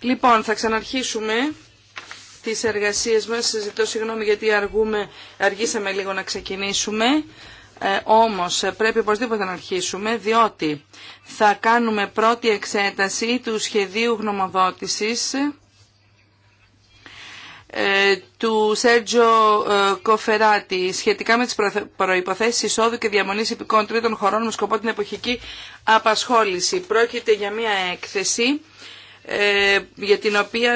Λοιπόν, θα ξαναρχίσουμε τις εργασίες μας. Σας ζητώ συγγνώμη γιατί αργούμε, αργήσαμε λίγο να ξεκινήσουμε. Ε, όμως ε, πρέπει οπωσδήποτε να αρχίσουμε διότι θα κάνουμε πρώτη εξέταση του σχεδίου γνωμοδότησης ε, του Σέρτζο ε, Κοφεράτη σχετικά με τις προϋποθέσεις εισόδου και διαμονής υπηκών τρίτων χωρών με σκοπό την εποχική απασχόληση. Πρόκειται για μια έκθεση ε, για την οποία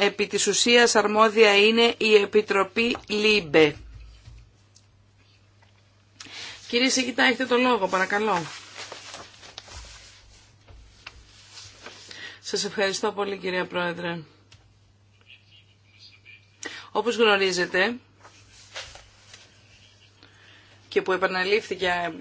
επί της ουσίας αρμόδια είναι η Επιτροπή ΛΥΜΠΕ. Κύριε Σιγητά, έχετε το λόγο, παρακαλώ. Σας ευχαριστώ πολύ κυρία Πρόεδρε. Όπως γνωρίζετε και που επαναλήφθηκε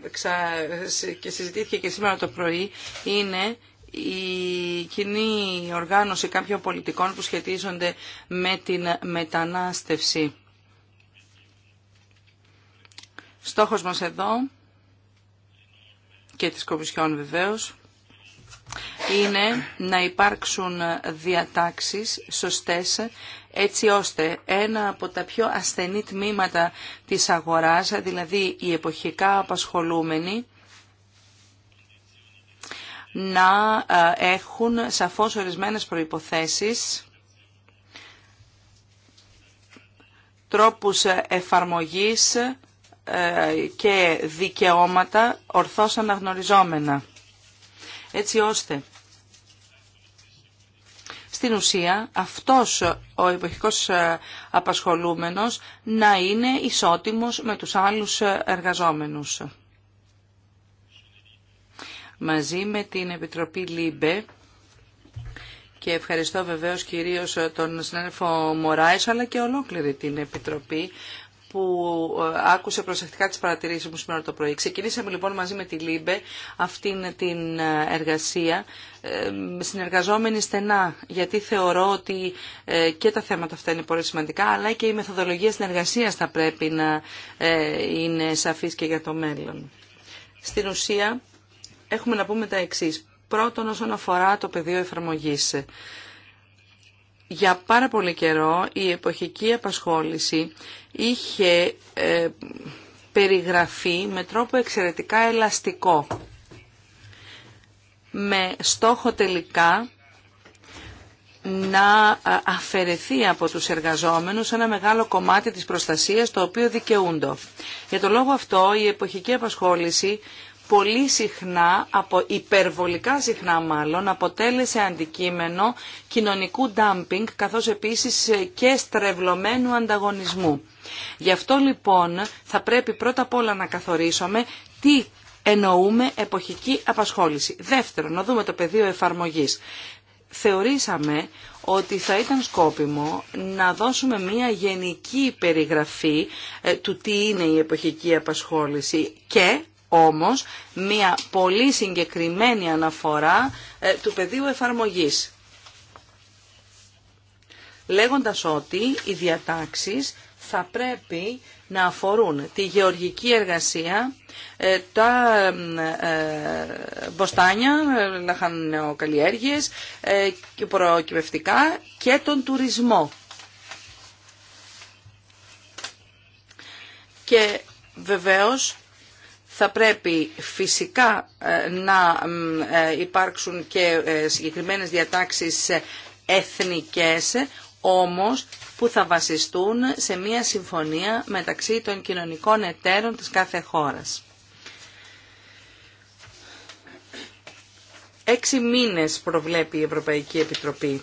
και συζητήθηκε και σήμερα το πρωί, είναι η κοινή οργάνωση κάποιων πολιτικών που σχετίζονται με την μετανάστευση. Στόχος μας εδώ και της Κομισιόν βεβαίως είναι να υπάρξουν διατάξεις σωστές έτσι ώστε ένα από τα πιο ασθενή τμήματα της αγοράς, δηλαδή οι εποχικά απασχολούμενοι, να ε, έχουν σαφώς ορισμένες προϋποθέσεις, τρόπους εφαρμογής ε, και δικαιώματα ορθώς αναγνωριζόμενα. Έτσι ώστε στην ουσία αυτός ο εποχικός ε, απασχολούμενος να είναι ισότιμος με τους άλλους ε, εργαζόμενους. Μαζί με την Επιτροπή ΛΥΜΠΕ και ευχαριστώ βεβαίως κυρίως τον συνάδελφο Μωράης αλλά και ολόκληρη την Επιτροπή που ε, άκουσε προσεκτικά τις παρατηρήσεις μου σήμερα το πρωί. Ξεκινήσαμε λοιπόν μαζί με τη ΛΥΜΠΕ αυτήν την ε, εργασία, ε, συνεργαζόμενοι στενά, γιατί θεωρώ ότι και τα θέματα αυτά είναι πολύ σημαντικά, αλλά και η μεθοδολογία συνεργασίας θα πρέπει να είναι σαφής και για το μέλλον. Στην ουσία έχουμε να πούμε τα εξής. Πρώτον όσον αφορά το πεδίο εφαρμογής. Για πάρα πολύ καιρό η εποχική απασχόληση είχε ε, περιγραφεί με τρόπο εξαιρετικά ελαστικό. Με στόχο τελικά να ε, αφαιρεθεί από τους εργαζόμενους ένα μεγάλο κομμάτι της προστασίας το οποίο δικαιούντο. Για τον λόγο αυτό η εποχική απασχόληση πολύ συχνά, από υπερβολικά συχνά μάλλον, αποτέλεσε αντικείμενο κοινωνικού ντάμπινγκ, καθώς επίσης ε, και στρεβλωμένου ανταγωνισμού. Γι' αυτό λοιπόν θα πρέπει πρώτα απ' όλα να καθορίσουμε τι εννοούμε εποχική απασχόληση. Δεύτερον, να δούμε το πεδίο εφαρμογής. Θεωρήσαμε ότι θα ήταν σκόπιμο να δώσουμε μία γενική περιγραφή ε, του τι είναι η εποχική απασχόληση και όμως μια πολύ συγκεκριμένη αναφορά ε, του πεδίου εφαρμογής. Λέγοντας ότι οι διατάξεις θα πρέπει να αφορούν τη γεωργική εργασία, ε, τα ε, μποστάνια, λαχανοκαλλιέργειες, προκυπευτικά και τον τουρισμό. Και βεβαίως θα πρέπει φυσικά ε, να ε, υπάρξουν και ε, συγκεκριμένες διατάξεις εθνικές, όμως που θα βασιστούν σε μια συμφωνία μεταξύ των κοινωνικών εταίρων της κάθε χώρας. Έξι μήνες προβλέπει η Ευρωπαϊκή Επιτροπή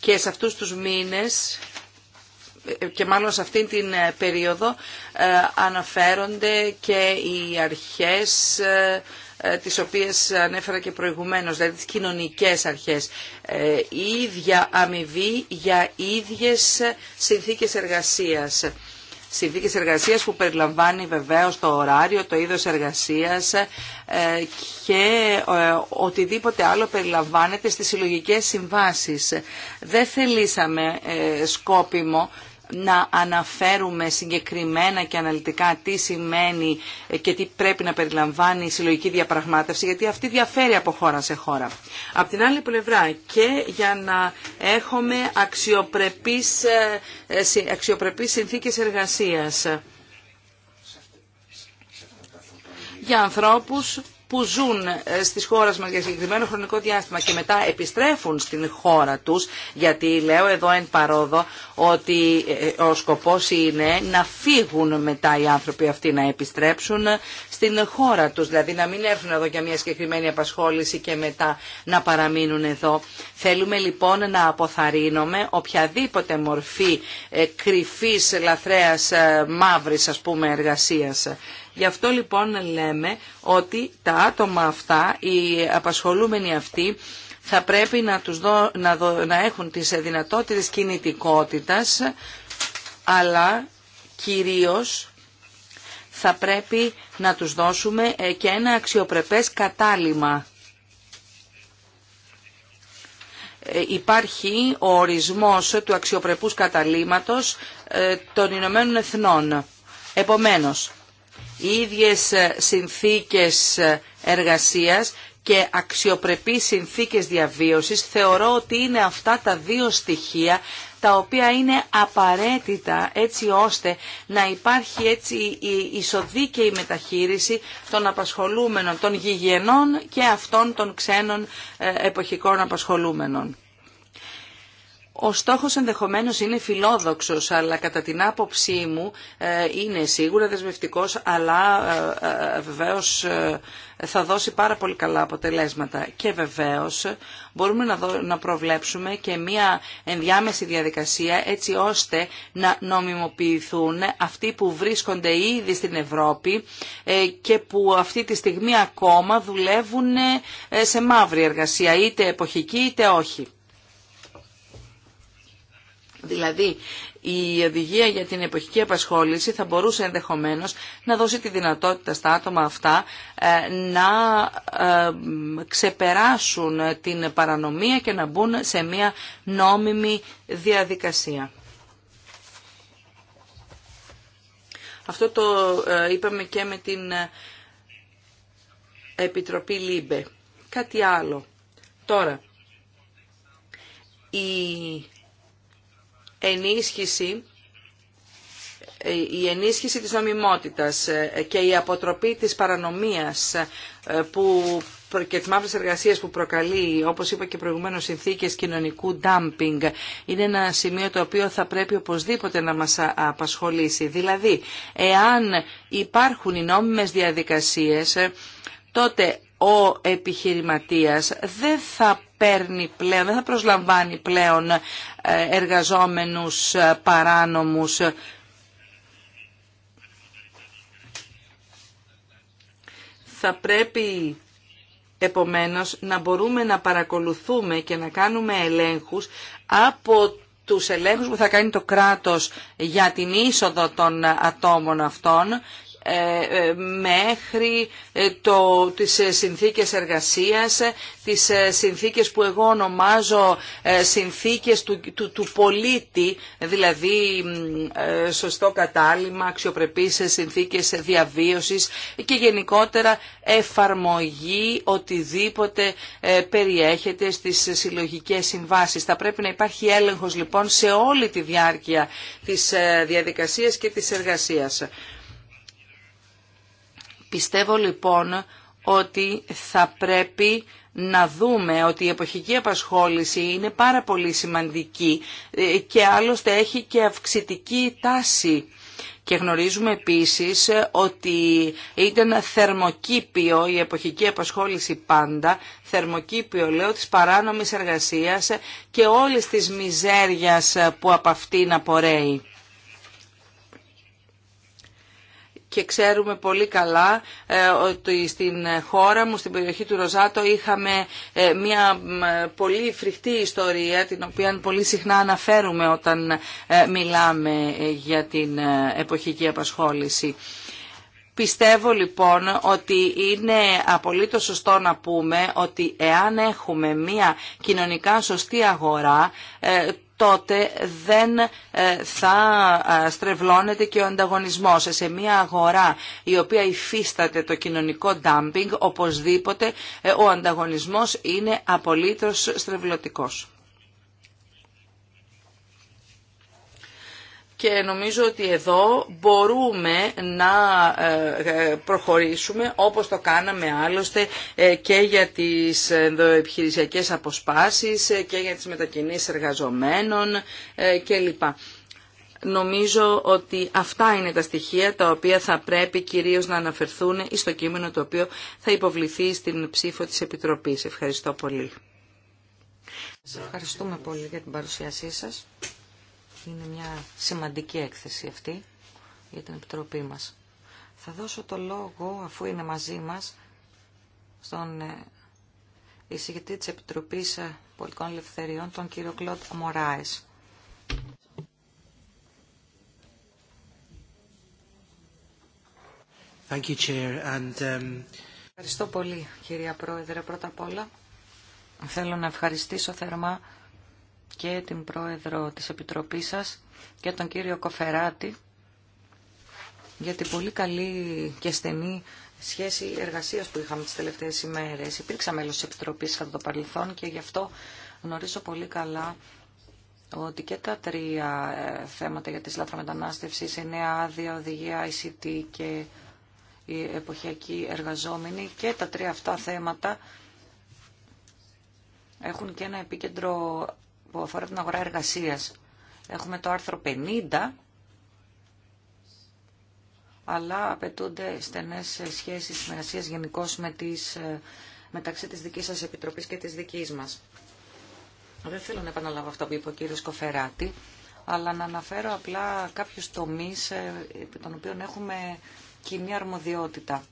και σε αυτούς τους μήνες και μάλλον σε αυτήν την ε, περίοδο ε, αναφέρονται και οι αρχές ε, τις οποίες ανέφερα και προηγουμένως, δηλαδή τις κοινωνικές αρχές. Η ίδια αμοιβή για ίδιες συνθήκες εργασίας. Συνθήκες εργασίας που περιλαμβάνει βεβαίως το ωράριο, το είδος εργασίας και οτιδήποτε άλλο περιλαμβάνεται στις συλλογικές συμβάσεις. Δεν θελήσαμε σκόπιμο να αναφέρουμε συγκεκριμένα και αναλυτικά τι σημαίνει και τι πρέπει να περιλαμβάνει η συλλογική διαπραγμάτευση, γιατί αυτή διαφέρει από χώρα σε χώρα. Απ' την άλλη πλευρά και για να έχουμε αξιοπρεπείς, ε, αξιοπρεπείς συνθήκες εργασίας για ανθρώπους που ζουν ε, στις χώρες μας για συγκεκριμένο χρονικό διάστημα και μετά επιστρέφουν στην χώρα τους, γιατί λέω εδώ εν παρόδο ότι ε, ο σκοπός είναι να φύγουν μετά οι άνθρωποι αυτοί να επιστρέψουν ε, στην χώρα τους, δηλαδή να μην έρθουν εδώ για μια συγκεκριμένη απασχόληση και μετά να παραμείνουν εδώ. Θέλουμε λοιπόν να αποθαρρύνουμε οποιαδήποτε μορφή κρυφής, λαθρέας, μαύρης ας πούμε εργασίας. Γι' αυτό λοιπόν λέμε ότι τα άτομα αυτά, οι απασχολούμενοι αυτοί, θα πρέπει να, τους δω, να, να έχουν τις δυνατότητες κινητικότητας, αλλά κυρίως θα πρέπει να τους δώσουμε ε, και ένα αξιοπρεπές κατάλημα. Ε, υπάρχει ο ορισμός του αξιοπρεπούς καταλήματος ε, των Ηνωμένων Εθνών. Επομένως, οι ίδιες ε, συνθήκες ε, εργασίας και αξιοπρεπείς συνθήκες διαβίωσης, θεωρώ ότι είναι αυτά τα δύο στοιχεία τα οποία είναι απαραίτητα έτσι ώστε να υπάρχει έτσι η ισοδίκαιη μεταχείριση των απασχολούμενων, των γηγενών και αυτών των ξένων ε, εποχικών απασχολούμενων. Ο στόχος ενδεχομένως είναι φιλόδοξος, αλλά κατά την άποψή μου ε, είναι σίγουρα δεσμευτικός, αλλά ε, ε, βεβαίως θα δώσει πάρα πολύ καλά αποτελέσματα. Και βεβαίως μπορούμε να προβλέψουμε και μία ενδιάμεση διαδικασία έτσι ώστε να νομιμοποιηθούν αυτοί που βρίσκονται ήδη στην Ευρώπη και που αυτή τη στιγμή ακόμα δουλεύουν σε μαύρη εργασία, είτε εποχική είτε όχι. Δηλαδή, η οδηγία για την εποχική απασχόληση θα μπορούσε ενδεχομένως να δώσει τη δυνατότητα στα άτομα αυτά ε, να ε, ξεπεράσουν την παρανομία και να μπουν σε μια νόμιμη διαδικασία. Αυτό το ε, είπαμε και με την Επιτροπή ΛΥΜΠΕ. Κάτι άλλο. Τώρα, η ενίσχυση ε, η ενίσχυση της νομιμότητας ε, και η αποτροπή της παρανομίας ε, που, και της μαύρης εργασίας που προκαλεί, όπως είπα και προηγουμένως, συνθήκες κοινωνικού dumping, είναι ένα σημείο το οποίο θα πρέπει οπωσδήποτε να μας απασχολήσει. Δηλαδή, εάν υπάρχουν οι νόμιμες διαδικασίες, τότε ο επιχειρηματίας δεν θα παίρνει πλέον, δεν θα προσλαμβάνει πλέον ε, εργαζόμενους ε, παράνομους. Θα πρέπει επομένως να μπορούμε να παρακολουθούμε και να κάνουμε ελέγχους από τους ελέγχους που θα κάνει το κράτος για την είσοδο των ατόμων αυτών ε, ε, μέχρι ε, το, τις συνθήκες εργασίας, τις συνθήκες που εγώ ονομάζω συνθήκες του, του, πολίτη, δηλαδή σωστό κατάλημα, αξιοπρεπείς συνθήκες διαβίωσης και γενικότερα εφαρμογή οτιδήποτε περιέχεται στις συλλογικές συμβάσεις. Θα πρέπει να υπάρχει έλεγχος λοιπόν σε όλη τη διάρκεια της διαδικασίας και της εργασίας. Πιστεύω λοιπόν ότι θα πρέπει να δούμε ότι η εποχική απασχόληση είναι πάρα πολύ σημαντική ε, και άλλωστε έχει και αυξητική τάση. Και γνωρίζουμε επίσης ότι ήταν θερμοκήπιο η εποχική απασχόληση πάντα, θερμοκήπιο λέω της παράνομης εργασίας και όλης της μιζέριας που από αυτήν απορρέει. και ξέρουμε πολύ καλά ε, ότι στην χώρα μου, στην περιοχή του Ροζάτο, είχαμε ε, μια πολύ φρικτή ιστορία, την οποία πολύ συχνά αναφέρουμε όταν ε, μιλάμε για την εποχική απασχόληση. Πιστεύω λοιπόν ότι είναι απολύτως σωστό να πούμε ότι εάν έχουμε μια κοινωνικά σωστή αγορά, τότε δεν ε, θα ε, στρεβλώνεται και ο ανταγωνισμός. Σε μια αγορά η οποία υφίσταται το κοινωνικό ντάμπινγκ, οπωσδήποτε ε, ο ανταγωνισμός είναι απολύτως στρεβλωτικός. και νομίζω ότι εδώ μπορούμε να ε, ε, προχωρήσουμε όπως το κάναμε άλλωστε ε, και για τις ενδοεπιχειρησιακές αποσπάσεις και για τις μετακινήσεις εργαζομένων κλπ. Νομίζω ότι αυτά είναι τα στοιχεία τα οποία θα πρέπει κυρίως να αναφερθούν στο κείμενο το οποίο θα υποβληθεί στην ψήφο της Επιτροπής. Ευχαριστώ πολύ. Σας ευχαριστούμε πολύ για την παρουσίασή σας. Είναι μια σημαντική έκθεση αυτή για την Επιτροπή μας. Θα δώσω το λόγο, αφού είναι μαζί μας, στον ε, εισηγητή της Επιτροπής ε, Πολιτικών Λευθεριών, τον κύριο Κλοντ Μωράες. Thank you, Chair. And, um, Ευχαριστώ πολύ, κυρία Πρόεδρε. Πρώτα απ' όλα, θέλω να ευχαριστήσω θερμά και την πρόεδρο της Επιτροπής σας και τον κύριο Κοφεράτη για την πολύ καλή και στενή σχέση εργασίας που είχαμε τις τελευταίες ημέρες. Υπήρξα μέλος της Επιτροπής κατά το παρελθόν και γι' αυτό γνωρίζω πολύ καλά ότι και τα τρία ε, θέματα για τη λαθρομετανάστευση, η νέα άδεια, οδηγία, ICT και οι εποχιακοί εργαζόμενοι και τα τρία αυτά θέματα έχουν και ένα επίκεντρο που αφορά την αγορά εργασίας. Έχουμε το άρθρο 50, αλλά απαιτούνται στενές σχέσεις συνεργασίας γενικώ με τις, ε, μεταξύ της δικής σας επιτροπής και της δικής μας. Δεν θέλω να επαναλάβω αυτό που είπε ο κύριος Κοφεράτη, αλλά να αναφέρω απλά κάποιους τομείς ε, επί των οποίων έχουμε κοινή αρμοδιότητα.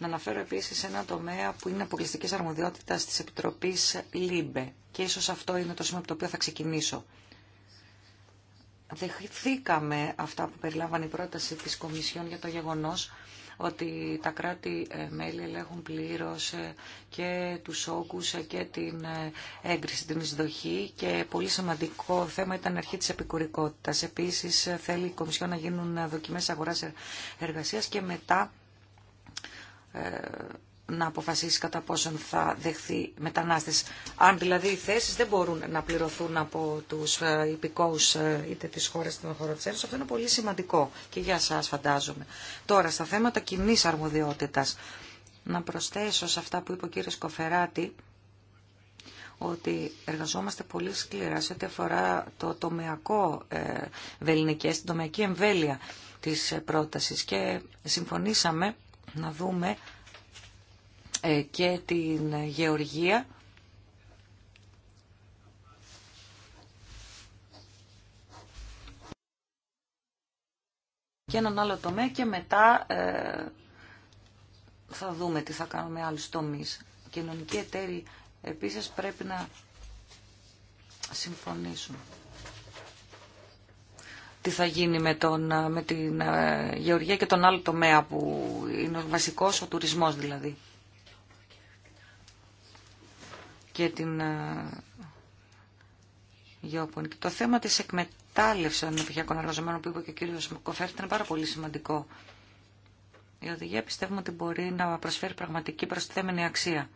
Να αναφέρω επίσης ένα τομέα που είναι αποκλειστική αρμοδιότητα τη επιτροπή ΛΥΜΠΕ και ίσως αυτό είναι το σημείο από το οποίο θα ξεκινήσω. Δεχθήκαμε αυτά που περιλάμβανε η πρόταση τη Κομισιόν για το γεγονό ότι τα κράτη-μέλη ε, ελέγχουν πλήρως ε, και τους όγκους ε, και την έγκριση, την εισδοχή και πολύ σημαντικό θέμα ήταν αρχή της επικουρικότητας. Επίσης θέλει η Κομισιόν να γίνουν δοκιμές αγορά εργασίας και μετά ε, να αποφασίσει κατά πόσον θα δεχθεί μετανάστες. Αν δηλαδή οι θέσεις δεν μπορούν να πληρωθούν από τους ε, υπηκόους ε, είτε της χώρας είτε των χωρών της αυτό είναι πολύ σημαντικό και για σας φαντάζομαι. Τώρα, στα θέματα κοινή αρμοδιότητας, να προσθέσω σε αυτά που είπε ο κύριος Κοφεράτη, ότι εργαζόμαστε πολύ σκληρά σε ό,τι αφορά το τομεακό βεληνικές, την τομεακή εμβέλεια της πρότασης και συμφωνήσαμε να δούμε ε, και την γεωργία. και έναν άλλο τομέα και μετά ε, θα δούμε τι θα κάνουμε άλλους τομείς. Οι κοινωνικοί εταίροι επίσης πρέπει να συμφωνήσουν τι θα γίνει με, τον, ε, με την ε, γεωργία και τον άλλο τομέα που είναι ο βασικός, ο τουρισμός δηλαδή. Και την ε, γεωπονική. Το θέμα της εκμετάλλευσης των επιχειακών εργαζομένων που είπε και ο κύριος Κοφέρτη είναι πάρα πολύ σημαντικό. Η οδηγία πιστεύουμε ότι μπορεί να προσφέρει πραγματική προσθέμενη αξία.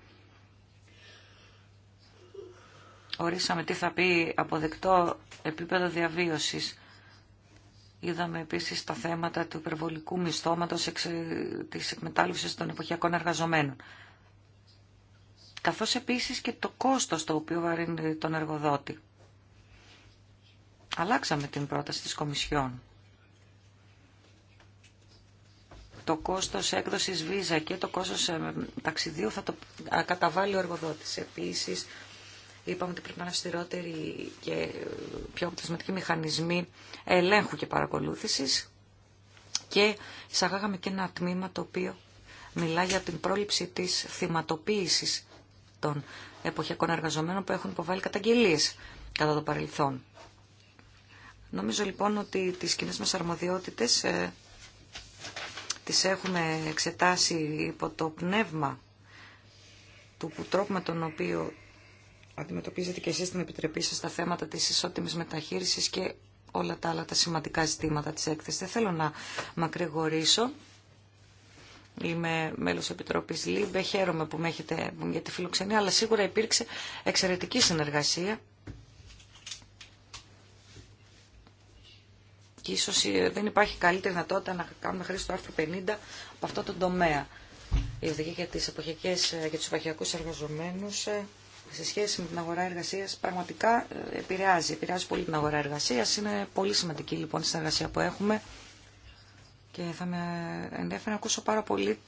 Ορίσαμε τι θα πει αποδεκτό επίπεδο διαβίωσης Είδαμε επίσης τα θέματα του υπερβολικού μισθώματος της εκμετάλλευσης των εποχιακών εργαζομένων. Καθώς επίσης και το κόστος το οποίο βαρύνει τον εργοδότη. Αλλάξαμε την πρόταση της Κομισιόν. Το κόστος έκδοσης βίζα και το κόστος ε, ταξιδίου θα το καταβάλει ο εργοδότης. Επίσης, Είπαμε ότι πρέπει να είναι αυστηρότεροι και πιο αποτελεσματικοί μηχανισμοί ελέγχου και παρακολούθησης και εισαγάγαμε και ένα τμήμα το οποίο μιλά για την πρόληψη της θυματοποίηση των εποχιακών εργαζομένων που έχουν υποβάλει καταγγελίες κατά το παρελθόν. Νομίζω λοιπόν ότι τις κοινέ μας αρμοδιότητες ε, τις έχουμε εξετάσει υπό το πνεύμα του τρόπου με τον οποίο αντιμετωπίζετε και εσείς την επιτροπή σας στα θέματα της ισότιμης μεταχείρισης και όλα τα άλλα τα σημαντικά ζητήματα της έκθεσης. Δεν θέλω να μακρηγορήσω. Είμαι μέλος Επιτροπής ΛΥΜΠΕ, χαίρομαι που με έχετε για τη φιλοξενία, αλλά σίγουρα υπήρξε εξαιρετική συνεργασία. Και ίσως ε, δεν υπάρχει καλύτερη δυνατότητα να κάνουμε χρήση του άρθρου 50 από αυτό το τομέα. Η οδηγία για, τις εποχικές, ε, για τους σε σχέση με την αγορά εργασίας πραγματικά ε, επηρεάζει. Επηρεάζει πολύ την αγορά εργασίας. Είναι πολύ σημαντική λοιπόν η συνεργασία που έχουμε και θα με ενδιαφέρει να ακούσω πάρα πολύ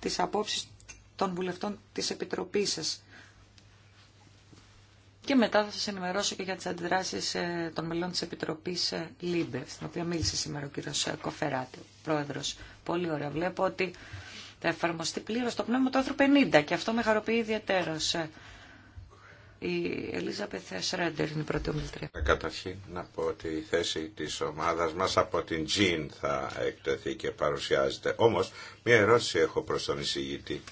τις απόψεις των βουλευτών της Επιτροπής σας. Και μετά θα σας ενημερώσω και για τις αντιδράσεις ε, των μελών της Επιτροπής ε, ΛΥΜΠΕ, στην οποία μίλησε σήμερα ο κύριος Κοφεράτη, πρόεδρος. Πολύ ωραία. Βλέπω ότι θα εφαρμοστεί πλήρως το πνεύμα του άνθρωπου 50 και αυτό με χαροποιεί η Ελίζα Σρέντερ είναι η πρώτη ομιλητρία. Ε, καταρχήν να πω ότι η θέση της ομάδας μας από την Τζιν θα εκτεθεί και παρουσιάζεται. Όμως μία ερώτηση έχω προς τον εισηγητή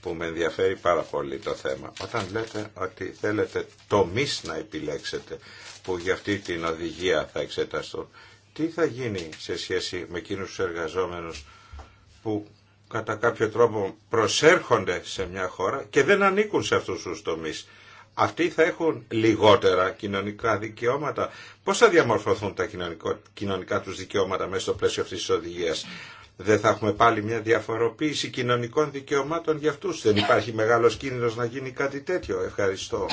που με ενδιαφέρει πάρα πολύ το θέμα. Όταν λέτε ότι θέλετε τομείς να επιλέξετε που για αυτή την οδηγία θα εξεταστούν, τι θα γίνει σε σχέση με εκείνους τους εργαζόμενους που κατά κάποιο τρόπο προσέρχονται σε μια χώρα και δεν ανήκουν σε αυτούς τους τομείς αυτοί θα έχουν λιγότερα κοινωνικά δικαιώματα. Πώς θα διαμορφωθούν τα κοινωνικά τους δικαιώματα μέσα στο πλαίσιο αυτής της οδηγίας. Δεν θα έχουμε πάλι μια διαφοροποίηση κοινωνικών δικαιωμάτων για αυτούς. Δεν υπάρχει μεγάλος κίνδυνος να γίνει κάτι τέτοιο. Ευχαριστώ.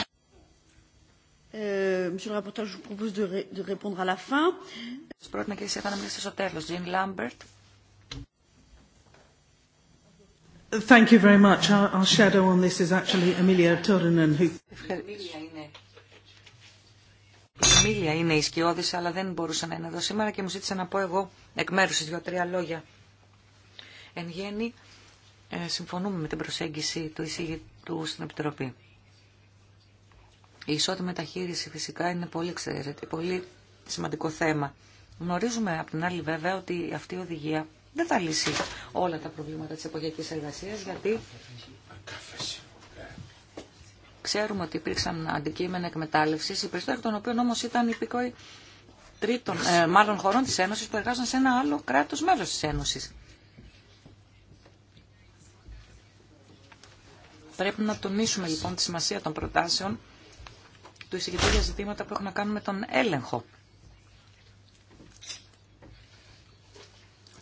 Ε, monsieur le rapporteur, propose de, répondre à la fin. να στο τέλος. Jean Lambert. Thank you very much. Our, shadow on this is actually Emilia Turunen, who... Η Εμίλια είναι η αλλά δεν μπορούσα να είναι εδώ σήμερα και μου ζήτησε να πω εγώ εκ μέρους δύο-τρία λόγια. Εν γέννη, ε, συμφωνούμε με την προσέγγιση του εισηγητού στην Επιτροπή. Η ισότιμη μεταχείριση φυσικά είναι πολύ, ξέρετε, πολύ σημαντικό θέμα. Γνωρίζουμε από την άλλη βέβαια ότι αυτή η οδηγία δεν θα λύσει όλα τα προβλήματα της εποχιακής εργασίας, γιατί ξέρουμε ότι υπήρξαν αντικείμενα εκμετάλλευσης, οι περισσότεροι των οποίων όμως ήταν υπηκόοι τρίτων, ε, μάλλον χωρών της Ένωσης που εργάζονταν σε ένα άλλο κράτος μέλος της Ένωσης. Πρέπει να τονίσουμε λοιπόν τη σημασία των προτάσεων του εισηγητή για ζητήματα που έχουν να κάνουν με τον έλεγχο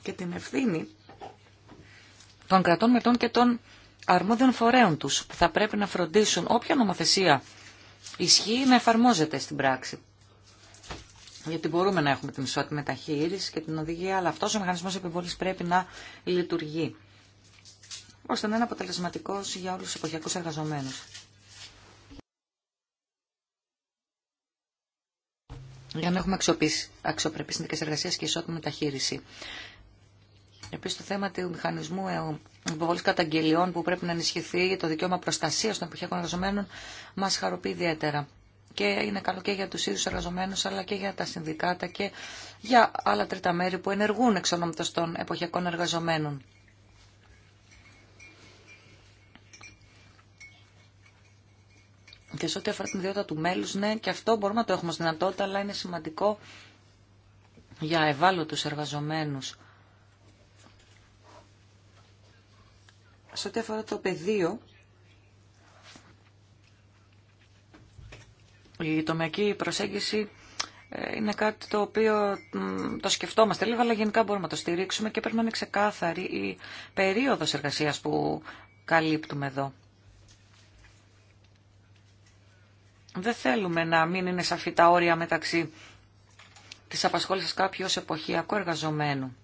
και την ευθύνη των κρατών μετών και των αρμόδιων φορέων τους που θα πρέπει να φροντίσουν όποια νομοθεσία ισχύει να εφαρμόζεται στην πράξη. Γιατί μπορούμε να έχουμε την ισότητα μεταχείριση και την οδηγία, αλλά αυτός ο μηχανισμός επιβολής πρέπει να λειτουργεί ώστε να είναι αποτελεσματικό για όλους τους εποχιακούς εργαζομένους. για να έχουμε αξιοπρεπείς συνδικές εργασίας και ισότητα μεταχείριση. Επίσης το θέμα του μηχανισμού ε, υποβολή καταγγελιών που πρέπει να ενισχυθεί για το δικαίωμα προστασία των εποχιακών εργαζομένων μα χαροποιεί ιδιαίτερα. Και είναι καλό και για του ίδιου εργαζόμενου, αλλά και για τα συνδικάτα και για άλλα τρίτα μέρη που ενεργούν εξ ονόματος των εποχιακών εργαζομένων. Και σε ό,τι αφορά την ιδιότητα του μέλου, ναι, και αυτό μπορούμε να το έχουμε ως δυνατότητα, αλλά είναι σημαντικό για ευάλωτου εργαζομένου. σε ό,τι αφορά το πεδίο, η τομιακή προσέγγιση ε, είναι κάτι το οποίο το σκεφτόμαστε λίγο, αλλά γενικά μπορούμε να το στηρίξουμε και πρέπει να είναι ξεκάθαρη η περίοδος εργασίας που καλύπτουμε εδώ. Δεν θέλουμε να μην είναι σαφή τα όρια μεταξύ της απασχόλησης κάποιου ως εποχιακού εργαζομένου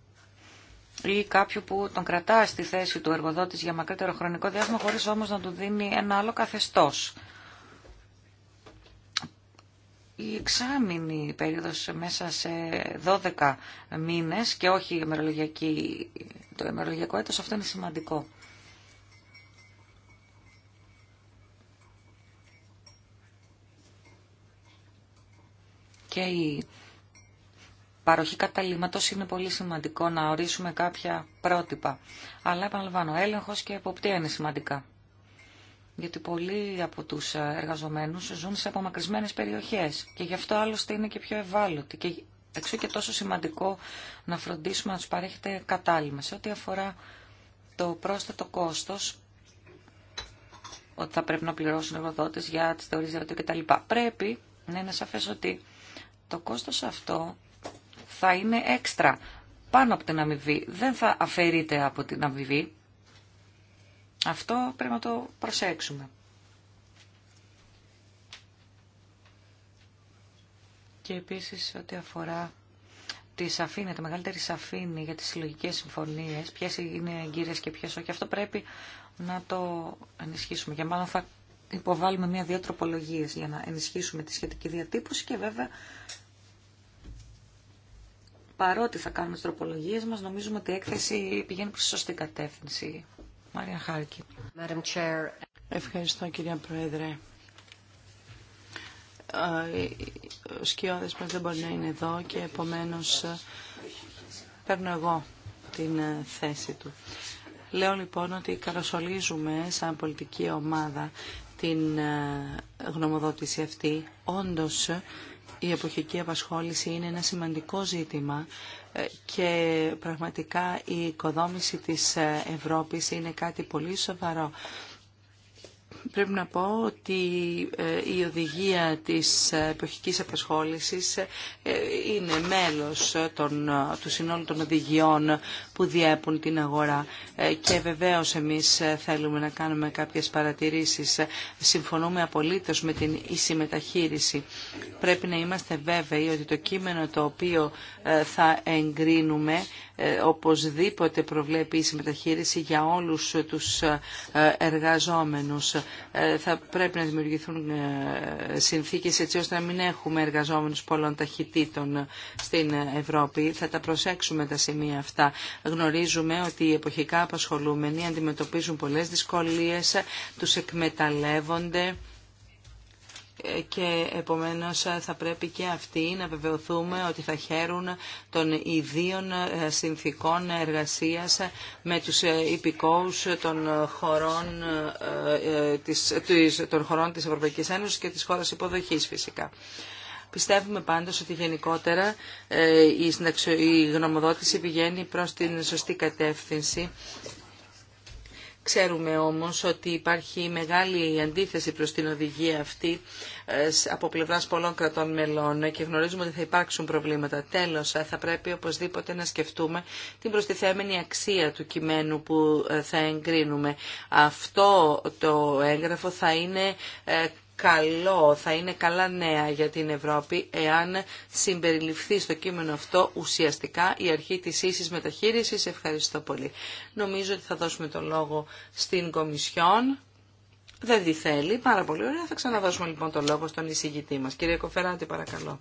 ή κάποιου που τον κρατά στη θέση του εργοδότης για μακρύτερο χρονικό διάστημα, χωρίς όμως να του δίνει ένα άλλο καθεστώς. Η εξάμηνη περίοδος μέσα σε 12 μήνες και όχι η το ημερολογιακό έτος, αυτό είναι σημαντικό. Και η παροχή καταλήμματος είναι πολύ σημαντικό να ορίσουμε κάποια πρότυπα. Αλλά επαναλαμβάνω, έλεγχος και εποπτεία είναι σημαντικά. Γιατί πολλοί από του εργαζομένους ζουν σε απομακρυσμένε περιοχές και γι' αυτό άλλωστε είναι και πιο ευάλωτοι. Και εξού και τόσο σημαντικό να φροντίσουμε να του παρέχετε κατάλημα. Σε ό,τι αφορά το πρόσθετο κόστος, ότι θα πρέπει να πληρώσουν εργοδότες για τι θεωρίε διαβατήριου κτλ. Πρέπει να είναι σαφές ότι το κόστος αυτό θα είναι έξτρα πάνω από την αμοιβή. Δεν θα αφαιρείται από την αμοιβή. Αυτό πρέπει να το προσέξουμε. Και επίσης ό,τι αφορά τη σαφήνεια, τη μεγαλύτερη σαφήνεια για τις συλλογικές συμφωνίες, ποιες είναι εγκύρες και ποιες όχι, αυτό πρέπει να το ενισχύσουμε. Και μάλλον θα υποβάλουμε μία-δύο τροπολογίες για να ενισχύσουμε τη σχετική διατύπωση και βέβαια παρότι θα κάνουμε τι τροπολογίε μας, νομίζουμε ότι η έκθεση πηγαίνει προ σωστή κατεύθυνση. Μάρια Χάρκη. Ευχαριστώ κυρία Πρόεδρε. Ο σκιώδης μας δεν μπορεί να είναι εδώ και επομένως παίρνω εγώ την θέση του. Λέω λοιπόν ότι καλωσορίζουμε σαν πολιτική ομάδα την γνωμοδότηση αυτή. Όντως η εποχική απασχόληση είναι ένα σημαντικό ζήτημα ε, και πραγματικά η οικοδόμηση της ε, Ευρώπης είναι κάτι πολύ σοβαρό. Πρέπει να πω ότι ε, η οδηγία της εποχικής απασχόλησης ε, είναι μέλος ε, των, του συνόλου των οδηγιών που διέπουν την αγορά και βεβαίως εμείς θέλουμε να κάνουμε κάποιες παρατηρήσεις. Συμφωνούμε απολύτως με την ίση μεταχείριση. Πρέπει να είμαστε βέβαιοι ότι το κείμενο το οποίο θα εγκρίνουμε ε, οπωσδήποτε προβλέπει η συμμεταχείριση για όλους τους ε, εργαζόμενους. Ε, θα πρέπει να δημιουργηθούν συνθήκες έτσι ώστε να μην έχουμε εργαζόμενους πολλών ταχυτήτων στην Ευρώπη. Θα τα προσέξουμε τα σημεία αυτά. Γνωρίζουμε ότι οι εποχικά απασχολούμενοι αντιμετωπίζουν πολλές δυσκολίες, τους εκμεταλλεύονται και επομένως θα πρέπει και αυτοί να βεβαιωθούμε ότι θα χαίρουν των ιδίων ε, συνθήκων εργασίας με τους ε, υπηκόους των χωρών ε, της, των χωρών της Ευρωπαϊκής Ένωσης και της χώρας υποδοχής φυσικά. Πιστεύουμε πάντως ότι γενικότερα η γνωμοδότηση πηγαίνει προς την σωστή κατεύθυνση Ξέρουμε όμως ότι υπάρχει μεγάλη αντίθεση προς την οδηγία αυτή ε, από πλευράς πολλών κρατών μελών και γνωρίζουμε ότι θα υπάρξουν προβλήματα. Τέλος, ε, θα πρέπει οπωσδήποτε να σκεφτούμε την προστιθέμενη αξία του κειμένου που ε, θα εγκρίνουμε. Αυτό το έγγραφο θα είναι καλό, θα είναι καλά νέα για την Ευρώπη εάν συμπεριληφθεί στο κείμενο αυτό ουσιαστικά η αρχή της ίσης μεταχείρισης. Ευχαριστώ πολύ. Νομίζω ότι θα δώσουμε το λόγο στην Κομισιόν. Δεν τη θέλει. Πάρα πολύ ωραία. Θα ξαναδώσουμε λοιπόν το λόγο στον εισηγητή μας. Κύριε Κοφεράτη, παρακαλώ.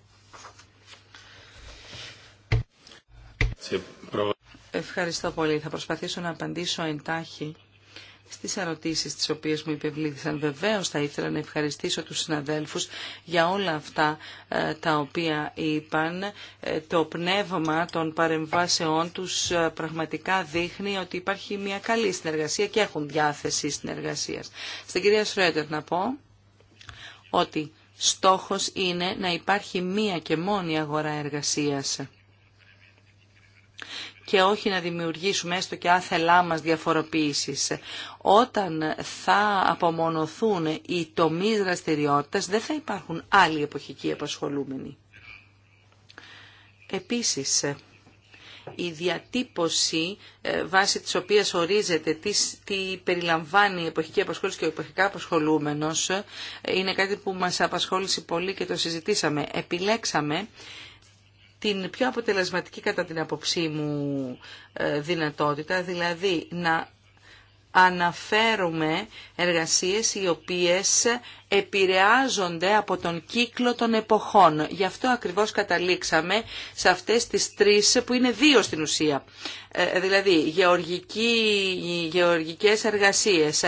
Ευχαριστώ πολύ. Θα προσπαθήσω να απαντήσω εντάχει στις ερωτήσεις τις οποίες μου υπευλήθησαν. Βεβαίως θα ήθελα να ευχαριστήσω τους συναδέλφους για όλα αυτά ε, τα οποία είπαν. Ε, το πνεύμα των παρεμβάσεών τους ε, πραγματικά δείχνει ότι υπάρχει μια καλή συνεργασία και έχουν διάθεση συνεργασίας. Στην κυρία Σρέτερ να πω ότι στόχος είναι να υπάρχει μία και μόνη αγορά εργασίας και όχι να δημιουργήσουμε έστω και άθελά μας διαφοροποίησης. Όταν θα απομονωθούν οι τομεί δραστηριότητας δεν θα υπάρχουν άλλοι εποχικοί απασχολούμενοι. Επίσης, η διατύπωση ε, βάσει της οποίας ορίζεται τι, τι περιλαμβάνει η εποχική απασχόληση και ο εποχικά απασχολούμενος ε, είναι κάτι που μας απασχόλησε πολύ και το συζητήσαμε. Επιλέξαμε την πιο αποτελεσματική κατά την απόψή μου ε, δυνατότητα, δηλαδή να αναφέρουμε εργασίες οι οποίες επηρεάζονται από τον κύκλο των εποχών. Γι' αυτό ακριβώς καταλήξαμε σε αυτές τις τρεις που είναι δύο στην ουσία. Ε, δηλαδή γεωργική, γεωργικές εργασίες,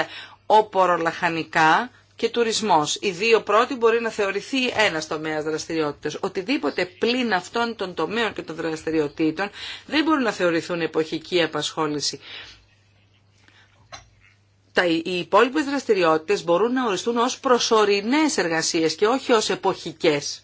λαχανικά και τουρισμό, Οι δύο πρώτοι μπορεί να θεωρηθεί ένα τομέα δραστηριότητας. Οτιδήποτε πλην αυτών των τομέων και των δραστηριοτήτων δεν μπορούν να θεωρηθούν εποχική απασχόληση. Τα, οι υπόλοιπε δραστηριότητες μπορούν να οριστούν ως προσωρινές εργασίες και όχι ως εποχικές.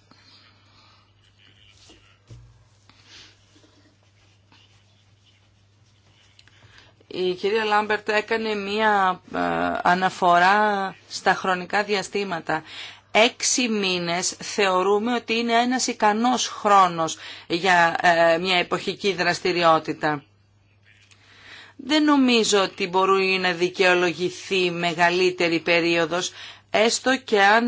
η κυρία Λάμπερτ έκανε μία ε, αναφορά στα χρονικά διαστήματα. Έξι μήνες θεωρούμε ότι είναι ένας ικανός χρόνος για ε, μια εποχική δραστηριότητα. Δεν νομίζω ότι μπορεί να δικαιολογηθεί μεγαλύτερη περίοδος, έστω και αν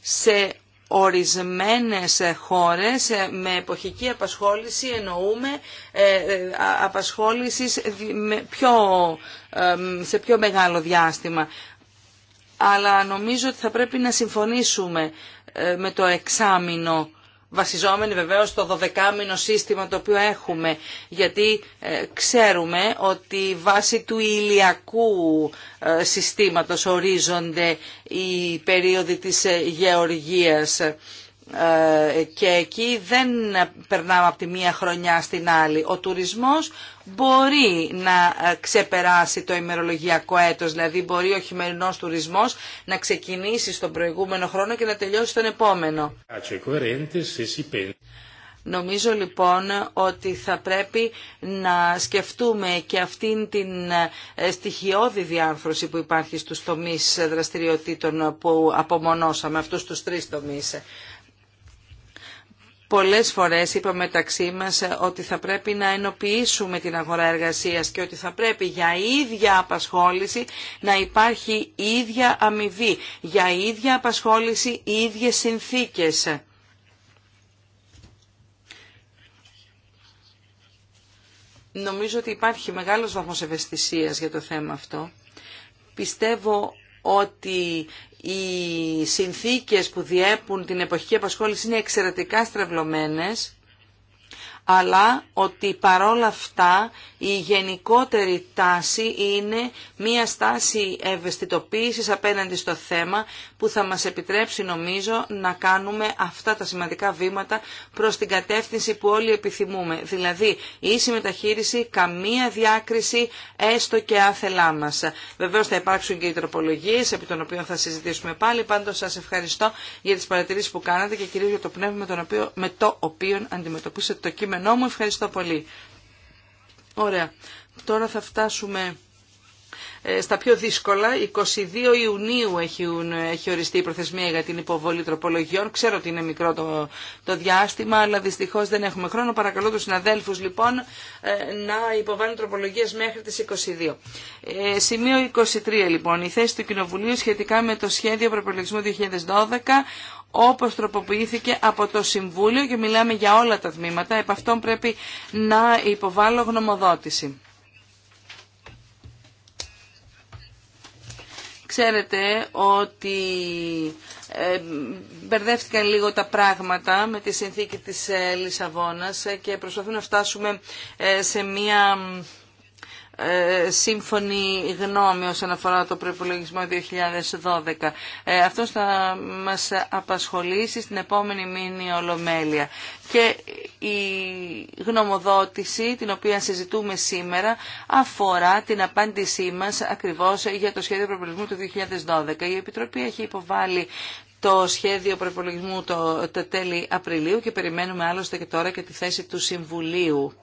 σε ορισμένες χώρες με εποχική απασχόληση εννοούμε ε, ε, απασχόληση ε, σε πιο μεγάλο διάστημα. Αλλά νομίζω ότι θα πρέπει να συμφωνήσουμε με το εξάμεινο βασιζόμενοι βεβαίως στο 12μηνο σύστημα το οποίο έχουμε, γιατί ε, ξέρουμε ότι βάσει του ηλιακού ε, συστήματος ορίζονται οι περίοδοι της ε, γεωργίας. Ε, και εκεί δεν περνάμε από τη μία χρονιά στην άλλη. Ο τουρισμός μπορεί να ε, ξεπεράσει το ημερολογιακό έτος, δηλαδή μπορεί ο χειμερινός τουρισμός να ξεκινήσει στον προηγούμενο χρόνο και να τελειώσει στον επόμενο. Νομίζω λοιπόν ότι θα πρέπει να σκεφτούμε και αυτήν την ε, στοιχειώδη διάρθρωση που υπάρχει στους τομείς δραστηριοτήτων που απομονώσαμε, αυτούς τους τρεις τομείς. Πολλές φορές είπαμε μεταξύ μας ότι θα πρέπει να ενοποιήσουμε την αγορά εργασίας και ότι θα πρέπει για ίδια απασχόληση να υπάρχει ίδια αμοιβή, για ίδια απασχόληση ίδιες συνθήκες. Νομίζω ότι υπάρχει μεγάλος βαθμός ευαισθησίας για το θέμα αυτό. Πιστεύω ότι οι συνθήκες που διέπουν την εποχική απασχόληση είναι εξαιρετικά στρεβλωμένες αλλά ότι παρόλα αυτά η γενικότερη τάση είναι μία στάση ευαισθητοποίησης απέναντι στο θέμα που θα μας επιτρέψει νομίζω να κάνουμε αυτά τα σημαντικά βήματα προς την κατεύθυνση που όλοι επιθυμούμε. Δηλαδή ίση μεταχείριση, καμία διάκριση έστω και άθελά μας. Βεβαίως θα υπάρξουν και οι τροπολογίες επί των οποίων θα συζητήσουμε πάλι. Πάντως σας ευχαριστώ για τις παρατηρήσεις που κάνατε και κυρίως για το πνεύμα με, τον οποίο, με το οποίο αντιμετωπίσετε το κείμενο αντικείμενό μου. Ευχαριστώ πολύ. Ωραία. Τώρα θα φτάσουμε ε, στα πιο δύσκολα, 22 Ιουνίου έχει, έχει οριστεί η προθεσμία για την υποβολή τροπολογιών. Ξέρω ότι είναι μικρό το, το διάστημα, αλλά δυστυχώς δεν έχουμε χρόνο. Παρακαλώ τους συναδέλφου λοιπόν ε, να υποβάλουν τροπολογίες μέχρι τι 22. Ε, σημείο 23 λοιπόν, η θέση του Κοινοβουλίου σχετικά με το σχέδιο προπολογισμού 2012, όπως τροποποιήθηκε από το Συμβούλιο και μιλάμε για όλα τα τμήματα, επ' αυτόν πρέπει να υποβάλω γνωμοδότηση. Ξέρετε ότι ε, μπερδεύτηκαν λίγο τα πράγματα με τη συνθήκη της ε, Λισαβόνας ε, και προσπαθούμε να φτάσουμε σε μία ε, σύμφωνη γνώμη όσον αφορά το προϋπολογισμό 2012. Ε, Αυτός θα μας απασχολήσει στην επόμενη μήνυ ολομέλεια. Και η γνωμοδότηση την οποία συζητούμε σήμερα αφορά την απάντησή μας ακριβώς για το σχέδιο προϋπολογισμού του 2012. Η Επιτροπή έχει υποβάλει το σχέδιο προπολογισμού το, το τέλη Απριλίου και περιμένουμε άλλωστε και τώρα και τη θέση του Συμβουλίου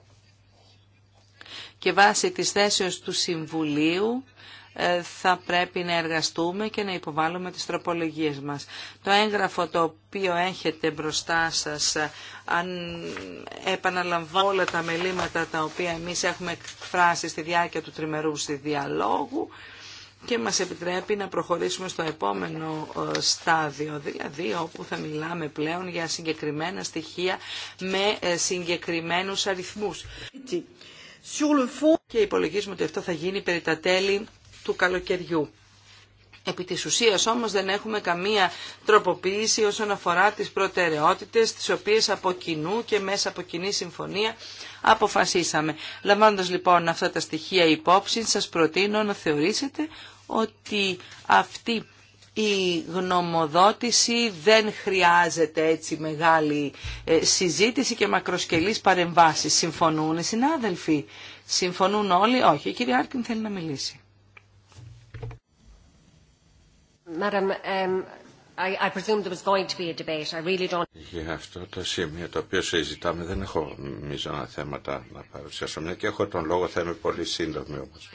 και βάσει της θέσεως του Συμβουλίου ε, θα πρέπει να εργαστούμε και να υποβάλουμε τις τροπολογίες μας. Το έγγραφο το οποίο έχετε μπροστά σας, ε, αν επαναλαμβάνω όλα τα μελήματα τα οποία εμείς έχουμε εκφράσει στη διάρκεια του τριμερού στη διαλόγου, και μας επιτρέπει να προχωρήσουμε στο επόμενο ε, στάδιο, δηλαδή όπου θα μιλάμε πλέον για συγκεκριμένα στοιχεία με συγκεκριμένους αριθμούς sur le fond... και υπολογίζουμε ότι αυτό θα γίνει περί τα τέλη του καλοκαιριού. Επί της ουσίας όμως δεν έχουμε καμία τροποποίηση όσον αφορά τις προτεραιότητες τις οποίες από κοινού και μέσα από κοινή συμφωνία αποφασίσαμε. Λαμβάνοντας λοιπόν αυτά τα στοιχεία υπόψη σας προτείνω να θεωρήσετε ότι αυτή η γνωμοδότηση δεν χρειάζεται έτσι μεγάλη ε, συζήτηση και μακροσκελής παρεμβάσεις. Συμφωνούν οι συνάδελφοι. Συμφωνούν όλοι. Όχι, η κυρία Άρκιν θέλει να μιλήσει. Για αυτό το σημείο το οποίο συζητάμε δεν έχω μίζωνα θέματα να παρουσιάσω. Μια και έχω τον λόγο θα είμαι πολύ σύντομη όμως.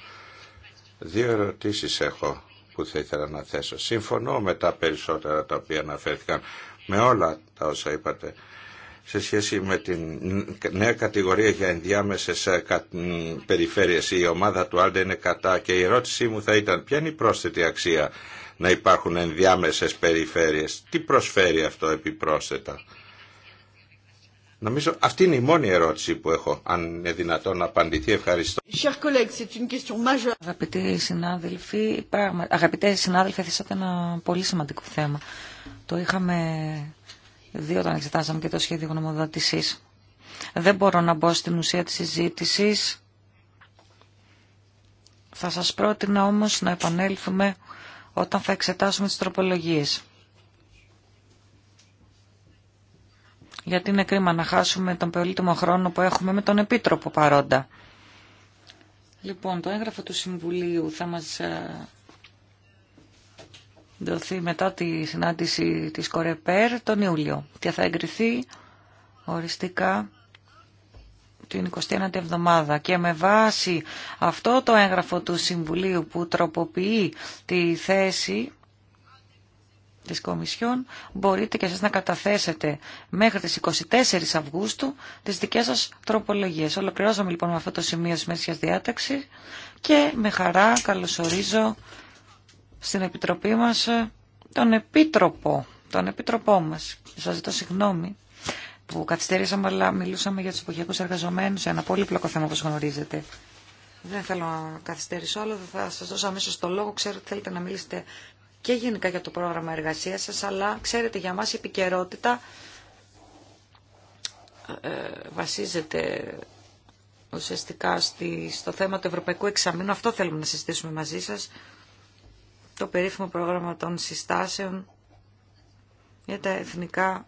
Δύο ερωτήσεις έχω που θα ήθελα να θέσω. Σύμφωνο με τα περισσότερα τα οποία αναφέρθηκαν, με όλα τα όσα είπατε σε σχέση με την νέα κατηγορία για ενδιάμεσες ε, περιφέρειες. Η ομάδα του Άλντε είναι κατά και η ερώτησή μου θα ήταν ποια είναι η πρόσθετη αξία να υπάρχουν ενδιάμεσες περιφέρειες. Τι προσφέρει αυτό επιπρόσθετα. Νομίζω αυτή είναι η μόνη ερώτηση που έχω, αν είναι δυνατόν να απαντηθεί. Ευχαριστώ. Αγαπητοί συνάδελφοι, αγαπητέ συνάδελφοι, θέσατε ένα πολύ σημαντικό θέμα. Το είχαμε δει όταν εξετάσαμε και το σχέδιο γνωμοδότησής. Δεν μπορώ να μπω στην ουσία τη συζήτηση. Θα σας πρότεινα όμως να επανέλθουμε όταν θα εξετάσουμε τις τροπολογίες. γιατί είναι κρίμα να χάσουμε τον πολύτιμο χρόνο που έχουμε με τον Επίτροπο παρόντα. Λοιπόν, το έγγραφο του Συμβουλίου θα μας ε, δοθεί μετά τη συνάντηση της Κορεπέρ τον Ιούλιο και θα εγκριθεί οριστικά την 21 η εβδομάδα και με βάση αυτό το έγγραφο του Συμβουλίου που τροποποιεί τη θέση της Κομισιόν μπορείτε και εσείς να καταθέσετε μέχρι τις 24 Αυγούστου τις δικές σας τροπολογίες. Ολοκληρώσαμε λοιπόν με αυτό το σημείο της Μέσης Διάταξης και με χαρά καλωσορίζω στην Επιτροπή μας ε, τον Επίτροπο, τον Επίτροπό μας. Σας ζητώ συγγνώμη που καθυστερήσαμε αλλά μιλούσαμε για τους εποχιακούς εργαζομένους, ένα πλοκό θέμα όπως γνωρίζετε. Δεν θέλω να καθυστερήσω άλλο, θα σας δώσω αμέσως το λόγο. Ξέρω ότι θέλετε να μιλήσετε και γενικά για το πρόγραμμα εργασίας σας, αλλά ξέρετε για μας η επικαιρότητα ε, βασίζεται ουσιαστικά στο θέμα του Ευρωπαϊκού Εξαμήνου. Αυτό θέλουμε να συζητήσουμε μαζί σας. Το περίφημο πρόγραμμα των συστάσεων για τα εθνικά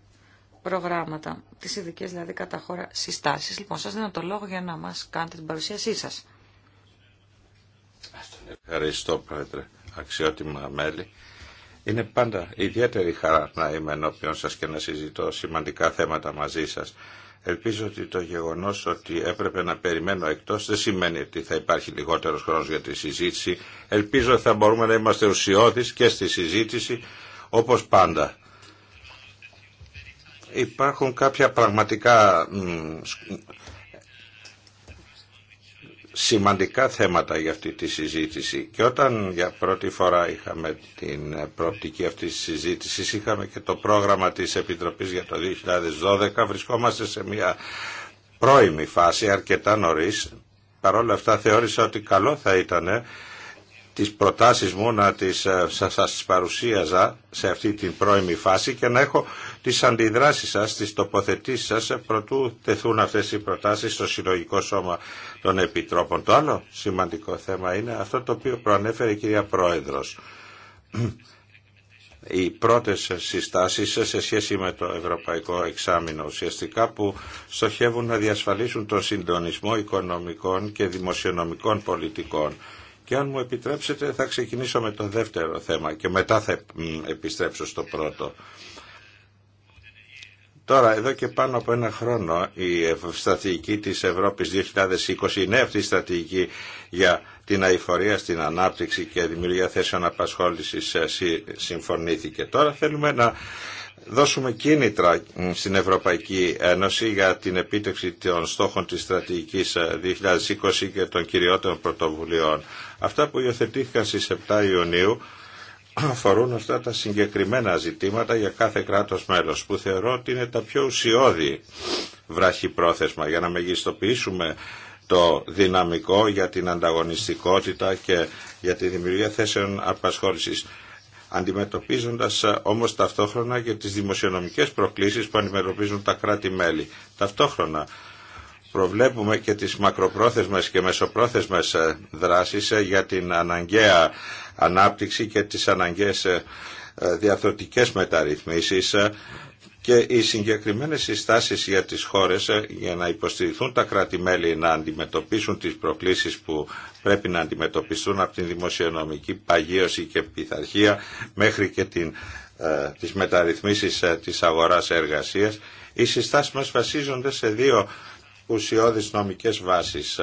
προγράμματα, τις ειδικέ δηλαδή κατά χώρα συστάσεις. Λοιπόν, σας δίνω το λόγο για να μας κάνετε την παρουσίασή σας. Ευχαριστώ, Πρόεδρε. Αξιότιμα μέλη. Είναι πάντα ιδιαίτερη χαρά να είμαι ενώπιον σας και να συζητώ σημαντικά θέματα μαζί σας. Ελπίζω ότι το γεγονός ότι έπρεπε να περιμένω εκτός δεν σημαίνει ότι θα υπάρχει λιγότερος χρόνος για τη συζήτηση. Ελπίζω ότι θα μπορούμε να είμαστε ουσιώδεις και στη συζήτηση όπως πάντα. Υπάρχουν κάποια πραγματικά σημαντικά θέματα για αυτή τη συζήτηση και όταν για πρώτη φορά είχαμε την προοπτική αυτής τη συζήτησης είχαμε και το πρόγραμμα της Επιτροπής για το 2012 βρισκόμαστε σε μια πρώιμη φάση αρκετά νωρίς παρόλα αυτά θεώρησα ότι καλό θα ήταν τις προτάσεις μου να τις, ε, σας, παρουσίαζα σε αυτή την πρώιμη φάση και να έχω τις αντιδράσεις σας, τις τοποθετήσεις σας ε, προτού τεθούν αυτές οι προτάσεις στο Συλλογικό Σώμα των Επιτρόπων. Το άλλο σημαντικό θέμα είναι αυτό το οποίο προανέφερε η κυρία Πρόεδρος. Οι πρώτες συστάσεις σε σχέση με το Ευρωπαϊκό Εξάμεινο ουσιαστικά που στοχεύουν να διασφαλίσουν τον συντονισμό οικονομικών και δημοσιονομικών πολιτικών και αν μου επιτρέψετε θα ξεκινήσω με το δεύτερο θέμα και μετά θα επιστρέψω στο πρώτο. Τώρα, εδώ και πάνω από ένα χρόνο, η στρατηγική της Ευρώπης 2020 είναι αυτή στρατηγική για την αηφορία στην ανάπτυξη και δημιουργία θέσεων απασχόλησης ε, συμφωνήθηκε. Τώρα θέλουμε να δώσουμε κίνητρα στην Ευρωπαϊκή Ένωση για την επίτευξη των στόχων της στρατηγικής 2020 ε, και των κυριότερων πρωτοβουλειών. Αυτά που υιοθετήθηκαν στις 7 Ιουνίου αφορούν αυτά τα συγκεκριμένα ζητήματα για κάθε κράτος μέλος που θεωρώ ότι είναι τα πιο ουσιώδη βράχη πρόθεσμα για να μεγιστοποιήσουμε το δυναμικό για την ανταγωνιστικότητα και για τη δημιουργία θέσεων απασχόλησης αντιμετωπίζοντας όμως ταυτόχρονα και τις δημοσιονομικές προκλήσεις που αντιμετωπίζουν τα κράτη-μέλη. Ταυτόχρονα προβλέπουμε και τις μακροπρόθεσμες και μεσοπρόθεσμες ε, δράσεις ε, για την αναγκαία ανάπτυξη και τις αναγκαίες ε, διαθροτικές μεταρρυθμίσεις και οι συγκεκριμένες συστάσεις για τις χώρες για να υποστηριχθούν τα κράτη-μέλη να αντιμετωπίσουν τις προκλήσεις που πρέπει να αντιμετωπιστούν από την δημοσιονομική παγίωση και πειθαρχία μέχρι και την, ε, τις μεταρρυθμίσεις της αγοράς εργασίας. Οι συστάσεις μας βασίζονται σε δύο ουσιώδεις νομικές βάσεις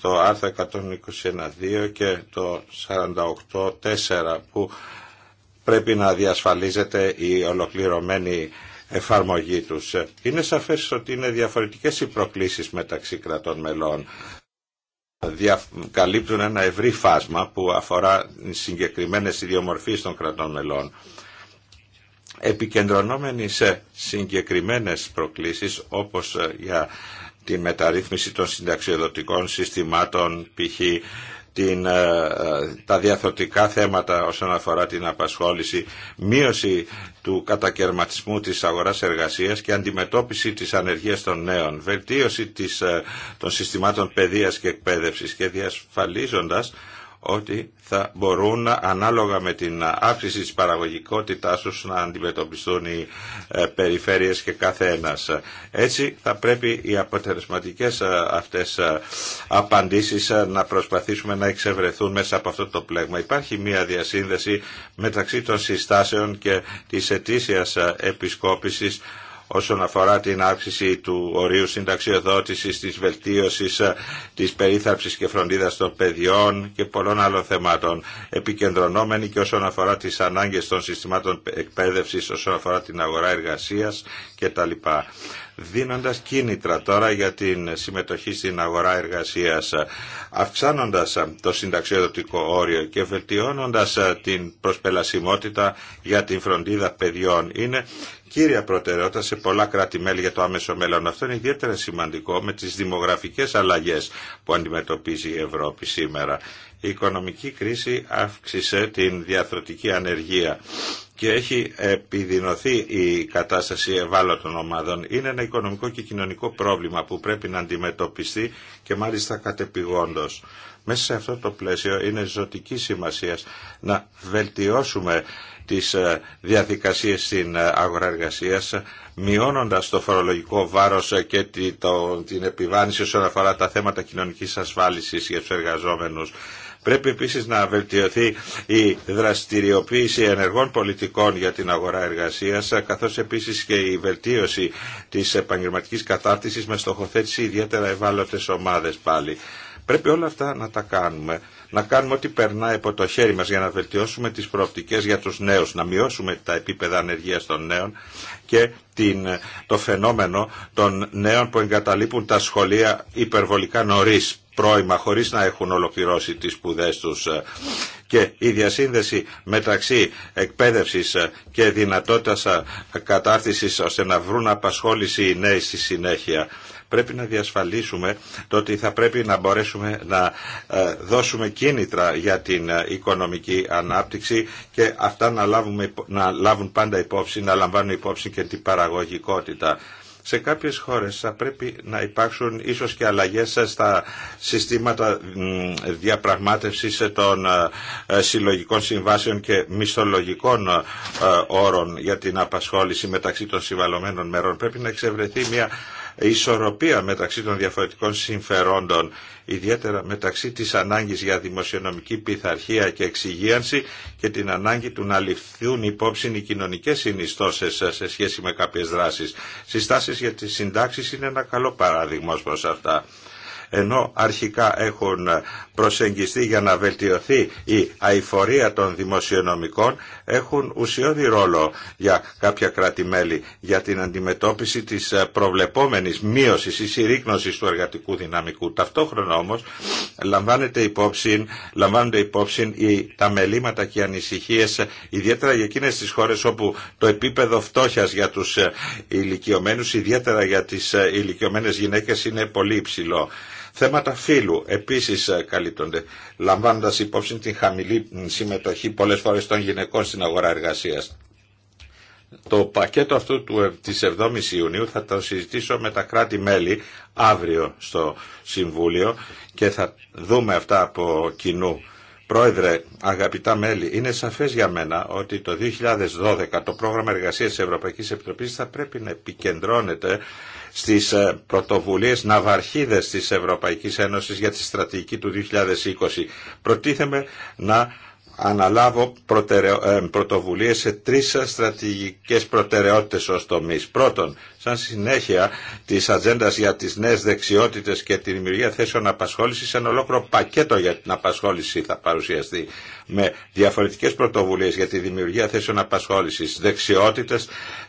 το άρθρο 121.2 και το 48.4 που πρέπει να διασφαλίζεται η ολοκληρωμένη εφαρμογή τους. Είναι σαφές ότι είναι διαφορετικές οι προκλήσεις μεταξύ κρατών μελών. Καλύπτουν ένα ευρύ φάσμα που αφορά συγκεκριμένες ιδιομορφίες των κρατών μελών επικεντρωνόμενοι σε συγκεκριμένες προκλήσεις όπως ε, για τη μεταρρύθμιση των συνταξιοδοτικών συστημάτων π.χ. Την, ε, ε, τα διαθωτικά θέματα όσον αφορά την απασχόληση, μείωση του κατακαιρματισμού της αγοράς εργασίας και αντιμετώπιση της ανεργίας των νέων, βελτίωση των συστημάτων παιδείας και εκπαίδευσης και διασφαλίζοντας ότι θα μπορούν ανάλογα με την αύξηση της παραγωγικότητάς τους να αντιμετωπιστούν οι ε, περιφέρειες και κάθε ένας. Έτσι θα πρέπει οι αποτελεσματικές ε, αυτές ε, απαντήσεις να προσπαθήσουμε να εξευρεθούν μέσα από αυτό το πλέγμα. Υπάρχει μία διασύνδεση μεταξύ των συστάσεων και της ετήσιας επισκόπησης όσον αφορά την αύξηση του ορίου συνταξιοδότησης, της βελτίωσης ε, της περίθαψης και φροντίδας των παιδιών και πολλών άλλων θεμάτων, επικεντρωνόμενοι και όσον αφορά τις ανάγκες των συστημάτων εκπαίδευσης, όσον αφορά την αγορά εργασίας κτλ δίνοντας κίνητρα τώρα για την συμμετοχή στην αγορά εργασίας, αυξάνοντας το συνταξιοδοτικό όριο και βελτιώνοντας την προσπελασιμότητα για την φροντίδα παιδιών. Είναι κύρια προτεραιότητα σε πολλά κράτη-μέλη για το άμεσο μέλλον. Αυτό είναι ιδιαίτερα σημαντικό με τις δημογραφικές αλλαγές που αντιμετωπίζει η Ευρώπη σήμερα. Η οικονομική κρίση αύξησε την διαθροτική ανεργία και έχει επιδεινωθεί η κατάσταση ευάλωτων ομάδων. Είναι ένα οικονομικό και κοινωνικό πρόβλημα που πρέπει να αντιμετωπιστεί και μάλιστα κατεπηγόντως. Μέσα σε αυτό το πλαίσιο είναι ζωτική σημασία να βελτιώσουμε τις ε, διαδικασίες στην ε, αγορά μειώνοντας το φορολογικό βάρος ε, και την επιβάρυνση όσον αφορά τα θέματα κοινωνικής ασφάλισης για τους εργαζόμενους. Πρέπει επίσης να βελτιωθεί η δραστηριοποίηση ενεργών πολιτικών για την αγορά εργασίας, καθώς επίσης και η βελτίωση της επαγγελματικής κατάρτισης με στοχοθέτηση ιδιαίτερα ευάλωτες ομάδες πάλι. Πρέπει όλα αυτά να τα κάνουμε. Να κάνουμε ό,τι περνάει από το χέρι μας για να βελτιώσουμε τις προοπτικές για τους νέους, να μειώσουμε τα επίπεδα ανεργίας των νέων και την, το φαινόμενο των νέων που εγκαταλείπουν τα σχολεία υπερβολικά νωρίς πρόημα χωρίς να έχουν ολοκληρώσει τις σπουδέ τους και η διασύνδεση μεταξύ εκπαίδευσης και δυνατότητας κατάρτισης ώστε να βρουν απασχόληση οι νέοι στη συνέχεια πρέπει να διασφαλίσουμε το ότι θα πρέπει να μπορέσουμε να ε, δώσουμε κίνητρα για την ε, οικονομική ανάπτυξη και αυτά να, να λάβουν πάντα υπόψη, να λαμβάνουν υπόψη και την παραγωγικότητα. Σε κάποιες χώρες θα πρέπει να υπάρξουν ίσως και αλλαγές στα συστήματα διαπραγμάτευσης των ε, συλλογικών συμβάσεων και μισθολογικών ε, όρων για την απασχόληση μεταξύ των συμβαλωμένων μέρων. Πρέπει να εξευρεθεί μια ισορροπία μεταξύ των διαφορετικών συμφερόντων, ιδιαίτερα μεταξύ της ανάγκης για δημοσιονομική πειθαρχία και εξυγίανση και την ανάγκη του να ληφθούν υπόψη οι κοινωνικές συνιστώσεις σε σχέση με κάποιες δράσεις. Συστάσεις για τις συντάξεις είναι ένα καλό παράδειγμα προς αυτά ενώ αρχικά έχουν προσεγγιστεί για να βελτιωθεί η αηφορία των δημοσιονομικών έχουν ουσιώδη ρόλο για κάποια κράτη-μέλη για την αντιμετώπιση της προβλεπόμενης μείωσης ή συρρήκνωσης του εργατικού δυναμικού. Ταυτόχρονα όμως λαμβάνεται υπόψη, λαμβάνονται υπόψη τα μελήματα και οι ανησυχίες ιδιαίτερα για εκείνες τις χώρες όπου το επίπεδο φτώχειας για τους ε, ηλικιωμένους, ιδιαίτερα για τις ε, ηλικιωμένες γυναίκες είναι πολύ υψηλό. Θέματα φύλου επίσης ε, καλύπτονται, λαμβάνοντας υπόψη την χαμηλή συμμετοχή πολλές φορές των γυναικών στην αγορά εργασίας. Το πακέτο αυτού του, της 7ης Ιουνίου θα το συζητήσω με τα κράτη-μέλη αύριο στο Συμβούλιο και θα δούμε αυτά από κοινού. Πρόεδρε, αγαπητά μέλη, είναι σαφές για μένα ότι το 2012 το πρόγραμμα εργασίας της Ευρωπαϊκής Επιτροπής θα πρέπει να επικεντρώνεται στις ε, πρωτοβουλίες ναυαρχίδες της Ευρωπαϊκής Ένωσης για τη στρατηγική του 2020. Προτίθεμαι να αναλάβω ε, πρωτοβουλίες σε τρεις στρατηγικές προτεραιότητες ως τομείς. Πρώτον, σαν συνέχεια τη ατζέντα για τι νέε δεξιότητε και τη δημιουργία θέσεων απασχόλησης, ένα ολόκληρο πακέτο για την απασχόληση θα παρουσιαστεί με διαφορετικέ πρωτοβουλίε για τη δημιουργία θέσεων απασχόληση, δεξιότητε,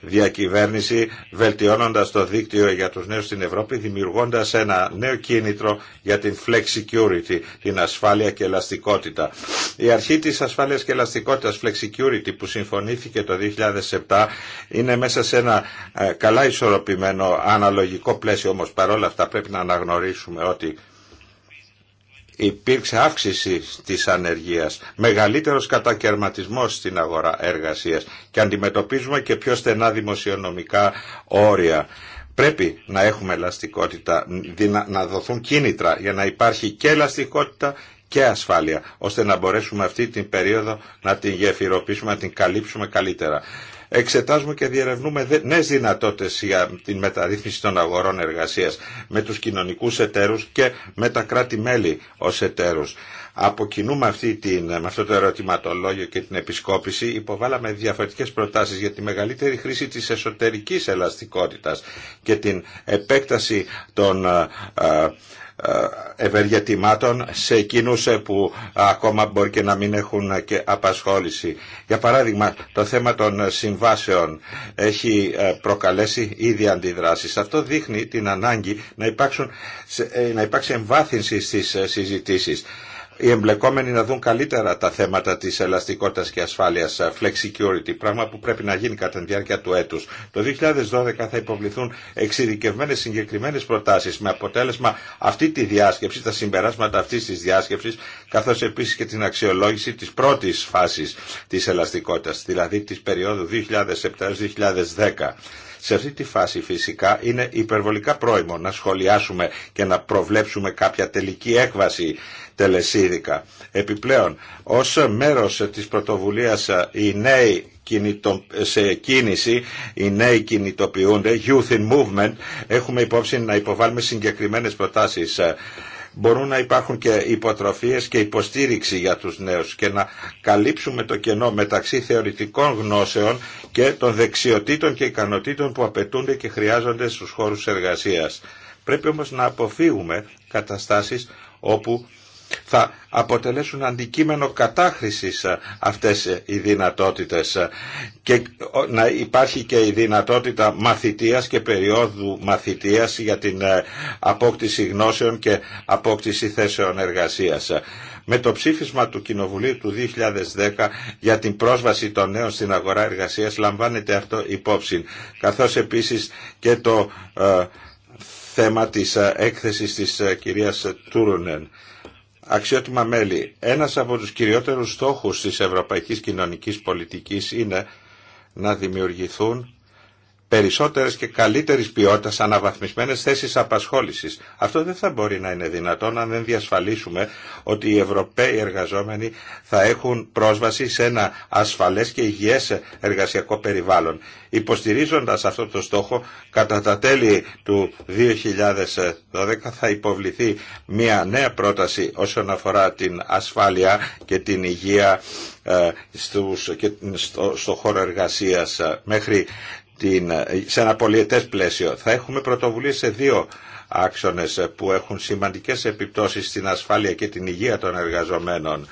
διακυβέρνηση, βελτιώνοντα το δίκτυο για του νέου στην Ευρώπη, δημιουργώντα ένα νέο κίνητρο για την flex security, την ασφάλεια και ελαστικότητα. Η αρχή τη ασφάλεια και ελαστικότητα, flex security, που συμφωνήθηκε το 2007, είναι μέσα σε ένα ε, καλά ισορροπημένο ισορροπημένο αναλογικό πλαίσιο όμως παρόλα αυτά πρέπει να αναγνωρίσουμε ότι υπήρξε αύξηση της ανεργίας, μεγαλύτερος κατακαιρματισμός στην αγορά εργασίας και αντιμετωπίζουμε και πιο στενά δημοσιονομικά όρια. Πρέπει να έχουμε ελαστικότητα, να δοθούν κίνητρα για να υπάρχει και ελαστικότητα και ασφάλεια, ώστε να μπορέσουμε αυτή την περίοδο να την γεφυροποιήσουμε, να την καλύψουμε καλύτερα εξετάζουμε και διερευνούμε νέε δυνατότητε για την μεταρρύθμιση των αγορών εργασία με του κοινωνικού εταίρου και με τα κράτη-μέλη ω εταίρου. Αποκινούμε αυτή την, με αυτό το ερωτηματολόγιο και την επισκόπηση υποβάλαμε διαφορετικές προτάσεις για τη μεγαλύτερη χρήση της εσωτερικής ελαστικότητας και την επέκταση των ε, ε, ε, ευεργετημάτων σε εκείνους ε, που ακόμα μπορεί και να μην έχουν ε, και απασχόληση. Για παράδειγμα, το θέμα των συμβάσεων έχει προκαλέσει ήδη αντιδράσεις. Αυτό δείχνει την ανάγκη να, υπάρξουν, να υπάρξει εμβάθυνση στις συζητήσεις οι εμπλεκόμενοι να δουν καλύτερα τα θέματα της ελαστικότητας και ασφάλειας, ε, flex security, πράγμα που πρέπει να γίνει κατά τη διάρκεια του έτους. Το 2012 θα υποβληθούν εξειδικευμένες συγκεκριμένες προτάσεις με αποτέλεσμα αυτή τη διάσκεψη, τα συμπεράσματα αυτής της διάσκεψης, καθώς επίσης και την αξιολόγηση της πρώτης φάσης της ελαστικότητας, δηλαδή της περίοδου 2007-2010. Σε αυτή τη φάση φυσικά είναι υπερβολικά πρόημο να σχολιάσουμε και να προβλέψουμε κάποια τελική έκβαση τελεσίδικα. Επιπλέον, ως μέρος της πρωτοβουλίας ε, οι νέοι ε, σε κίνηση, οι νέοι κινητοποιούνται, youth in movement, έχουμε υπόψη να υποβάλουμε συγκεκριμένες προτάσεις ε, μπορούν να υπάρχουν και υποτροφίες και υποστήριξη για τους νέους και να καλύψουμε το κενό μεταξύ θεωρητικών γνώσεων και των δεξιοτήτων και ικανοτήτων που απαιτούνται και χρειάζονται στους χώρους εργασίας. Πρέπει όμως να αποφύγουμε καταστάσεις όπου θα αποτελέσουν αντικείμενο κατάχρησης ε, αυτές ε, οι δυνατότητες ε, και να υπάρχει και η δυνατότητα μαθητείας και περίοδου μαθητείας για την απόκτηση γνώσεων και απόκτηση θέσεων εργασίας. Με το ψήφισμα του Κοινοβουλίου του 2010 για την πρόσβαση των νέων στην αγορά εργασίας λαμβάνεται αυτό υπόψη, καθώς επίσης και το θέμα της έκθεσης της κυρίας Τούρουνεν. Αξιότιμα μέλη, ένας από τους κυριότερους στόχους της ευρωπαϊκής κοινωνικής πολιτικής είναι να δημιουργηθούν περισσότερες και καλύτερης ποιότητας αναβαθμισμένες θέσεις απασχόλησης. Αυτό δεν θα μπορεί να είναι δυνατόν αν δεν διασφαλίσουμε ότι οι Ευρωπαίοι εργαζόμενοι θα έχουν πρόσβαση σε ένα ασφαλές και υγιές εργασιακό περιβάλλον. Υποστηρίζοντας αυτό το στόχο, κατά τα τέλη του 2012 θα υποβληθεί μια νέα πρόταση όσον αφορά την ασφάλεια και την υγεία ε, στον στο χώρο εργασίας ε, μέχρι σε ένα πολιετές πλαίσιο. Θα έχουμε πρωτοβουλίες σε δύο άξονες που έχουν σημαντικές επιπτώσεις στην ασφάλεια και την υγεία των εργαζομένων.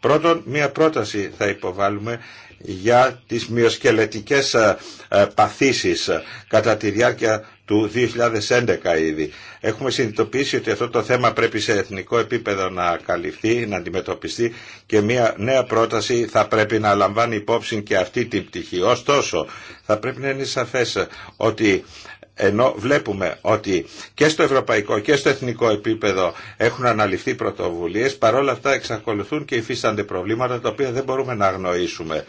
Πρώτον, μία πρόταση θα υποβάλουμε για τις μειοσκελετικές ε, ε, παθήσεις κατά τη διάρκεια του 2011 ήδη. Έχουμε συνειδητοποιήσει ότι αυτό το θέμα πρέπει σε εθνικό επίπεδο να καλυφθεί, να αντιμετωπιστεί και μια νέα πρόταση θα πρέπει να λαμβάνει υπόψη και αυτή την πτυχή. Ωστόσο, θα πρέπει να είναι σαφές ότι ενώ βλέπουμε ότι και στο ευρωπαϊκό και στο εθνικό επίπεδο έχουν αναλυφθεί πρωτοβουλίες, παρόλα αυτά εξακολουθούν και υφίστανται προβλήματα τα οποία δεν μπορούμε να αγνοήσουμε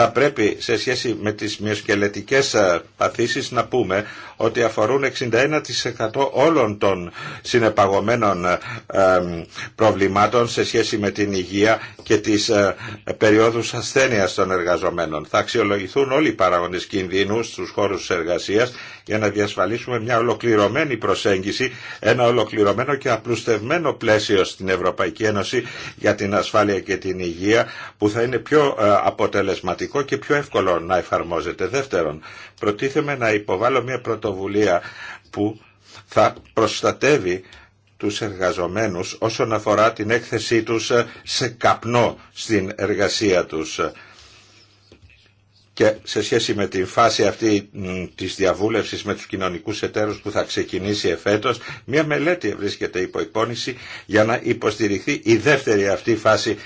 θα πρέπει σε σχέση με τις μυοσκελετικές ε, παθήσεις να πούμε ότι αφορούν 61% όλων των συνεπαγωμένων ε, προβλημάτων σε σχέση με την υγεία και τις ε, περιόδους ασθένειας των εργαζομένων. Θα αξιολογηθούν όλοι οι παράγοντες κινδύνου στους χώρους της εργασίας για να διασφαλίσουμε μια ολοκληρωμένη προσέγγιση, ένα ολοκληρωμένο και απλουστευμένο πλαίσιο στην Ευρωπαϊκή Ένωση για την ασφάλεια και την υγεία που θα είναι πιο αποτελεσματικό και πιο εύκολο να εφαρμόζεται. Δεύτερον, προτίθεμαι να υποβάλω μια πρωτοβουλία που θα προστατεύει τους εργαζομένους όσον αφορά την έκθεσή τους σε καπνό στην εργασία τους. Και σε σχέση με την φάση αυτή της διαβούλευσης με τους κοινωνικούς εταίρους που θα ξεκινήσει εφέτος, μια μελέτη βρίσκεται υπό για να υποστηριχθεί η δεύτερη αυτή φάση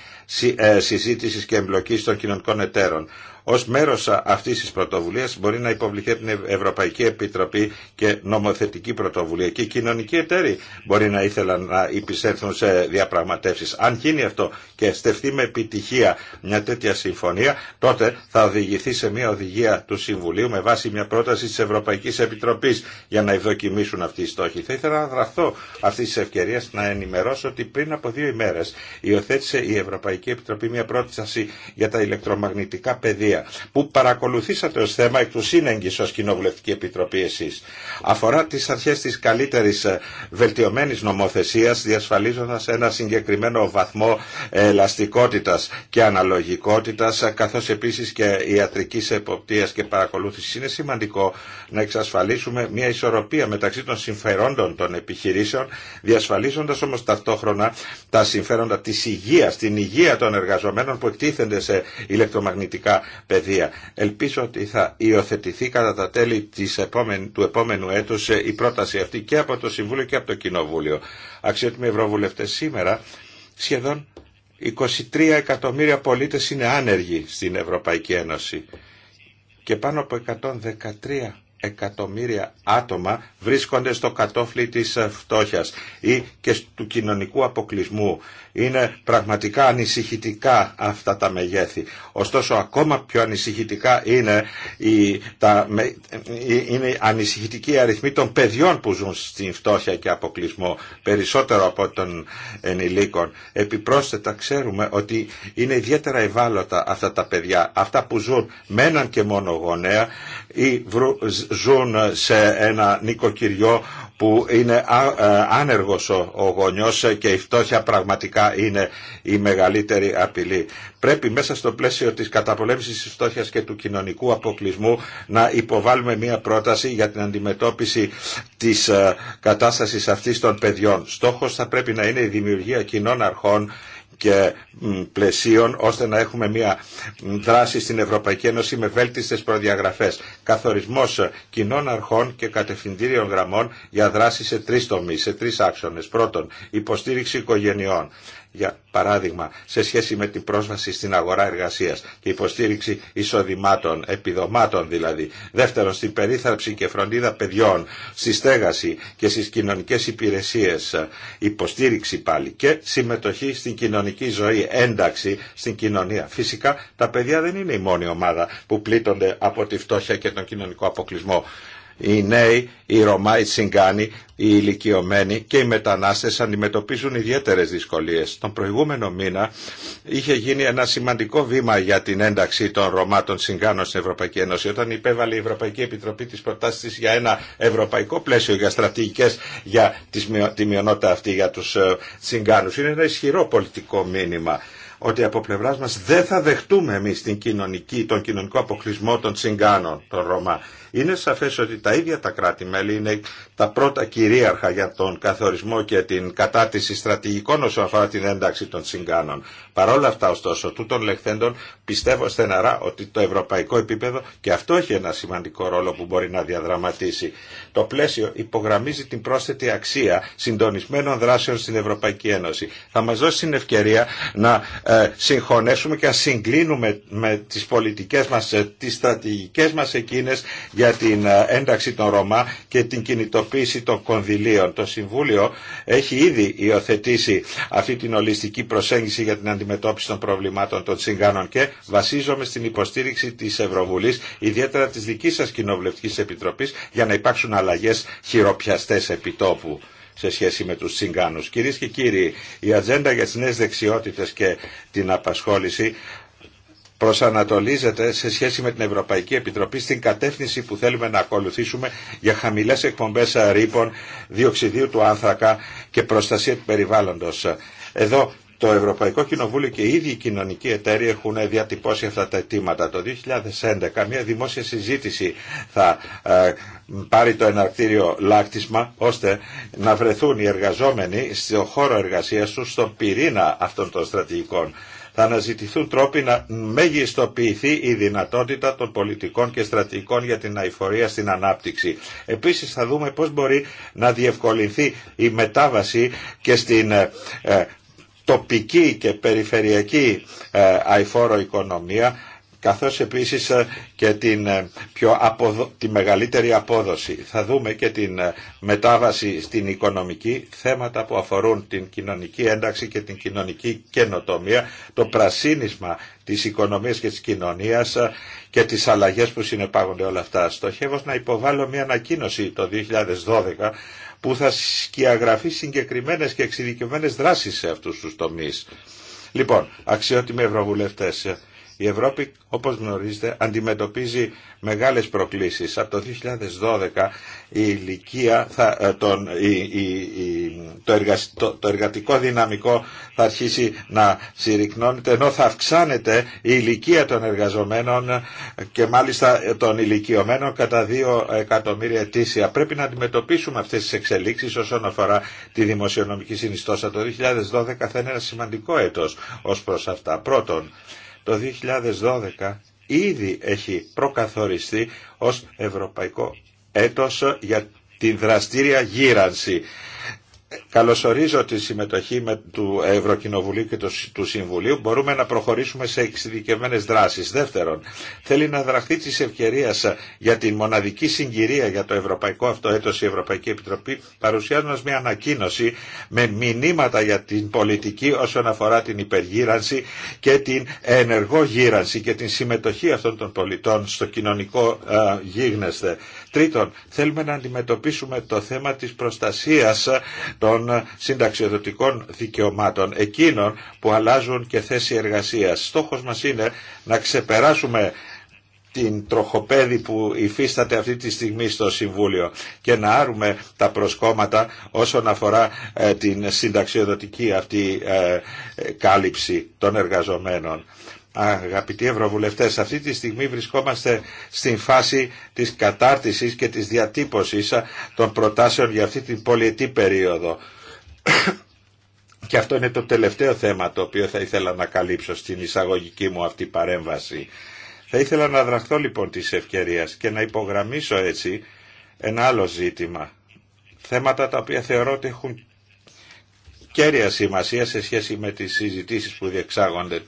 ε, συζήτησης και εμπλοκής των κοινωνικών εταίρων. Ω μέρο αυτή τη πρωτοβουλία μπορεί να υποβληθεί από την Ευρωπαϊκή Επιτροπή και νομοθετική πρωτοβουλία και οι κοινωνικοί εταίροι μπορεί να ήθελαν να υπησέλθουν σε διαπραγματεύσει. Αν γίνει αυτό και στεφθεί με επιτυχία μια τέτοια συμφωνία, τότε θα οδηγηθεί σε μια οδηγία του Συμβουλίου με βάση μια πρόταση τη Ευρωπαϊκή Επιτροπής για να ευδοκιμήσουν αυτοί οι στόχοι. Θα ήθελα να δραχθώ αυτή τη ευκαιρία να ενημερώσω ότι πριν από δύο ημέρε υιοθέτησε η Ευρωπαϊκή Επιτροπή μια πρόταση για τα ηλεκτρομαγνητικά πεδία που παρακολουθήσατε ως θέμα εκ του σύνεγγυς ως Κοινοβουλευτική Επιτροπή εσεί. Αφορά τις αρχές της καλύτερης ε, βελτιωμένης νομοθεσίας διασφαλίζοντας ένα συγκεκριμένο βαθμό ε, ελαστικότητας και αναλογικότητας ε, καθώς επίσης και ιατρικής εποπτείας και παρακολούθησης. Είναι σημαντικό να εξασφαλίσουμε μια ισορροπία μεταξύ των συμφερόντων των επιχειρήσεων διασφαλίζοντας όμως ταυτόχρονα τα συμφέροντα της υγείας, την υγεία των εργαζομένων που εκτίθενται σε ηλεκτρομαγνητικά παιδεία. Ελπίζω ότι θα υιοθετηθεί κατά τα τέλη της του επόμενου έτους ε, η πρόταση αυτή και από το Συμβούλιο και από το Κοινοβούλιο. Αξιότιμοι Ευρωβουλευτές, σήμερα σχεδόν 23 εκατομμύρια πολίτες είναι άνεργοι στην Ευρωπαϊκή Ένωση και πάνω από 113 εκατομμύρια άτομα βρίσκονται στο κατόφλι της ε, φτώχειας ή και του κοινωνικού αποκλεισμού είναι πραγματικά ανησυχητικά αυτά τα μεγέθη. Ωστόσο ακόμα πιο ανησυχητικά είναι η, τα, είναι ανησυχητική αριθμή των παιδιών που ζουν στην φτώχεια και αποκλεισμό περισσότερο από των ενηλίκων. Επιπρόσθετα ξέρουμε ότι είναι ιδιαίτερα ευάλωτα αυτά τα παιδιά. Αυτά που ζουν με έναν και μόνο γονέα ή ζουν σε ένα νοικοκυριό που είναι ε, άνεργος ο γονιός και η φτώχεια πραγματικά είναι η μεγαλύτερη απειλή. Πρέπει μέσα στο πλαίσιο της καταπολέμησης της φτώχειας και του κοινωνικού αποκλεισμού να υποβάλουμε μια πρόταση για την αντιμετώπιση της ε, κατάστασης αυτής των παιδιών. Στόχος θα πρέπει να είναι η δημιουργία κοινών αρχών και πλαισίων ώστε να έχουμε μια δράση στην Ευρωπαϊκή Ένωση με βέλτιστες προδιαγραφές. Καθορισμός κοινών αρχών και κατευθυντήριων γραμμών για δράση σε τρεις τομείς, σε τρεις άξονες. Πρώτον, υποστήριξη οικογενειών για παράδειγμα, σε σχέση με την πρόσβαση στην αγορά εργασίας και υποστήριξη εισοδημάτων, επιδομάτων δηλαδή. Δεύτερον, στην περίθαλψη και φροντίδα παιδιών, στη στέγαση και στις κοινωνικές υπηρεσίες, υποστήριξη πάλι και συμμετοχή στην κοινωνική ζωή, ένταξη στην κοινωνία. Φυσικά, τα παιδιά δεν είναι η μόνη ομάδα που πλήττονται από τη φτώχεια και τον κοινωνικό αποκλεισμό. Οι νέοι, οι Ρωμά, οι Τσιγκάνοι, οι ηλικιωμένοι και οι μετανάστες αντιμετωπίζουν ιδιαίτερες δυσκολίες. Τον προηγούμενο μήνα είχε γίνει ένα σημαντικό βήμα για την ένταξη των Ρωμά των Τσιγκάνων στην Ευρωπαϊκή Ένωση όταν υπέβαλε η Ευρωπαϊκή Επιτροπή τις προτάσεις για ένα ευρωπαϊκό πλαίσιο για στρατηγικές για τη μειονότητα αυτή για τους ε, Τσιγκάνους. Είναι ένα ισχυρό πολιτικό μήνυμα ότι από πλευρά μα δεν θα δεχτούμε εμεί την τον κοινωνικό αποκλεισμό των τσιγκάνων, των Ρωμά. Είναι σαφέ ότι τα ίδια τα κράτη-μέλη είναι τα πρώτα κυρίαρχα για τον καθορισμό και την κατάρτιση στρατηγικών όσον αφορά την ένταξη των τσιγκάνων. Παρόλα αυτά, ωστόσο, τούτων λεχθέντων πιστεύω στεναρά ότι το ευρωπαϊκό επίπεδο και αυτό έχει ένα σημαντικό ρόλο που μπορεί να διαδραματίσει. Το πλαίσιο υπογραμμίζει την πρόσθετη αξία συντονισμένων δράσεων στην Ευρωπαϊκή Ένωση. Θα μα δώσει την ευκαιρία να ε, ε, συγχωνέσουμε και να συγκλίνουμε με τις πολιτικές μας, ε, τις στρατηγικές μας εκείνες για την ε, ένταξη των Ρωμά και την κινητοποίηση των κονδυλίων. Το Συμβούλιο έχει ήδη υιοθετήσει αυτή την ολιστική προσέγγιση για την αντιμετώπιση των προβλημάτων των τσιγκάνων και βασίζομαι στην υποστήριξη της Ευρωβουλής, ιδιαίτερα της δικής σας Κοινοβουλευτικής Επιτροπής, για να υπάρξουν αλλαγές χειροπιαστές επιτόπου σε σχέση με τους τσιγκάνους. Κυρίες και κύριοι, η ατζέντα για τις νέες δεξιότητες και την απασχόληση προσανατολίζεται σε σχέση με την Ευρωπαϊκή Επιτροπή στην κατεύθυνση που θέλουμε να ακολουθήσουμε για χαμηλές εκπομπές ρήπων, διοξιδίου του άνθρακα και προστασία του περιβάλλοντος. Εδώ το Ευρωπαϊκό Κοινοβούλιο και οι ίδιοι οι κοινωνικοί εταίροι έχουν διατυπώσει αυτά τα αιτήματα. Το 2011 μια δημόσια συζήτηση θα ε, πάρει το εναρκτήριο λάκτισμα ώστε να βρεθούν οι εργαζόμενοι στο χώρο εργασίας τους στον πυρήνα αυτών των στρατηγικών θα αναζητηθούν τρόποι να μεγιστοποιηθεί η δυνατότητα των πολιτικών και στρατηγικών για την αηφορία στην ανάπτυξη. Επίσης θα δούμε πώς μπορεί να διευκολυνθεί η μετάβαση και στην ε, ε, τοπική και περιφερειακή ε, αηφόρο οικονομία καθώς επίσης ε, και την, ε, πιο τη μεγαλύτερη απόδοση. Θα δούμε και την μετάβαση στην οικονομική, θέματα που αφορούν την κοινωνική ένταξη και την κοινωνική καινοτομία, το πρασίνισμα της οικονομίας και της κοινωνίας και τις αλλαγές που συνεπάγονται όλα αυτά. Στοχεύω να υποβάλω μια ανακοίνωση το 2012 που θα σκιαγραφεί συγκεκριμένες και εξειδικευμένες δράσεις σε αυτούς τους τομείς. Λοιπόν, αξιότιμοι ευρωβουλευτές, η Ευρώπη, όπως γνωρίζετε, αντιμετωπίζει μεγάλες προκλήσεις. Από το 2012 η ηλικία, θα, ε, το, εργατικό δυναμικό θα αρχίσει να συρρυκνώνεται, ενώ θα αυξάνεται η ηλικία των εργαζομένων και μάλιστα ε, των ηλικιωμένων κατά 2 εκατομμύρια ετήσια. Πρέπει να αντιμετωπίσουμε αυτές τις εξελίξεις όσον αφορά τη δημοσιονομική συνιστόσα. Το 2012 θα είναι ένα σημαντικό έτος ως προς αυτά. Πρώτον, το 2012 ήδη έχει προκαθοριστεί ως Ευρωπαϊκό Έτος για την δραστήρια γύρανση καλωσορίζω τη συμμετοχή με του Ευρωκοινοβουλίου και του Συμβουλίου. Μπορούμε να προχωρήσουμε σε εξειδικευμένε δράσεις. Δεύτερον, θέλει να δραχθεί τη ευκαιρία για τη μοναδική συγκυρία για το ευρωπαϊκό αυτό η Ευρωπαϊκή Επιτροπή, παρουσιάζοντα μια ανακοίνωση με μηνύματα για την πολιτική όσον αφορά την υπεργύρανση και την ενεργό γύρανση και την συμμετοχή αυτών των πολιτών στο κοινωνικό ε, γίγνεσθε. Τρίτον, θέλουμε να αντιμετωπίσουμε το θέμα της προστασίας των συνταξιοδοτικών δικαιωμάτων, εκείνων που αλλάζουν και θέση εργασίας. Στόχος μας είναι να ξεπεράσουμε την τροχοπέδη που υφίσταται αυτή τη στιγμή στο Συμβούλιο και να άρουμε τα προσκόμματα όσον αφορά ε, την συνταξιοδοτική αυτή ε, ε, κάλυψη των εργαζομένων. Αγαπητοί Ευρωβουλευτές, αυτή τη στιγμή βρισκόμαστε στην φάση της κατάρτισης και της διατύπωσης των προτάσεων για αυτή την πολιετή περίοδο. Και αυτό είναι το τελευταίο θέμα το οποίο θα ήθελα να καλύψω στην εισαγωγική μου αυτή παρέμβαση. Θα ήθελα να δραχθώ λοιπόν της ευκαιρίας και να υπογραμμίσω έτσι ένα άλλο ζήτημα. Θέματα τα οποία θεωρώ ότι έχουν κέρια σημασία σε σχέση με τις συζητήσεις που διεξάγονται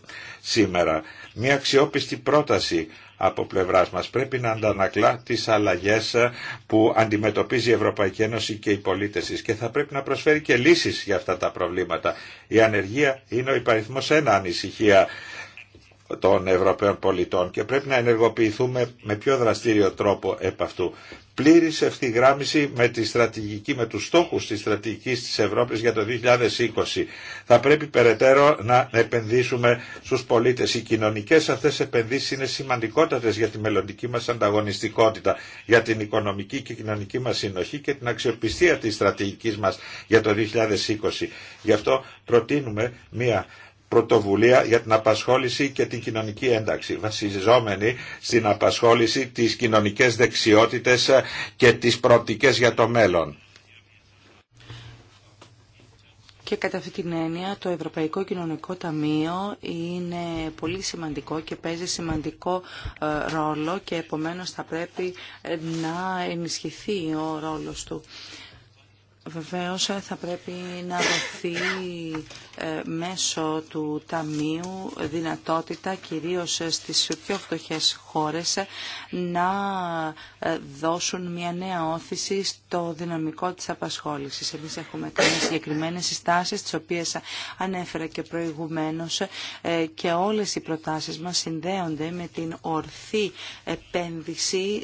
σήμερα. Μια αξιόπιστη πρόταση από πλευράς μας πρέπει να αντανακλά τις αλλαγές ε, που αντιμετωπίζει η Ευρωπαϊκή Ένωση και οι πολίτες και θα πρέπει να προσφέρει και λύσεις για αυτά τα προβλήματα. Η ανεργία είναι ο υπαριθμό ένα ανησυχία των Ευρωπαίων πολιτών και πρέπει να ενεργοποιηθούμε με πιο δραστήριο τρόπο επ' αυτού. Πλήρης ευθυγράμμιση με, τη στρατηγική, με τους στόχους της στρατηγικής της Ευρώπης για το 2020. Θα πρέπει περαιτέρω να επενδύσουμε στους πολίτες. Οι κοινωνικές αυτές επενδύσεις είναι σημαντικότατες για τη μελλοντική μας ανταγωνιστικότητα, για την οικονομική και κοινωνική μας συνοχή και την αξιοπιστία της στρατηγικής μας για το 2020. Γι' αυτό προτείνουμε μια πρωτοβουλία για την απασχόληση και την κοινωνική ένταξη, βασιζόμενη στην απασχόληση, τις κοινωνικές δεξιότητες και τις προοπτικές για το μέλλον. Και κατά αυτή την έννοια το Ευρωπαϊκό Κοινωνικό Ταμείο είναι πολύ σημαντικό και παίζει σημαντικό ε, ρόλο και επομένως θα πρέπει ε, να ενισχυθεί ο ρόλος του. Βεβαίως ε, θα πρέπει να δοθεί ε, μέσω του Ταμείου δυνατότητα κυρίως ε, στις πιο φτωχές χώρες να δώσουν μια νέα όθηση στο δυναμικό της απασχόλησης. Εμείς έχουμε κάνει συγκεκριμένες συστάσεις τις οποίες ανέφερα και προηγουμένως και όλες οι προτάσεις μας συνδέονται με την ορθή επένδυση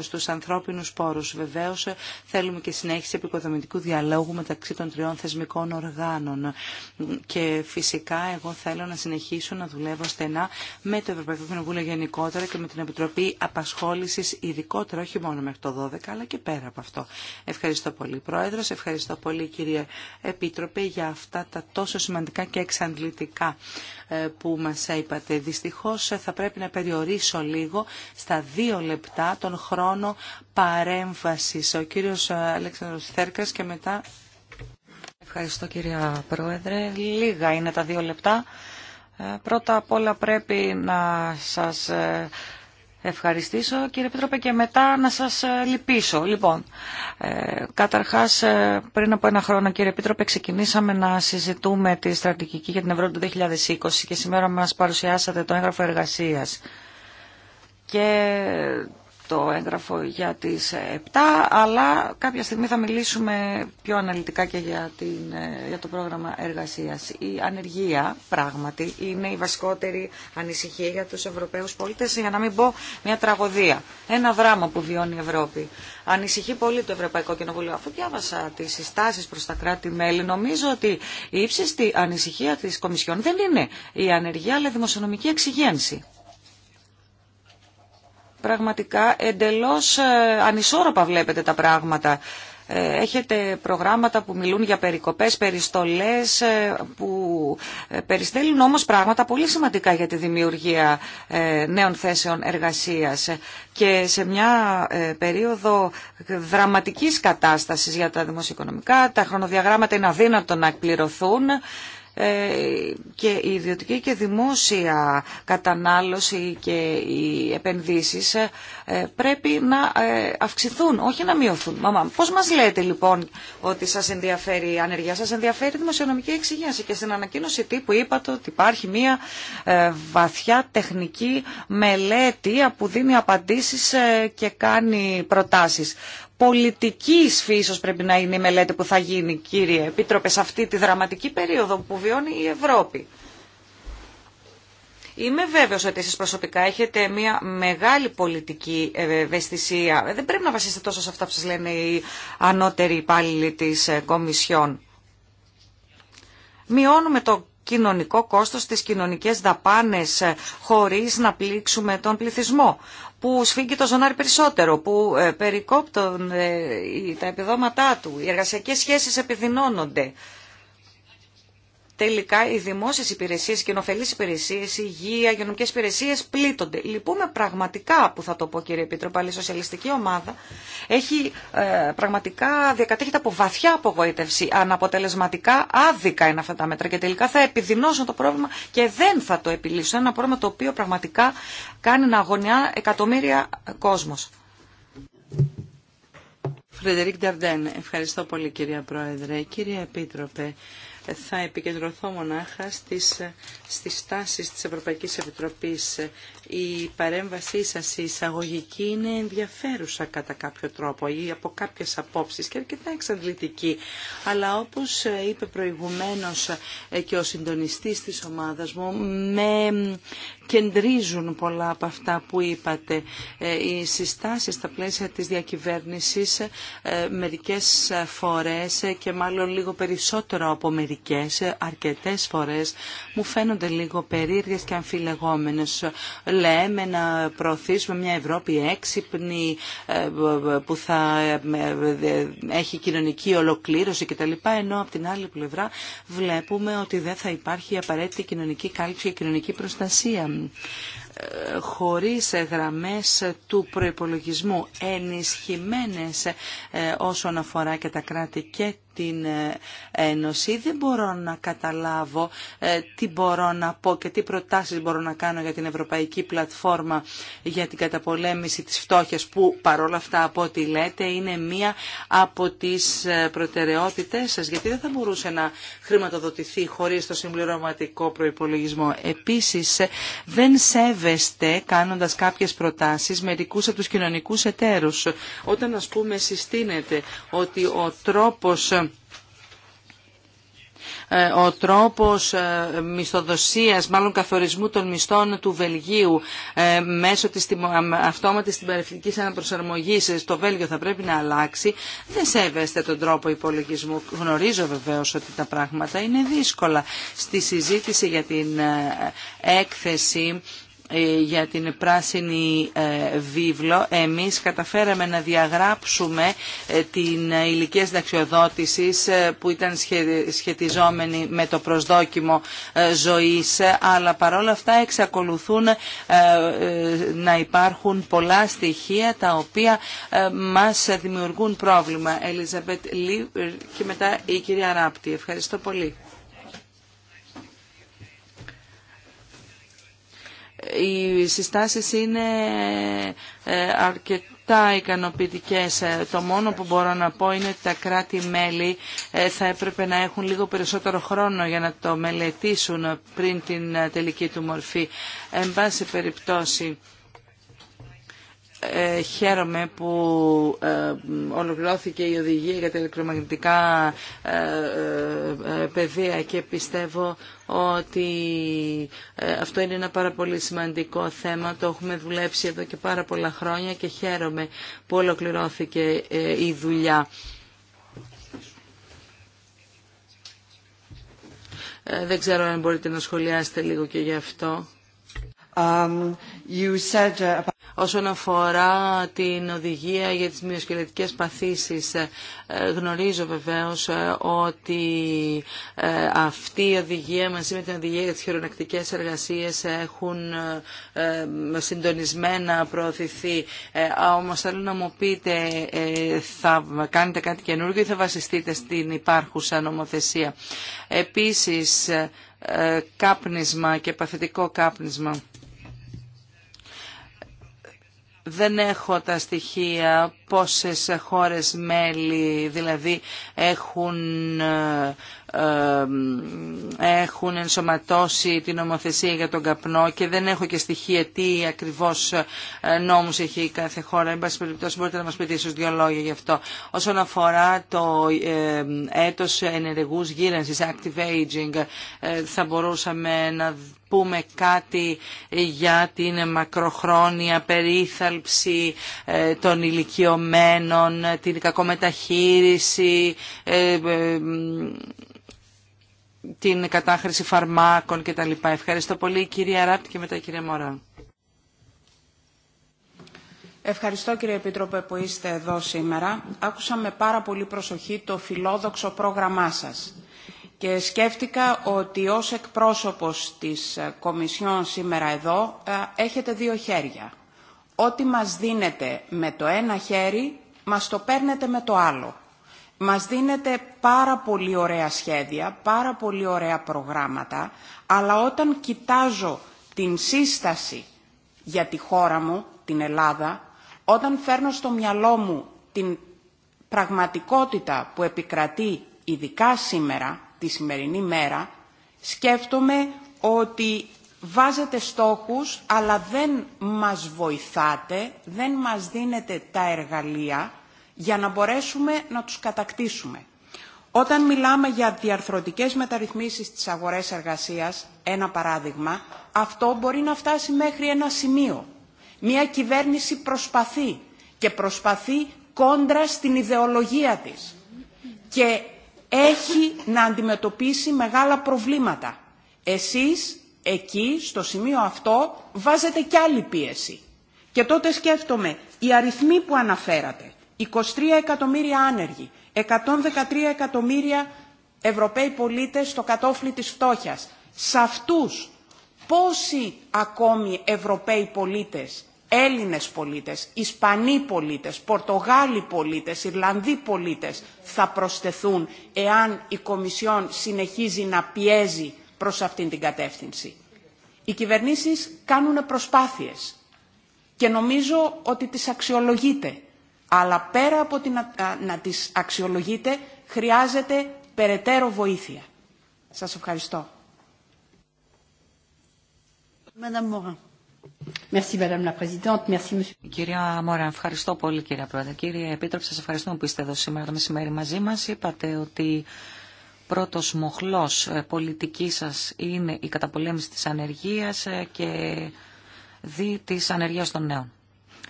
στους ανθρώπινους πόρους. Βεβαίως θέλουμε και συνέχιση επικοδομητικής πολιτικού διαλόγου μεταξύ των τριών θεσμικών οργάνων. Και φυσικά εγώ θέλω να συνεχίσω να δουλεύω στενά με το Ευρωπαϊκό Κοινοβούλιο γενικότερα και με την Επιτροπή Απασχόλησης ειδικότερα, όχι μόνο μέχρι το 12 αλλά και πέρα από αυτό. Ευχαριστώ πολύ Πρόεδρος, ευχαριστώ πολύ κύριε Επίτροπε για αυτά τα τόσο σημαντικά και εξαντλητικά ε, που μας είπατε. Δυστυχώς ε, θα πρέπει να περιορίσω λίγο στα δύο λεπτά τον χρόνο παρέμβασης. Ο κύριος Αλέξανδρος Θέρκας και μετά... Ευχαριστώ κυρία Πρόεδρε. Λίγα είναι τα δύο λεπτά. Ε, πρώτα απ' όλα πρέπει να σας ε, ευχαριστήσω κύριε Πίτροπε και μετά να σας ε, λυπήσω. Λοιπόν, ε, καταρχάς πριν από ένα χρόνο κύριε Πίτροπε ξεκινήσαμε να συζητούμε τη στρατηγική για την Ευρώπη του 2020 και σήμερα μας παρουσιάσατε το έγγραφο εργασίας. Και το έγγραφο για τις 7, ε, αλλά κάποια στιγμή θα μιλήσουμε πιο αναλυτικά και για, την, ε, για το πρόγραμμα εργασίας. Η ανεργία πράγματι είναι η βασικότερη ανησυχία για τους Ευρωπαίους πολίτες, για να μην πω μια τραγωδία, ένα δράμα που βιώνει η Ευρώπη. Ανησυχεί πολύ το Ευρωπαϊκό Κοινοβούλιο. Αφού διάβασα τι συστάσει προ τα κράτη-μέλη, νομίζω ότι η ύψιστη ανησυχία τη Κομισιόν δεν είναι η ανεργία, αλλά η δημοσιονομική εξυγένση πραγματικά εντελώς ε, ανισόρροπα βλέπετε τα πράγματα. Ε, έχετε προγράμματα που μιλούν για περικοπές, περιστολές, ε, που περιστέλουν όμως πράγματα πολύ σημαντικά για τη δημιουργία νέων θέσεων εργασίας. Και σε μια περίοδο δραματικής κατάστασης για τα δημοσιοοικονομικά, τα χρονοδιαγράμματα είναι αδύνατο να εκπληρωθούν ε, και η ιδιωτική και δημόσια κατανάλωση και οι επενδύσεις ε, πρέπει να ε, αυξηθούν, όχι να μειωθούν. Μαμά, πώς μας λέτε λοιπόν ότι σας ενδιαφέρει η ανεργία, σας ενδιαφέρει η δημοσιονομική εξυγίανση και στην ανακοίνωση τύπου είπατε ότι υπάρχει μια βαθιά τεχνική μελέτη που δίνει απαντήσεις και κάνει προτάσεις πολιτική φύσεως πρέπει να είναι η μελέτη που θα γίνει, κύριε Επίτροπε, σε αυτή τη δραματική περίοδο που βιώνει η Ευρώπη. Είμαι βέβαιος ότι εσείς προσωπικά έχετε μια μεγάλη πολιτική ε, ευαισθησία. Δεν πρέπει να βασίσετε τόσο σε αυτά που σας λένε οι ανώτεροι υπάλληλοι της ε, Κομισιόν. Μειώνουμε το κοινωνικό κόστος, τις κοινωνικές δαπάνες ε, χωρίς να πλήξουμε τον πληθυσμό που σφίγγει το ζωνάρι περισσότερο, που ε, περικόπτουν ε, τα επιδόματά του, οι εργασιακές σχέσεις επιδεινώνονται τελικά οι δημόσιε υπηρεσίε, οι κοινοφελεί υπηρεσίες, η υγεία, οι υγειονομικέ υπηρεσίες πλήττονται. Λυπούμε πραγματικά που θα το πω κύριε Επιτροπε, αλλά η σοσιαλιστική ομάδα έχει ε, πραγματικά διακατέχεται από βαθιά απογοήτευση. Αναποτελεσματικά άδικα είναι αυτά τα μέτρα και τελικά θα επιδεινώσουν το πρόβλημα και δεν θα το επιλύσουν. Ένα πρόβλημα το οποίο πραγματικά κάνει να αγωνιά εκατομμύρια κόσμο. Φρεντερίκ Νταρντέν, ευχαριστώ πολύ κυρία Πρόεδρε. Κύριε Επίτροπε, θα επικεντρωθώ μονάχα στις, στις τάσεις της Ευρωπαϊκής Επιτροπής η παρέμβασή σας η εισαγωγική είναι ενδιαφέρουσα κατά κάποιο τρόπο ή από κάποιες απόψεις και αρκετά εξαντλητική. Αλλά όπως ε, είπε προηγουμένως ε, και ο συντονιστής της ομάδας μου, με κεντρίζουν πολλά από αυτά που είπατε. Ε, οι συστάσεις στα πλαίσια της διακυβέρνησης μερικές φορές και μάλλον λίγο περισσότερο από μερικές, αρκετές φορές, μου φαίνονται λίγο περίεργες και αμφιλεγόμενες λέμε να προωθήσουμε μια Ευρώπη έξυπνη ε, που θα ε, ε, έχει κοινωνική ολοκλήρωση κτλ. Ενώ από την άλλη πλευρά βλέπουμε ότι δεν θα υπάρχει απαραίτητη κοινωνική κάλυψη και κοινωνική προστασία χωρίς γραμμές του προϋπολογισμού ενισχυμένες όσον αφορά και τα κράτη και την ε, Ένωση. Δεν μπορώ να καταλάβω ε, τι μπορώ να πω και τι προτάσεις μπορώ να κάνω για την Ευρωπαϊκή Πλατφόρμα για την καταπολέμηση της φτώχειας που παρόλα αυτά από ό,τι λέτε είναι μία από τις ε, προτεραιότητές σας γιατί δεν θα μπορούσε να χρηματοδοτηθεί χωρίς το συμπληρωματικό προϋπολογισμό. Επίσης δεν σέβεστε κάνοντας κάποιες προτάσεις μερικούς από τους κοινωνικούς εταίρους όταν ας πούμε συστήνεται ότι ο τρόπος ο τρόπος ε, μισθοδοσίας, μάλλον καθορισμού των μισθών του Βελγίου ε, μέσω της αυτόματης συμπεριφερικής αναπροσαρμογής ε, στο Βέλγιο θα πρέπει να αλλάξει, δεν σέβεστε τον τρόπο υπολογισμού. Γνωρίζω βεβαίως ότι τα πράγματα είναι δύσκολα. Στη συζήτηση για την έκθεση ε, για την πράσινη ε, βίβλο εμείς καταφέραμε να διαγράψουμε ε, την ηλικία συνταξιοδότηση που ήταν σχετιζόμενη με το προσδόκιμο ζωής αλλά παρόλα αυτά εξακολουθούν να υπάρχουν πολλά στοιχεία τα οποία μας δημιουργούν πρόβλημα. Ελίζαμπετ Λίβερ και μετά η κυρία Ράπτη. Ευχαριστώ πολύ. Οι συστάσεις είναι ε, αρκετά τα ικανοποιητικές. Ε, το μόνο που μπορώ να πω είναι ότι τα κράτη-μέλη ε, θα έπρεπε να έχουν λίγο περισσότερο χρόνο για να το μελετήσουν πριν την τελική του μορφή. Εν πάση περιπτώσει, ε, χαίρομαι που ε, ολοκληρώθηκε η οδηγία για τα ηλεκτρομαγνητικά ε, ε, ε πεδία και πιστεύω ότι αυτό είναι ένα πάρα πολύ σημαντικό θέμα. Το έχουμε δουλέψει εδώ και πάρα πολλά χρόνια και χαίρομαι που ολοκληρώθηκε η δουλειά. Δεν ξέρω αν μπορείτε να σχολιάσετε λίγο και γι' αυτό. Um, uh, όσον αφορά την οδηγία για τις μυοσκελετικές παθήσεις. Ε, γνωρίζω βεβαίως ε, ότι ε, αυτή η οδηγία μαζί με την οδηγία για τις χειρονακτικές εργασίες έχουν συντονισμένα προωθηθεί. Όμως θέλω να μου πείτε, θα κάνετε κάτι καινούργιο ή θα βασιστείτε στην υπάρχουσα νομοθεσία. Επίσης, κάπνισμα και παθητικό κάπνισμα δεν έχω τα στοιχεία πόσες χώρες μέλη δηλαδή έχουν ε, έχουν ενσωματώσει την νομοθεσία για τον καπνό και δεν έχω και στοιχεία τι ακριβώς ε, νόμους έχει κάθε χώρα. Εν πάση περιπτώσει μπορείτε να μας πείτε ίσως δύο λόγια γι' αυτό. Όσον αφορά το έτος ενεργούς γύρανσης, active aging, ε, θα μπορούσαμε να πούμε κάτι για την μακροχρόνια περίθαλψη ε, των ηλικιωμένων, την κακομεταχείριση, την κατάχρηση φαρμάκων κτλ. Ευχαριστώ πολύ κυρία Ράπτη και μετά κυρία Μωρά. Ευχαριστώ κύριε Επίτροπε που είστε εδώ σήμερα. Άκουσα με πάρα πολύ προσοχή το φιλόδοξο πρόγραμμά σας και σκέφτηκα ότι ως εκπρόσωπος της Κομισιόν σήμερα εδώ ε, έχετε δύο χέρια. Ό,τι μας δίνετε με το ένα χέρι μας το παίρνετε με το άλλο μας δίνεται πάρα πολύ ωραία σχέδια, πάρα πολύ ωραία προγράμματα, αλλά όταν κοιτάζω την σύσταση για τη χώρα μου, την Ελλάδα, όταν φέρνω στο μυαλό μου την πραγματικότητα που επικρατεί ειδικά σήμερα, τη σημερινή μέρα, σκέφτομαι ότι βάζετε στόχους αλλά δεν μας βοηθάτε, δεν μας δίνετε τα εργαλεία για να μπορέσουμε να τους κατακτήσουμε. Όταν μιλάμε για διαρθρωτικές μεταρρυθμίσεις στις αγορές εργασίας, ένα παράδειγμα, αυτό μπορεί να φτάσει μέχρι ένα σημείο. Μία κυβέρνηση προσπαθεί και προσπαθεί κόντρα στην ιδεολογία της και έχει να αντιμετωπίσει μεγάλα προβλήματα. Εσείς εκεί, στο σημείο αυτό, βάζετε κι άλλη πίεση. Και τότε σκέφτομαι, οι αριθμοί που αναφέρατε, 23 εκατομμύρια άνεργοι, 113 εκατομμύρια Ευρωπαίοι πολίτες στο κατόφλι της φτώχειας. Σε αυτούς πόσοι ακόμη Ευρωπαίοι πολίτες, Έλληνες πολίτες, Ισπανοί πολίτες, Πορτογάλοι πολίτες, Ιρλανδοί πολίτες θα προσθεθούν εάν η Κομισιόν συνεχίζει να πιέζει προς αυτήν την κατεύθυνση. Οι κυβερνήσεις κάνουν προσπάθειες και νομίζω ότι τις αξιολογείται αλλά πέρα από την, να, να τις αξιολογείτε χρειάζεται περαιτέρω βοήθεια. Σας ευχαριστώ. Κυρία Μόρα, ευχαριστώ πολύ κυρία Πρόεδρε. Κύριε Επίτροπε, σας ευχαριστούμε που είστε εδώ σήμερα το μεσημέρι μαζί μας. Είπατε ότι πρώτος μοχλός ε, πολιτικής σας είναι η καταπολέμηση της ανεργίας ε, και δι της ανεργίας των νέων.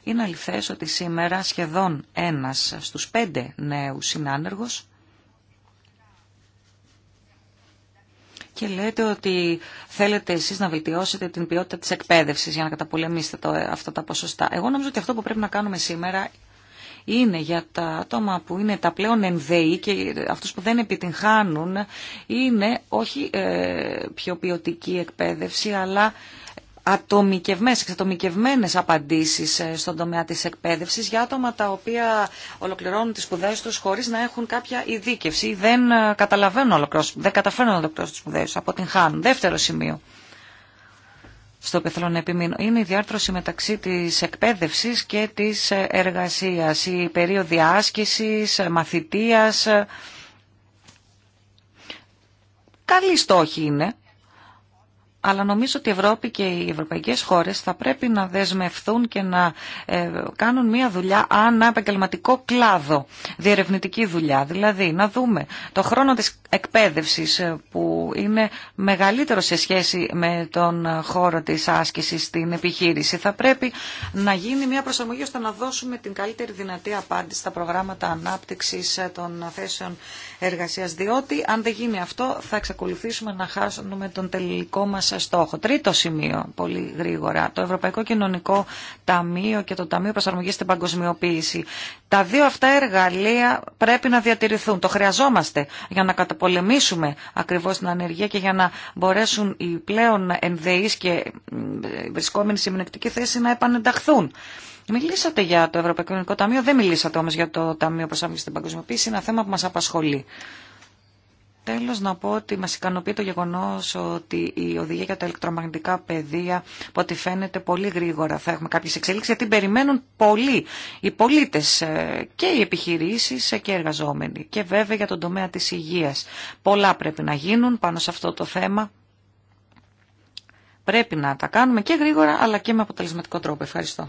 Είναι αληθές ότι σήμερα σχεδόν ένας στους πέντε νέους είναι και λέτε ότι θέλετε εσείς να βελτιώσετε την ποιότητα της εκπαίδευσης για να καταπολεμήσετε το, αυτά τα ποσοστά. Εγώ νομίζω ότι αυτό που πρέπει να κάνουμε σήμερα είναι για τα άτομα που είναι τα πλέον ενδεοί και αυτούς που δεν επιτυγχάνουν είναι όχι ε, πιο ποιοτική εκπαίδευση αλλά ατομικευμένες, εξατομικευμένες απαντήσεις ε, στον τομέα της εκπαίδευσης για άτομα τα οποία ολοκληρώνουν τις σπουδέ τους χωρίς να έχουν κάποια ειδίκευση. Δεν ε, καταλαβαίνουν ολοκληρώσεις, δεν καταφέρνουν ολοκληρώσουν τις σπουδέ τους, αποτυγχάνουν. Δεύτερο σημείο στο οποίο θέλω να επιμείνω, είναι η διάρθρωση μεταξύ της εκπαίδευσης και της ε, εργασίας, η περίοδη άσκησης, μαθητείας. Καλή στόχη είναι, αλλά νομίζω ότι η Ευρώπη και οι ευρωπαϊκές χώρες θα πρέπει να δεσμευθούν και να ε, κάνουν μια δουλειά ανά επαγγελματικό κλάδο, διερευνητική δουλειά. Δηλαδή να δούμε το χρόνο της εκπαίδευσης ε, που είναι μεγαλύτερο σε σχέση με τον χώρο της άσκησης στην επιχείρηση. Θα πρέπει να γίνει μια προσαρμογή ώστε να δώσουμε την καλύτερη δυνατή απάντηση στα προγράμματα ανάπτυξης ε, των θέσεων διότι αν δεν γίνει αυτό θα εξακολουθήσουμε να χάσουμε τον τελικό μας στόχο. Τρίτο σημείο, πολύ γρήγορα, το Ευρωπαϊκό Κοινωνικό Ταμείο και το Ταμείο Προσαρμογής στην Παγκοσμιοποίηση. Τα δύο αυτά εργαλεία πρέπει να διατηρηθούν. Το χρειαζόμαστε για να καταπολεμήσουμε ακριβώ την ανεργία και για να μπορέσουν οι πλέον ενδεεί και βρισκόμενοι σε μειονεκτική θέση να επανενταχθούν. Μιλήσατε για το Ευρωπαϊκό Κοινωνικό Ταμείο, δεν μιλήσατε όμως για το Ταμείο Προσάμβλησης στην Παγκοσμιοποίηση. Είναι ένα θέμα που μας απασχολεί. Τέλος να πω ότι μας ικανοποιεί το γεγονός ότι η οδηγία για τα ηλεκτρομαγνητικά πεδία που ότι φαίνεται πολύ γρήγορα θα έχουμε κάποιες εξελίξεις γιατί περιμένουν πολλοί οι πολίτες ε, και οι επιχειρήσεις ε, και οι εργαζόμενοι και βέβαια για τον τομέα της υγείας. Πολλά πρέπει να γίνουν πάνω σε αυτό το θέμα Πρέπει να τα κάνουμε και γρήγορα αλλά και με αποτελεσματικό τρόπο. Ευχαριστώ.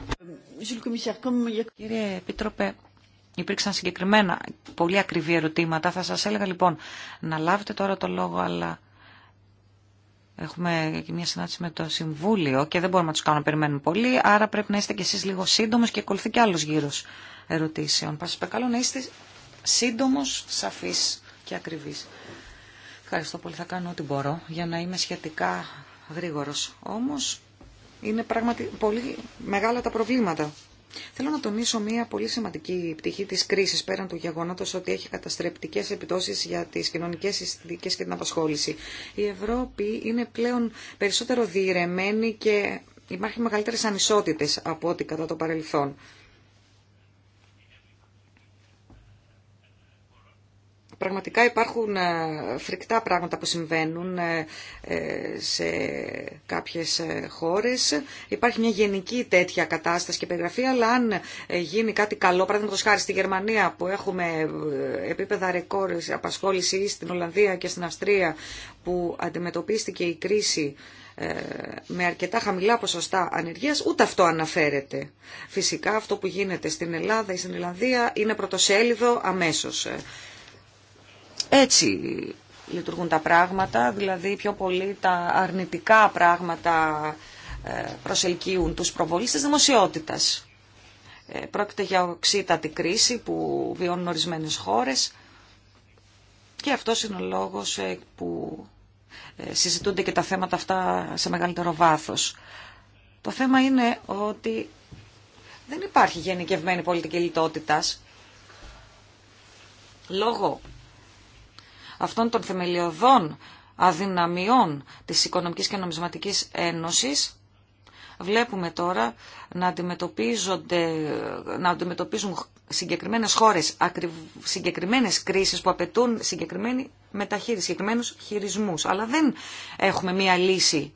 Κύριε Επίτροπε, υπήρξαν συγκεκριμένα πολύ ακριβή ερωτήματα. Θα σας έλεγα λοιπόν να λάβετε τώρα το λόγο, αλλά έχουμε και μια συνάντηση με το Συμβούλιο και δεν μπορούμε να τους κάνουμε να περιμένουμε πολύ, άρα πρέπει να είστε κι εσείς λίγο σύντομος και ακολουθεί και άλλος γύρος ερωτήσεων. Σας παρακαλώ να είστε σύντομος, σαφής και ακριβής. Ευχαριστώ πολύ. Θα κάνω ό,τι μπορώ για να είμαι σχετικά γρήγορος. Όμως είναι πράγματι πολύ μεγάλα τα προβλήματα. Θέλω να τονίσω μια πολύ σημαντική πτυχή της κρίσης πέραν του γεγονότος ότι έχει καταστρεπτικές επιπτώσεις για τις κοινωνικές συνθήκες και την απασχόληση. Η Ευρώπη είναι πλέον περισσότερο διηρεμένη και υπάρχουν μεγαλύτερες ανισότητες από ό,τι κατά το παρελθόν. πραγματικά υπάρχουν ε, φρικτά πράγματα που συμβαίνουν ε, ε, σε κάποιες χώρες. Υπάρχει μια γενική τέτοια κατάσταση και περιγραφή, αλλά αν γίνει κάτι καλό, παραδείγματο χάρη στη Γερμανία που έχουμε επίπεδα ρεκόρ απασχόληση στην Ολλανδία και στην Αυστρία που αντιμετωπίστηκε η κρίση με αρκετά χαμηλά ποσοστά ανεργίας, ούτε αυτό αναφέρεται. Φυσικά αυτό που γίνεται στην Ελλάδα ή στην Ολλανδία είναι πρωτοσέλιδο αμέσως. Έτσι λειτουργούν τα πράγματα, δηλαδή πιο πολύ τα αρνητικά πράγματα ε, προσελκύουν τους προβολείς της δημοσιότητας. Ε, πρόκειται για οξύτατη κρίση που βιώνουν ορισμένες χώρες και αυτός είναι ο λόγος ε, που συζητούνται και τα θέματα αυτά σε μεγαλύτερο βάθος. Το θέμα είναι ότι δεν υπάρχει γενικευμένη πολιτική λιτότητας λόγω αυτών των θεμελιωδών αδυναμιών της Οικονομικής και Νομισματικής Ένωσης, βλέπουμε τώρα να, αντιμετωπίζονται, να αντιμετωπίζουν συγκεκριμένες χώρες, συγκεκριμένες κρίσεις που απαιτούν συγκεκριμένη μεταχείριση, συγκεκριμένους χειρισμούς. Αλλά δεν έχουμε μία λύση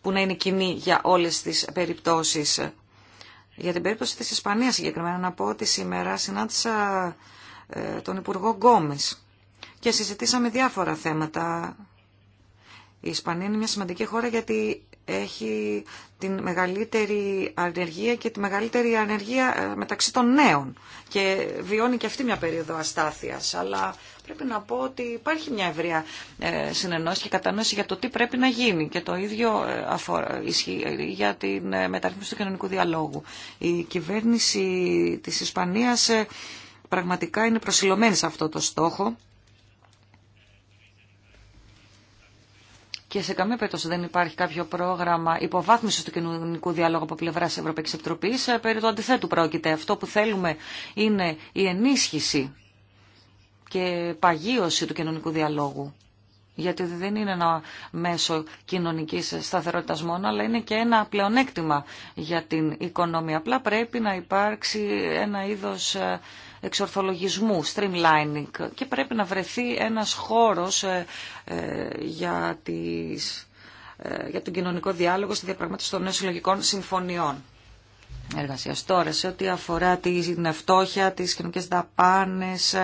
που να είναι κοινή για όλες τις περιπτώσεις. Για την περίπτωση της Ισπανίας συγκεκριμένα να πω ότι σήμερα συνάντησα ε, τον Υπουργό Γκόμες και συζητήσαμε διάφορα θέματα. Η Ισπανία είναι μια σημαντική χώρα γιατί έχει την μεγαλύτερη ανεργία και τη μεγαλύτερη ανεργία ε, μεταξύ των νέων και βιώνει και αυτή μια περίοδο αστάθειας. Αλλά πρέπει να πω ότι υπάρχει μια ευρεία ε, συνεννόηση και κατανόηση για το τι πρέπει να γίνει και το ίδιο ε, αφορά, ισχύει για την μεταρρύθμιση του κοινωνικού διαλόγου. Η κυβέρνηση της Ισπανίας πραγματικά είναι προσιλωμένη σε αυτό το στόχο και σε καμία περίπτωση δεν υπάρχει κάποιο πρόγραμμα υποβάθμισης του κοινωνικού διάλογου από πλευρά τη Ευρωπαϊκή Επιτροπή. Ε, περί του αντιθέτου πρόκειται. Αυτό που θέλουμε είναι η ενίσχυση και παγίωση του κοινωνικού διαλόγου. Γιατί δεν είναι ένα μέσο κοινωνική σταθερότητα μόνο, αλλά είναι και ένα πλεονέκτημα για την οικονομία. Απλά πρέπει να υπάρξει ένα είδο ε, εξορθολογισμού, streamlining και πρέπει να βρεθεί ένας χώρος ε, ε, για, τις, ε, για τον κοινωνικό διάλογο στη διαπραγμάτευση των νέων συλλογικών συμφωνιών. Τώρα, σε ό,τι αφορά την φτώχεια, τις κοινωνικές δαπάνες,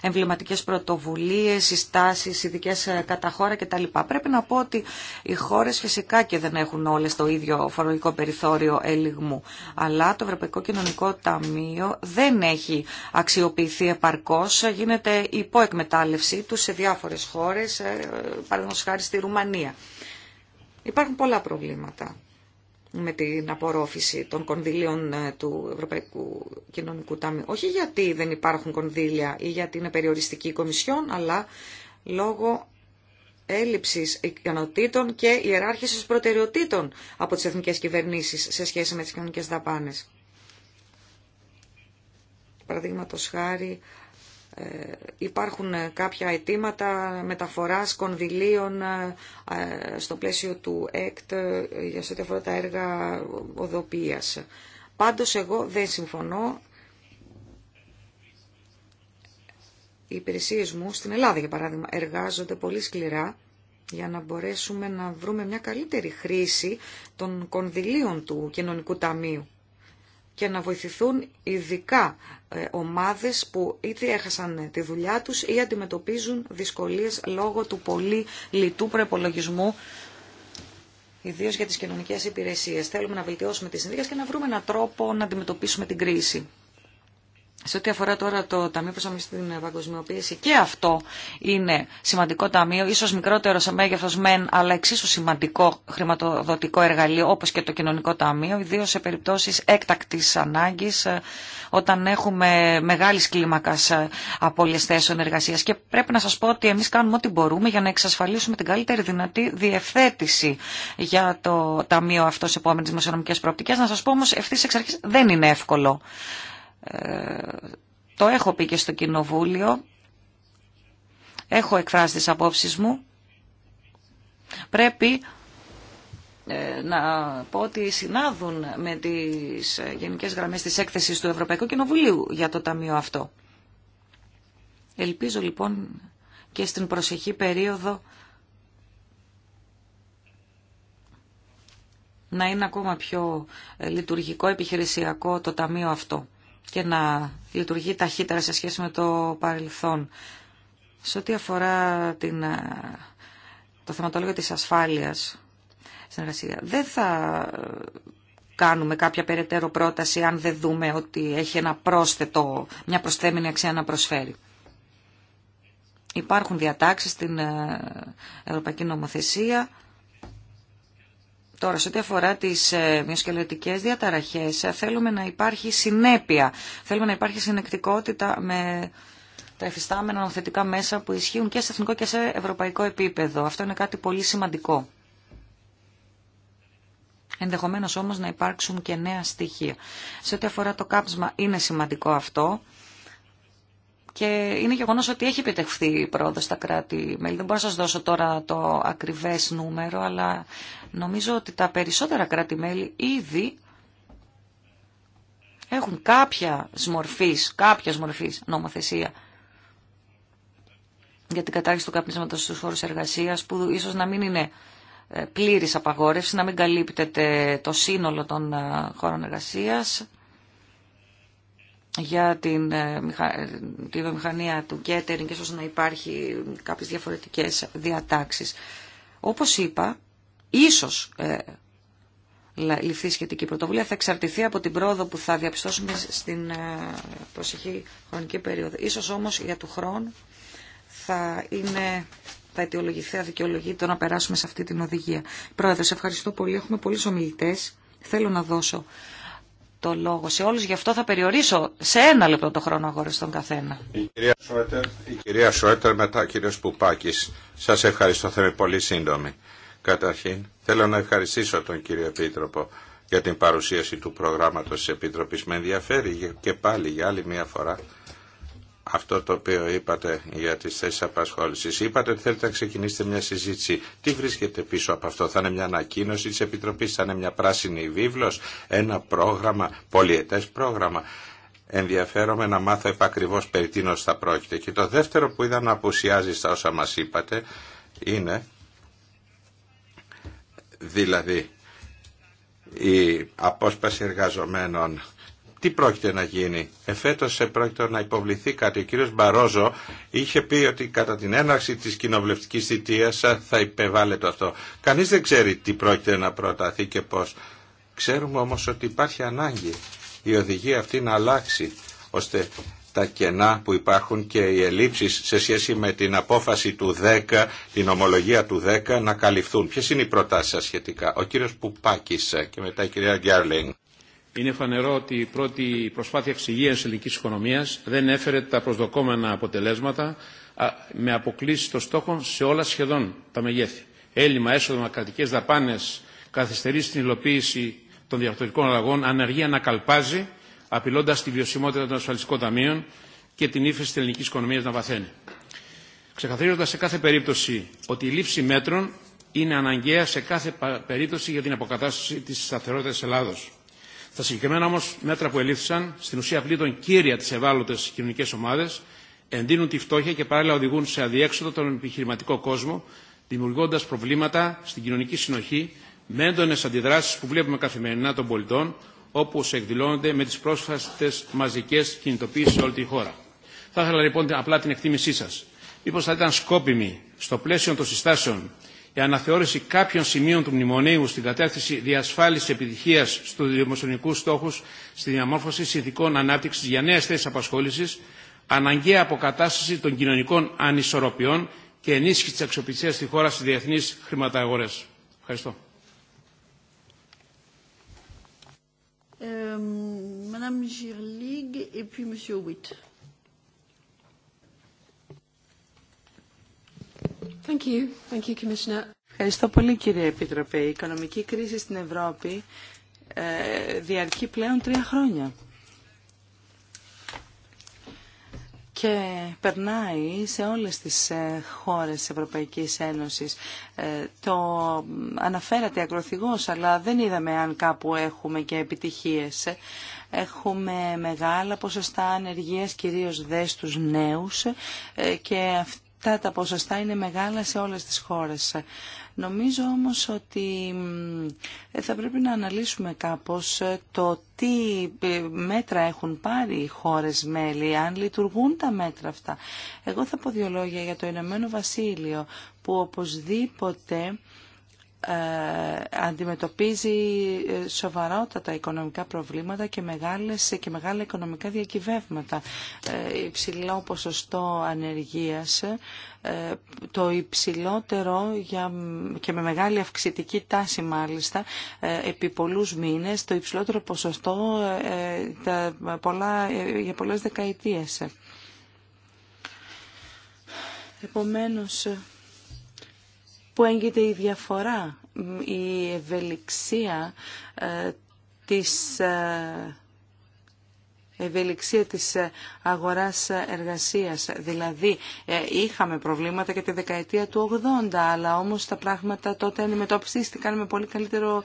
εμβληματικές πρωτοβουλίες, συστάσεις, ειδικέ ε, κατά χώρα κτλ. Πρέπει να πω ότι οι χώρε φυσικά και δεν έχουν όλε το ίδιο φορολογικό περιθώριο ελιγμού. Αλλά το Ευρωπαϊκό Κοινωνικό Ταμείο δεν έχει αξιοποιηθεί επαρκώ. Γίνεται υποεκμετάλλευση του σε διάφορε χώρες, ε, ε, παραδείγματο χάρη στη Ρουμανία. Υπάρχουν πολλά προβλήματα με την απορρόφηση των κονδύλιων ε, του Ευρωπαϊκού Κοινωνικού Ταμείου. Όχι γιατί δεν υπάρχουν κονδύλια ή γιατί είναι περιοριστική η Κομισιόν, αλλά λόγω έλλειψης ικανοτήτων και ιεράρχησης προτεραιοτήτων από τις εθνικές κυβερνήσεις σε σχέση με τις κοινωνικές δαπάνες. Παραδείγματο χάρη ε, υπάρχουν κάποια αιτήματα μεταφοράς κονδυλίων ε, στο πλαίσιο του ΕΚΤ ε, για σε ό,τι αφορά τα έργα οδοποιίας. Πάντως εγώ δεν συμφωνώ. Οι υπηρεσίε μου στην Ελλάδα, για παράδειγμα, εργάζονται πολύ σκληρά για να μπορέσουμε να βρούμε μια καλύτερη χρήση των κονδυλίων του κοινωνικού ταμείου και να βοηθηθούν ειδικά ε, ομάδες που ήδη έχασαν ε, τη δουλειά τους ή αντιμετωπίζουν δυσκολίες λόγω του πολύ λιτού προπολογισμού ιδίως για τις κοινωνικές υπηρεσίες. Θέλουμε να βελτιώσουμε τις συνθήκες και να βρούμε έναν τρόπο να αντιμετωπίσουμε την κρίση. Σε ό,τι αφορά τώρα το Ταμείο Προσαρμογή στην Παγκοσμιοποίηση, και αυτό είναι σημαντικό ταμείο, ίσω μικρότερο σε μέγεθο μεν, αλλά εξίσου σημαντικό χρηματοδοτικό εργαλείο, όπω και το Κοινωνικό Ταμείο, ιδίω σε περιπτώσει έκτακτη ανάγκη ε, όταν έχουμε μεγάλη κλίμακα ε, απώλειες θέσεων εργασίας. Και πρέπει να σα πω ότι εμεί κάνουμε ό,τι μπορούμε για να εξασφαλίσουμε την καλύτερη δυνατή διευθέτηση για το Ταμείο αυτό σε επόμενε δημοσιονομικέ προοπτικέ. Να σα πω όμω ευθύ εξ δεν είναι εύκολο. Ε, το έχω πει και στο Κοινοβούλιο, έχω εκφράσει τις απόψεις μου, πρέπει ε, να πω ότι συνάδουν με τις γενικές γραμμές της έκθεσης του Ευρωπαϊκού Κοινοβουλίου για το Ταμείο αυτό. Ελπίζω λοιπόν και στην προσεχή περίοδο να είναι ακόμα πιο λειτουργικό επιχειρησιακό το Ταμείο αυτό και να λειτουργεί ταχύτερα σε σχέση με το παρελθόν. Σε ό,τι αφορά την, ε, το θεματολόγιο της ασφάλειας στην εργασία, δεν θα ε, κάνουμε κάποια περαιτέρω πρόταση αν δεν δούμε ότι έχει ένα πρόσθετο, μια προσθέμενη αξία να προσφέρει. Υπάρχουν διατάξεις στην ε, Ευρωπαϊκή Νομοθεσία Τώρα, σε ό,τι αφορά τι ε, μυοσκελετικέ διαταραχέ, ε, θέλουμε να υπάρχει συνέπεια. Θέλουμε να υπάρχει συνεκτικότητα με τα εφιστάμενα νομοθετικά μέσα που ισχύουν και σε εθνικό και σε ευρωπαϊκό επίπεδο. Αυτό είναι κάτι πολύ σημαντικό. Ενδεχομένω όμω να υπάρξουν και νέα στοιχεία. Σε ό,τι αφορά το κάψμα, είναι σημαντικό αυτό και είναι γεγονός ότι έχει επιτευχθεί η πρόοδος στα κράτη-μέλη. Δεν μπορώ να σας δώσω τώρα το ακριβές νούμερο, αλλά νομίζω ότι τα περισσότερα κράτη-μέλη ήδη έχουν κάποια μορφής, κάποια μορφής νομοθεσία για την κατάργηση του καπνίσματος στους χώρους εργασίας, που ίσως να μην είναι ε, πλήρης απαγόρευση, να μην καλύπτεται το σύνολο των ε, χώρων εργασίας για την, ε, ε, τη βιομηχανία του catering και ώστε να υπάρχει κάποιες διαφορετικές διατάξεις. Όπως είπα, ίσως ε, ληφθεί σχετική πρωτοβουλία, θα εξαρτηθεί από την πρόοδο που θα διαπιστώσουμε στην ε, προσεχή χρονική περίοδο. Ίσως όμως για του χρόνου θα είναι θα αιτιολογηθεί, το να περάσουμε σε αυτή την οδηγία. Πρόεδρε, ευχαριστώ πολύ. Έχουμε πολλού ομιλητέ. Θέλω να δώσω το λόγο σε όλους, γι' αυτό θα περιορίσω σε ένα λεπτό το χρόνο αγόρες στον καθένα. Η κυρία Σόετερ, η κυρία Σουέτερ, μετά κύριος Πουπάκης. Σας ευχαριστώ, θα είμαι πολύ σύντομη. Καταρχήν, θέλω να ευχαριστήσω τον κύριο Επίτροπο για την παρουσίαση του προγράμματος της Επιτροπής. Με ενδιαφέρει και πάλι για άλλη μια φορά αυτό το οποίο είπατε για τις θέσεις απασχόλησης. Είπατε ότι θέλετε να ξεκινήσετε μια συζήτηση. Τι βρίσκεται πίσω από αυτό. Θα είναι μια ανακοίνωση της Επιτροπής, θα είναι μια πράσινη βίβλος, ένα πρόγραμμα, πολιετές πρόγραμμα. Ενδιαφέρομαι να μάθω επακριβώς περί τίνος θα πρόκειται. Και το δεύτερο που είδα να απουσιάζει στα όσα μας είπατε είναι δηλαδή η απόσπαση εργαζομένων τι πρόκειται να γίνει. Εφέτος πρόκειται να υποβληθεί κάτι. Ο κύριος Μπαρόζο είχε πει ότι κατά την έναρξη της κοινοβουλευτικής θητείας θα υπεβάλλεται αυτό. Κανείς δεν ξέρει τι πρόκειται να προταθεί και πώς. Ξέρουμε όμως ότι υπάρχει ανάγκη η οδηγία αυτή να αλλάξει ώστε τα κενά που υπάρχουν και οι ελλείψεις σε σχέση με την απόφαση του 10, την ομολογία του 10 να καλυφθούν. Ποιες είναι οι προτάσεις σας σχετικά. Ο κύριος Πουπάκης και μετά η κυρία Γκιάρλινγκ. Είναι φανερό ότι η πρώτη προσπάθεια της ελληνικής οικονομίας δεν έφερε τα προσδοκόμενα αποτελέσματα με αποκλήσει των στόχων σε όλα σχεδόν τα μεγέθη. Έλλειμμα, έσοδα κρατικέ δαπάνε, καθυστερεί στην υλοποίηση των διαφορετικών αλλαγών, ανεργία να καλπάζει, απειλώντα τη βιωσιμότητα των ασφαλιστικών ταμείων και την ύφεση τη ελληνική οικονομία να βαθαίνει. Ξεκαθαρίζοντα σε κάθε περίπτωση ότι η λήψη μέτρων είναι αναγκαία σε κάθε περίπτωση για την αποκατάσταση τη σταθερότητα τη τα συγκεκριμένα όμω μέτρα που ελήφθησαν, στην ουσία πλήττουν κύρια τι ευάλωτε κοινωνικέ ομάδε, εντείνουν τη φτώχεια και παράλληλα οδηγούν σε αδιέξοδο τον επιχειρηματικό κόσμο, δημιουργώντα προβλήματα στην κοινωνική συνοχή με έντονε αντιδράσει που βλέπουμε καθημερινά των πολιτών, όπω εκδηλώνονται με τι πρόσφατε μαζικέ κινητοποίησει σε όλη τη χώρα. Θα ήθελα λοιπόν απλά την εκτίμησή σα. Μήπω θα ήταν σκόπιμη στο πλαίσιο των συστάσεων η αναθεώρηση κάποιων σημείων του μνημονίου στην κατεύθυνση διασφάλιση επιτυχία στου δημοσιονομικού στόχου στη διαμόρφωση συνθηκών ανάπτυξη για νέε θέσει απασχόληση, αναγκαία αποκατάσταση των κοινωνικών ανισορροπιών και ενίσχυση τη αξιοπιστία στη χώρα στι διεθνεί χρηματαγορέ. Ευχαριστώ. Ε, Ευχαριστώ πολύ κύριε Επίτροπε. Η οικονομική κρίση στην Ευρώπη ε, διαρκεί πλέον τρία χρόνια. και περνάει σε όλες τις ε, χώρες της Ευρωπαϊκής Ένωσης. Ε, το αναφέρατε ακροθυγώς, αλλά δεν είδαμε αν κάπου έχουμε και επιτυχίες. Έχουμε μεγάλα ποσοστά ανεργίας, κυρίως δε στους νέους και αυτά τα ποσοστά είναι μεγάλα σε όλες τις χώρες. Νομίζω όμως ότι ε, θα πρέπει να αναλύσουμε κάπως ε, το τι ε, μέτρα έχουν πάρει οι χώρες μέλη, αν λειτουργούν τα μέτρα αυτά. Εγώ θα πω δύο λόγια για το Ηνωμένο Βασίλειο, που οπωσδήποτε ε, αντιμετωπίζει ε, σοβαρότατα οικονομικά προβλήματα και, μεγάλες, και μεγάλα οικονομικά διακυβεύματα. Ε, υψηλό ποσοστό ανεργίας, το υψηλότερο για, και με μεγάλη αυξητική τάση μάλιστα επί πολλούς μήνες, το υψηλότερο ποσοστό τα πολλά, για πολλές δεκαετίες. Επομένως, που έγκυται η διαφορά, η ευελιξία ε, της ε, ευελιξία της ε, αγοράς ε, εργασίας. Δηλαδή ε, είχαμε προβλήματα και τη δεκαετία του 80, αλλά όμως τα πράγματα τότε αντιμετωπίστηκαν με πολύ καλύτερο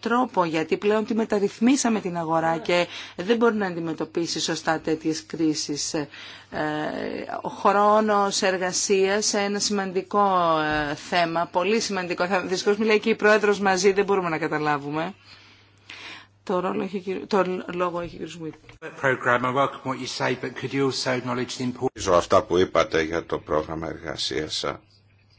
τρόπο, γιατί πλέον τη μεταρρυθμίσαμε την αγορά και δεν μπορεί να αντιμετωπίσει σωστά τέτοιες κρίσεις. Ο χρόνος εργασίας, ένα σημαντικό θέμα, πολύ σημαντικό. Δυστυχώς μιλάει και η Πρόεδρος μαζί, δεν μπορούμε να καταλάβουμε. Το, ρόλο έχει, το λόγο έχει ο Αυτά που είπατε για το πρόγραμμα εργασίας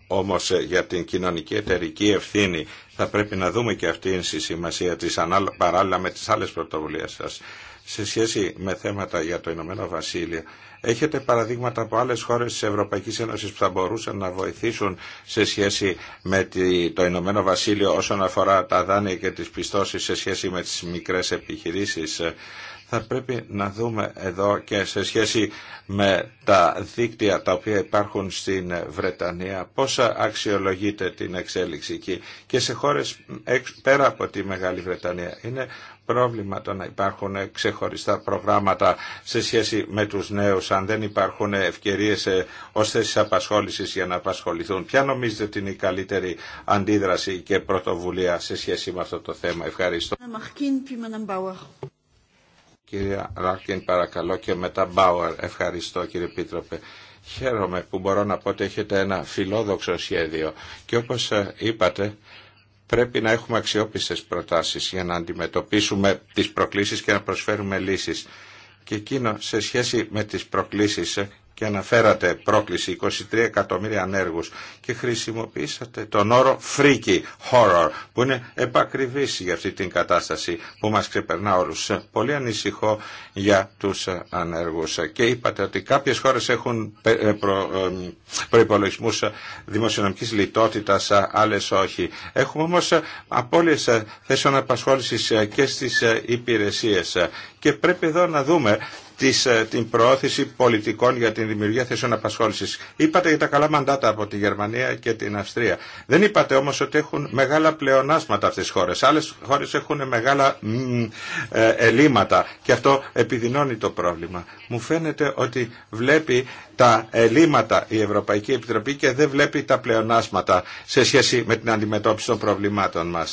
όμως ε, για την κοινωνική εταιρική ευθύνη θα πρέπει να δούμε και αυτή η σημασία της παράλληλα με τις άλλες πρωτοβουλίες σας σε σχέση με θέματα για το Ηνωμένο Βασίλειο. Έχετε παραδείγματα από άλλες χώρες της Ευρωπαϊκής Ένωσης που θα μπορούσαν να βοηθήσουν σε σχέση με το Ηνωμένο Βασίλειο όσον αφορά τα δάνεια και τις πιστώσεις σε σχέση με τις μικρές επιχειρήσεις. Θα πρέπει να δούμε εδώ και σε σχέση με τα δίκτυα τα οποία υπάρχουν στην Βρετανία πώς αξιολογείται την εξέλιξη εκεί και σε χώρες πέρα από τη Μεγάλη Βρετανία. Είναι πρόβλημα το να υπάρχουν ξεχωριστά προγράμματα σε σχέση με τους νέους αν δεν υπάρχουν ευκαιρίες ε, ως θέσεις απασχόλησης για να απασχοληθούν. Ποια νομίζετε ότι είναι η καλύτερη αντίδραση και πρωτοβουλία σε σχέση με αυτό το θέμα. Ευχαριστώ. Κυρία Ράκκιν παρακαλώ και μετά Μπάουερ. Ευχαριστώ κύριε Πίτροπε. Χαίρομαι που μπορώ να πω ότι έχετε ένα φιλόδοξο σχέδιο και όπως ε, είπατε πρέπει να έχουμε αξιόπιστες προτάσεις για να αντιμετωπίσουμε τις προκλήσεις και να προσφέρουμε λύσεις. Και εκείνο σε σχέση με τις προκλήσεις ε, και αναφέρατε πρόκληση 23 εκατομμύρια ανέργους και χρησιμοποίησατε τον όρο freaky horror που είναι επακριβής για αυτή την κατάσταση που μας ξεπερνά όλους. Πολύ ανησυχώ για τους ε, ανέργους και είπατε ότι κάποιες χώρες έχουν ε, προ, ε, προϋπολογισμούς δημοσιονομικής λιτότητας, άλλες όχι. Έχουμε όμως απώλειες θέσεων απασχόλησης και στις υπηρεσίες και πρέπει εδώ να δούμε ε, την προώθηση πολιτικών για την δημιουργία θέσεων απασχόληση. Είπατε για τα καλά μαντάτα από τη Γερμανία και την Αυστρία. Δεν είπατε όμω ότι έχουν μεγάλα πλεονάσματα αυτέ τι χώρε. Άλλε χώρε έχουν μεγάλα μ, ε, ελλείμματα και αυτό επιδεινώνει το πρόβλημα. Μου φαίνεται ότι βλέπει τα ελλείμματα η Ευρωπαϊκή Επιτροπή και δεν βλέπει τα πλεονάσματα σε σχέση με την αντιμετώπιση των προβλημάτων μα.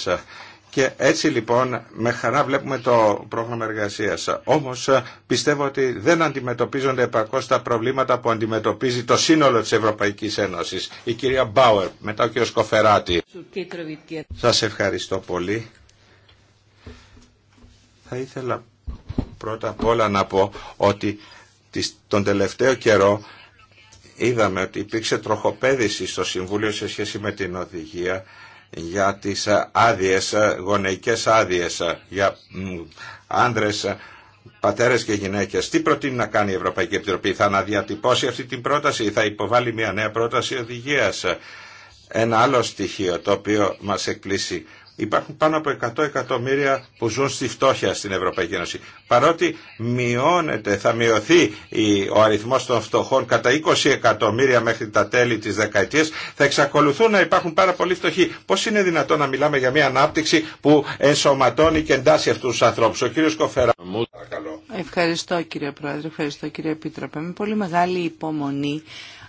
Και έτσι λοιπόν με χαρά βλέπουμε το πρόγραμμα εργασίας. Όμως πιστεύω ότι δεν αντιμετωπίζονται επαρκώς τα προβλήματα που αντιμετωπίζει το σύνολο της Ευρωπαϊκής Ένωσης. Η κυρία Μπάουερ, μετά ο κύριος Κοφεράτη. Σας ευχαριστώ πολύ. Θα ήθελα πρώτα απ' όλα να πω ότι τον τελευταίο καιρό είδαμε ότι υπήρξε τροχοπέδηση στο Συμβούλιο σε σχέση με την οδηγία για τις ε, άδειες, ε, γονεϊκές άδειες ε, για άνδρες, πατέρες και γυναίκες. Τι προτείνει να κάνει η Ευρωπαϊκή Επιτροπή, θα αναδιατυπώσει αυτή την πρόταση ή θα υποβάλει μια νέα πρόταση οδηγίας. Ένα άλλο στοιχείο το οποίο μας εκπλήσει Υπάρχουν πάνω από 100 εκατομμύρια που ζουν στη φτώχεια στην Ευρωπαϊκή Ένωση. Παρότι μειώνεται, θα μειωθεί ο αριθμός των φτωχών κατά 20 εκατομμύρια μέχρι τα τέλη της δεκαετίας, θα εξακολουθούν να υπάρχουν πάρα πολλοί φτωχοί. Πώς είναι δυνατόν να μιλάμε για μια ανάπτυξη που ενσωματώνει και εντάσσει αυτούς του ανθρώπους. Ο κύριος Κοφέρα. Ευχαριστώ κύριε Πρόεδρε, ευχαριστώ κύριε Επίτροπε. Με πολύ μεγάλη υπομονή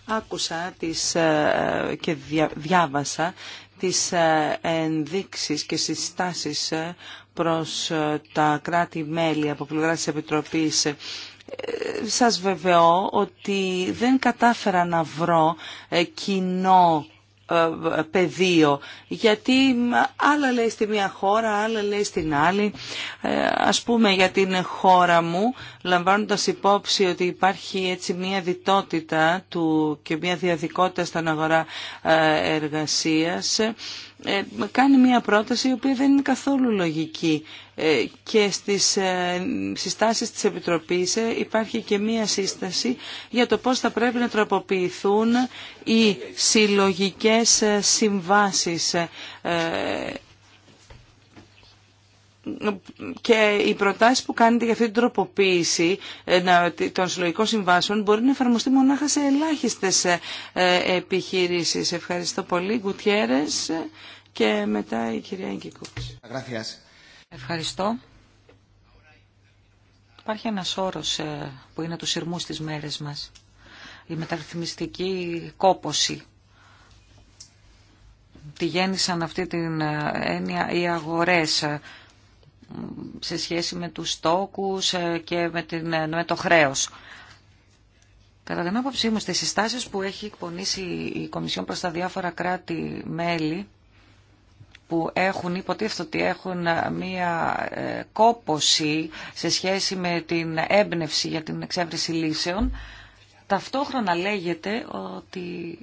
άκουσα τις, ε, ε, και διάβασα τις ε, ενδείξεις και συστάσεις ε, προς ε, τα κράτη-μέλη από πλευρά της Επιτροπής σας βεβαιώ ότι δεν κατάφερα να βρω κοινό πεδίο γιατί άλλα λέει στη μία χώρα άλλα λέει στην άλλη ας πούμε για την χώρα μου λαμβάνοντας υπόψη ότι υπάρχει έτσι μια διτότητα του και μια διαδικότητα στην αγορά ε, εργασίας, ε, κάνει μια πρόταση η οποία δεν είναι καθόλου λογική ε, και στις συστάσεις της Επιτροπής υπάρχει και μία σύσταση για το πώς θα πρέπει να τροποποιηθούν οι συλλογικές συμβάσεις και οι προτάσεις που κάνετε για αυτή την τροποποίηση ε, των συλλογικών συμβάσεων μπορεί να εφαρμοστεί μονάχα σε ελάχιστες ε, ε, επιχειρήσεις. Ευχαριστώ πολύ. Γκουτιέρες και μετά η κυρία Εγκικούξη. Ευχαριστώ. Υπάρχει ένας όρος που είναι του σειρμού στις μέρες μας. Η μεταρρυθμιστική κόποση τη γέννησαν αυτή την έννοια οι αγορές σε σχέση με τους στόκους ε, και με, την, ε, με το χρέος. Κατά την άποψή μου, στις συστάσεις που έχει εκπονήσει η Κομισιόν προς τα διάφορα κράτη-μέλη, που έχουν υποτίθεται ότι έχουν ε, μία κόποση σε σχέση με την έμπνευση για την εξέβριση λύσεων, ταυτόχρονα λέγεται ότι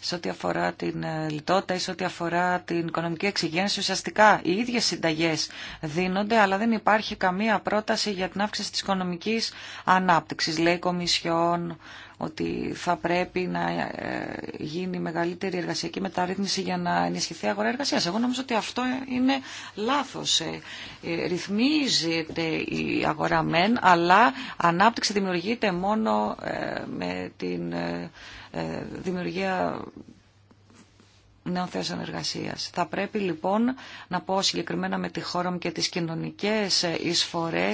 σε ό,τι αφορά την ε, λιτότητα ή σε ό,τι αφορά την οικονομική εξυγένση. Ουσιαστικά οι ίδιες συνταγές δίνονται, αλλά δεν υπάρχει καμία πρόταση για την αύξηση της οικονομικής ανάπτυξης. Λέει η Κομισιόν ότι θα πρέπει να ε, γίνει μεγαλύτερη εργασιακή μεταρρύθμιση για να ενισχυθεί η αγορά εργασίας. Εγώ νομίζω ότι αυτό είναι λάθος. Ε, ρυθμίζεται η αγορά μεν, αλλά ανάπτυξη δημιουργείται μόνο με την ε, δημιουργία νέων θέσεων εργασία. Θα πρέπει λοιπόν να πω συγκεκριμένα με τη χώρα μου και τι κοινωνικέ ε, εισφορέ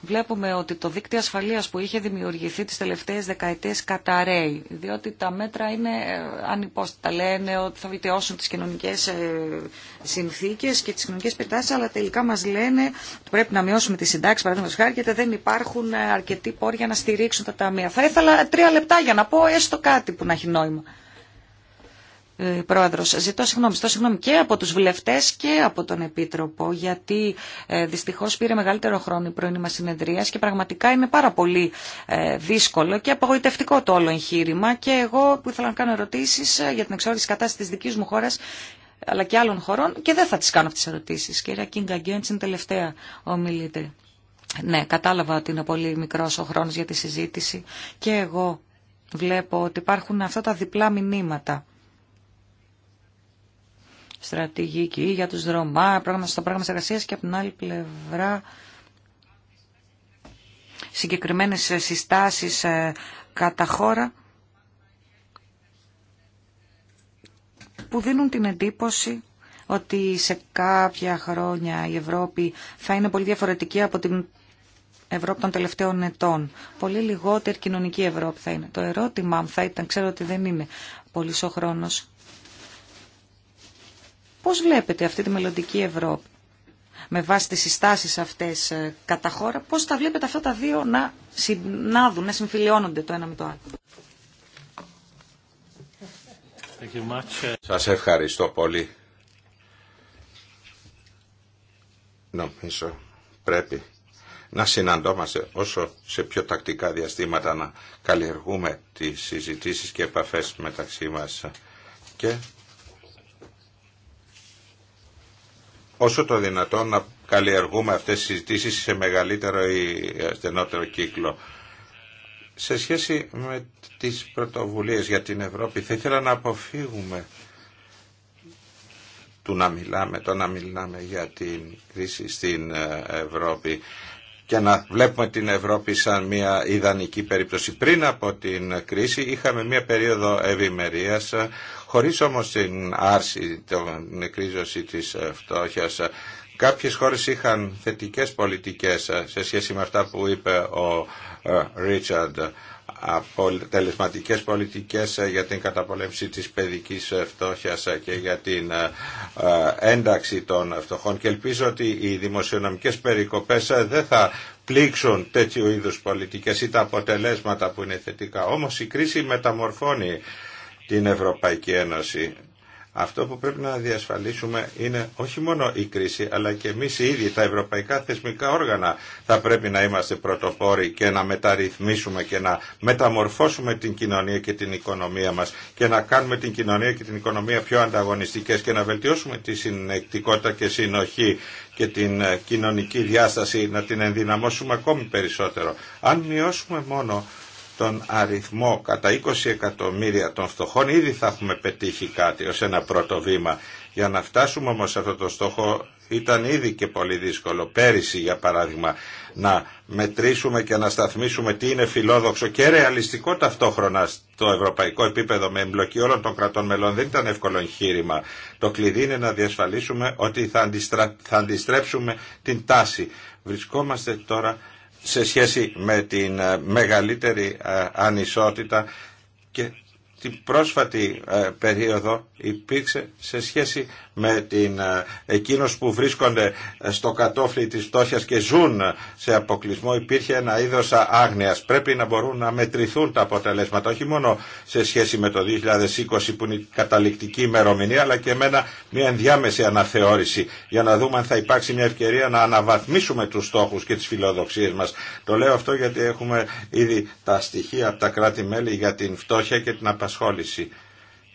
βλέπουμε ότι το δίκτυο ασφαλείας που είχε δημιουργηθεί τις τελευταίες δεκαετίες καταραίει, διότι τα μέτρα είναι ε, ανυπόστατα. Λένε ότι θα βελτιώσουν τις κοινωνικές ε, συνθήκες και τις κοινωνικές περιτάσεις, αλλά τελικά μας λένε ότι πρέπει να μειώσουμε τις συντάξεις, παραδείγματος χάρη, γιατί δεν υπάρχουν ε, αρκετοί πόροι να στηρίξουν τα ταμεία. Θα ήθελα τρία λεπτά για να πω έστω κάτι που να έχει νόημα. Ε, πρόεδρος, ζητώ συγγνώμη, ζητώ συγγνώμη και από τους βουλευτές και από τον Επίτροπο γιατί ε, δυστυχώς πήρε μεγαλύτερο χρόνο η πρωινή μας συνεδρία και πραγματικά είναι πάρα πολύ ε, δύσκολο και απογοητευτικό το όλο εγχείρημα και εγώ που ήθελα να κάνω ερωτήσεις για την εξόριση κατάσταση της δικής μου χώρας αλλά και άλλων χωρών και δεν θα τις κάνω αυτές τις ερωτήσεις. Κυρία Κίνγκα Γκέντς είναι τελευταία ομιλήτρια. Ναι, κατάλαβα ότι είναι πολύ μικρός ο χρόνος για τη συζήτηση και εγώ βλέπω ότι υπάρχουν αυτά τα διπλά μηνύματα στρατηγική για τους Ρωμά, πρόγραμμα στο πρόγραμμα εργασίας και από την άλλη πλευρά συγκεκριμένες συστάσεις ε, κατά χώρα που δίνουν την εντύπωση ότι σε κάποια χρόνια η Ευρώπη θα είναι πολύ διαφορετική από την Ευρώπη των τελευταίων ετών. Πολύ λιγότερη κοινωνική Ευρώπη θα είναι. Το ερώτημά θα ήταν, ξέρω ότι δεν είναι πολύ ο Πώς βλέπετε αυτή τη μελλοντική Ευρώπη με βάση τις συστάσεις αυτές ε, κατά χώρα, πώς τα βλέπετε αυτά τα δύο να συνάδουν, να συμφιλιώνονται το ένα με το άλλο. Σας ευχαριστώ πολύ. Νομίζω πρέπει να συναντώμαστε όσο σε πιο τακτικά διαστήματα να καλλιεργούμε τις συζητήσεις και επαφές μεταξύ μας και όσο το δυνατόν να καλλιεργούμε αυτές τις συζητήσεις σε μεγαλύτερο ή στενότερο κύκλο. Σε σχέση με τις πρωτοβουλίες για την Ευρώπη θα ήθελα να αποφύγουμε του να μιλάμε, το να μιλάμε για την κρίση στην ε, Ευρώπη και να βλέπουμε την Ευρώπη σαν μια ιδανική περίπτωση. Πριν από την κρίση είχαμε μια περίοδο ευημερίας χωρίς όμως την άρση, την εκρίζωση της ε, φτώχειας. Ε, κάποιες χώρες είχαν θετικές πολιτικές ε, σε σχέση με αυτά που είπε ο Ρίτσαρντ αποτελεσματικές πολιτικές για την καταπολέμηση της παιδικής φτώχειας και για την ένταξη των φτωχών και ελπίζω ότι οι δημοσιονομικές περικοπές δεν θα πλήξουν τέτοιου είδους πολιτικές ή τα αποτελέσματα που είναι θετικά. Όμως η κρίση μεταμορφώνει την Ευρωπαϊκή Ένωση. Αυτό που πρέπει να διασφαλίσουμε είναι όχι μόνο η κρίση, αλλά και εμείς οι ίδιοι, τα ευρωπαϊκά θεσμικά όργανα, θα πρέπει να είμαστε πρωτοπόροι και να μεταρρυθμίσουμε και να μεταμορφώσουμε την κοινωνία και την οικονομία μας και να κάνουμε την κοινωνία και την οικονομία πιο ανταγωνιστικές και να βελτιώσουμε τη συνεκτικότητα και συνοχή και την ε, κοινωνική διάσταση, να την ενδυναμώσουμε ακόμη περισσότερο. Αν μειώσουμε μόνο τον αριθμό κατά 20 εκατομμύρια των φτωχών ήδη θα έχουμε πετύχει κάτι ως ένα πρώτο βήμα. Για να φτάσουμε όμως σε αυτό το στόχο ήταν ήδη και πολύ δύσκολο. Πέρυσι για παράδειγμα να μετρήσουμε και να σταθμίσουμε τι είναι φιλόδοξο και ρεαλιστικό ταυτόχρονα στο ευρωπαϊκό επίπεδο με εμπλοκή όλων των κρατών μελών δεν ήταν εύκολο εγχείρημα. Το κλειδί είναι να διασφαλίσουμε ότι θα, θα αντιστρέψουμε την τάση. Βρισκόμαστε τώρα σε σχέση με την ε, μεγαλύτερη ε, ανισότητα και την πρόσφατη ε, περίοδο υπήρξε σε σχέση με την, ε, εκείνους που βρίσκονται στο κατόφλι της φτώχειας και ζουν σε αποκλεισμό υπήρχε ένα είδος άγνοιας. Πρέπει να μπορούν να μετρηθούν τα αποτελέσματα, όχι μόνο σε σχέση με το 2020 που είναι η καταληκτική ημερομηνία, αλλά και με μια ενδιάμεση αναθεώρηση για να δούμε αν θα υπάρξει μια ευκαιρία να αναβαθμίσουμε τους στόχους και τις φιλοδοξίες μας. Το λέω αυτό γιατί έχουμε ήδη τα στοιχεία από τα κράτη-μέλη για την φτώχεια και την απασχόληση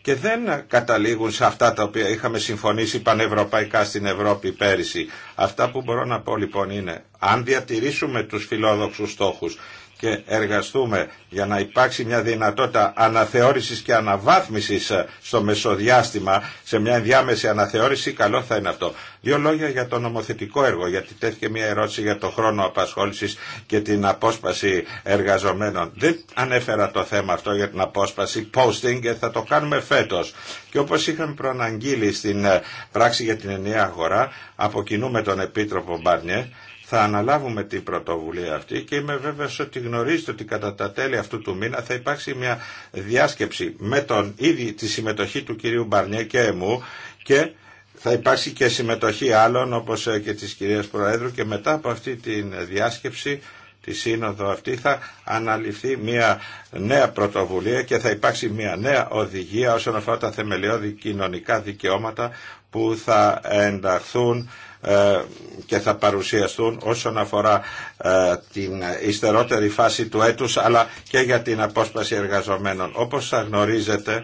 και δεν καταλήγουν σε αυτά τα οποία είχαμε συμφωνήσει πανευρωπαϊκά στην Ευρώπη πέρυσι. Αυτά που μπορώ να πω λοιπόν είναι, αν διατηρήσουμε τους φιλόδοξους στόχους και εργαστούμε για να υπάρξει μια δυνατότητα αναθεώρησης και αναβάθμισης ε, στο μεσοδιάστημα σε μια ενδιάμεση αναθεώρηση, καλό θα είναι αυτό. Δύο λόγια για το νομοθετικό έργο, γιατί τέθηκε μια ερώτηση για το χρόνο απασχόλησης και την απόσπαση εργαζομένων. Δεν ανέφερα το θέμα αυτό για την απόσπαση posting και θα το κάνουμε φέτος. Και όπως είχαμε προαναγγείλει στην ε, πράξη για την ενιαία αγορά, από τον Επίτροπο Μπάρνιε, θα αναλάβουμε την πρωτοβουλία αυτή και είμαι βέβαιος ότι γνωρίζετε ότι κατά τα τέλη αυτού του μήνα θα υπάρξει μια διάσκεψη με τον ήδη τη συμμετοχή του κυρίου Μπαρνιέ και εμού και θα υπάρξει και συμμετοχή άλλων όπως ε, και της κυρίας Προέδρου και μετά από αυτή τη διάσκεψη τη σύνοδο αυτή θα αναλυθεί μια νέα πρωτοβουλία και θα υπάρξει μια νέα οδηγία όσον αφορά τα θεμελιώδη κοινωνικά δικαιώματα που θα ενταχθούν ε, και θα παρουσιαστούν όσον αφορά ε, την ιστερότερη φάση του έτους αλλά και για την απόσπαση εργαζομένων. Όπως θα γνωρίζετε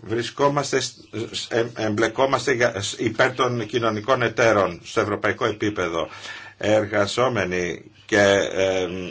βρισκόμαστε, ε, εμπλεκόμαστε υπέρ των κοινωνικών εταίρων στο ευρωπαϊκό επίπεδο εργαζόμενοι και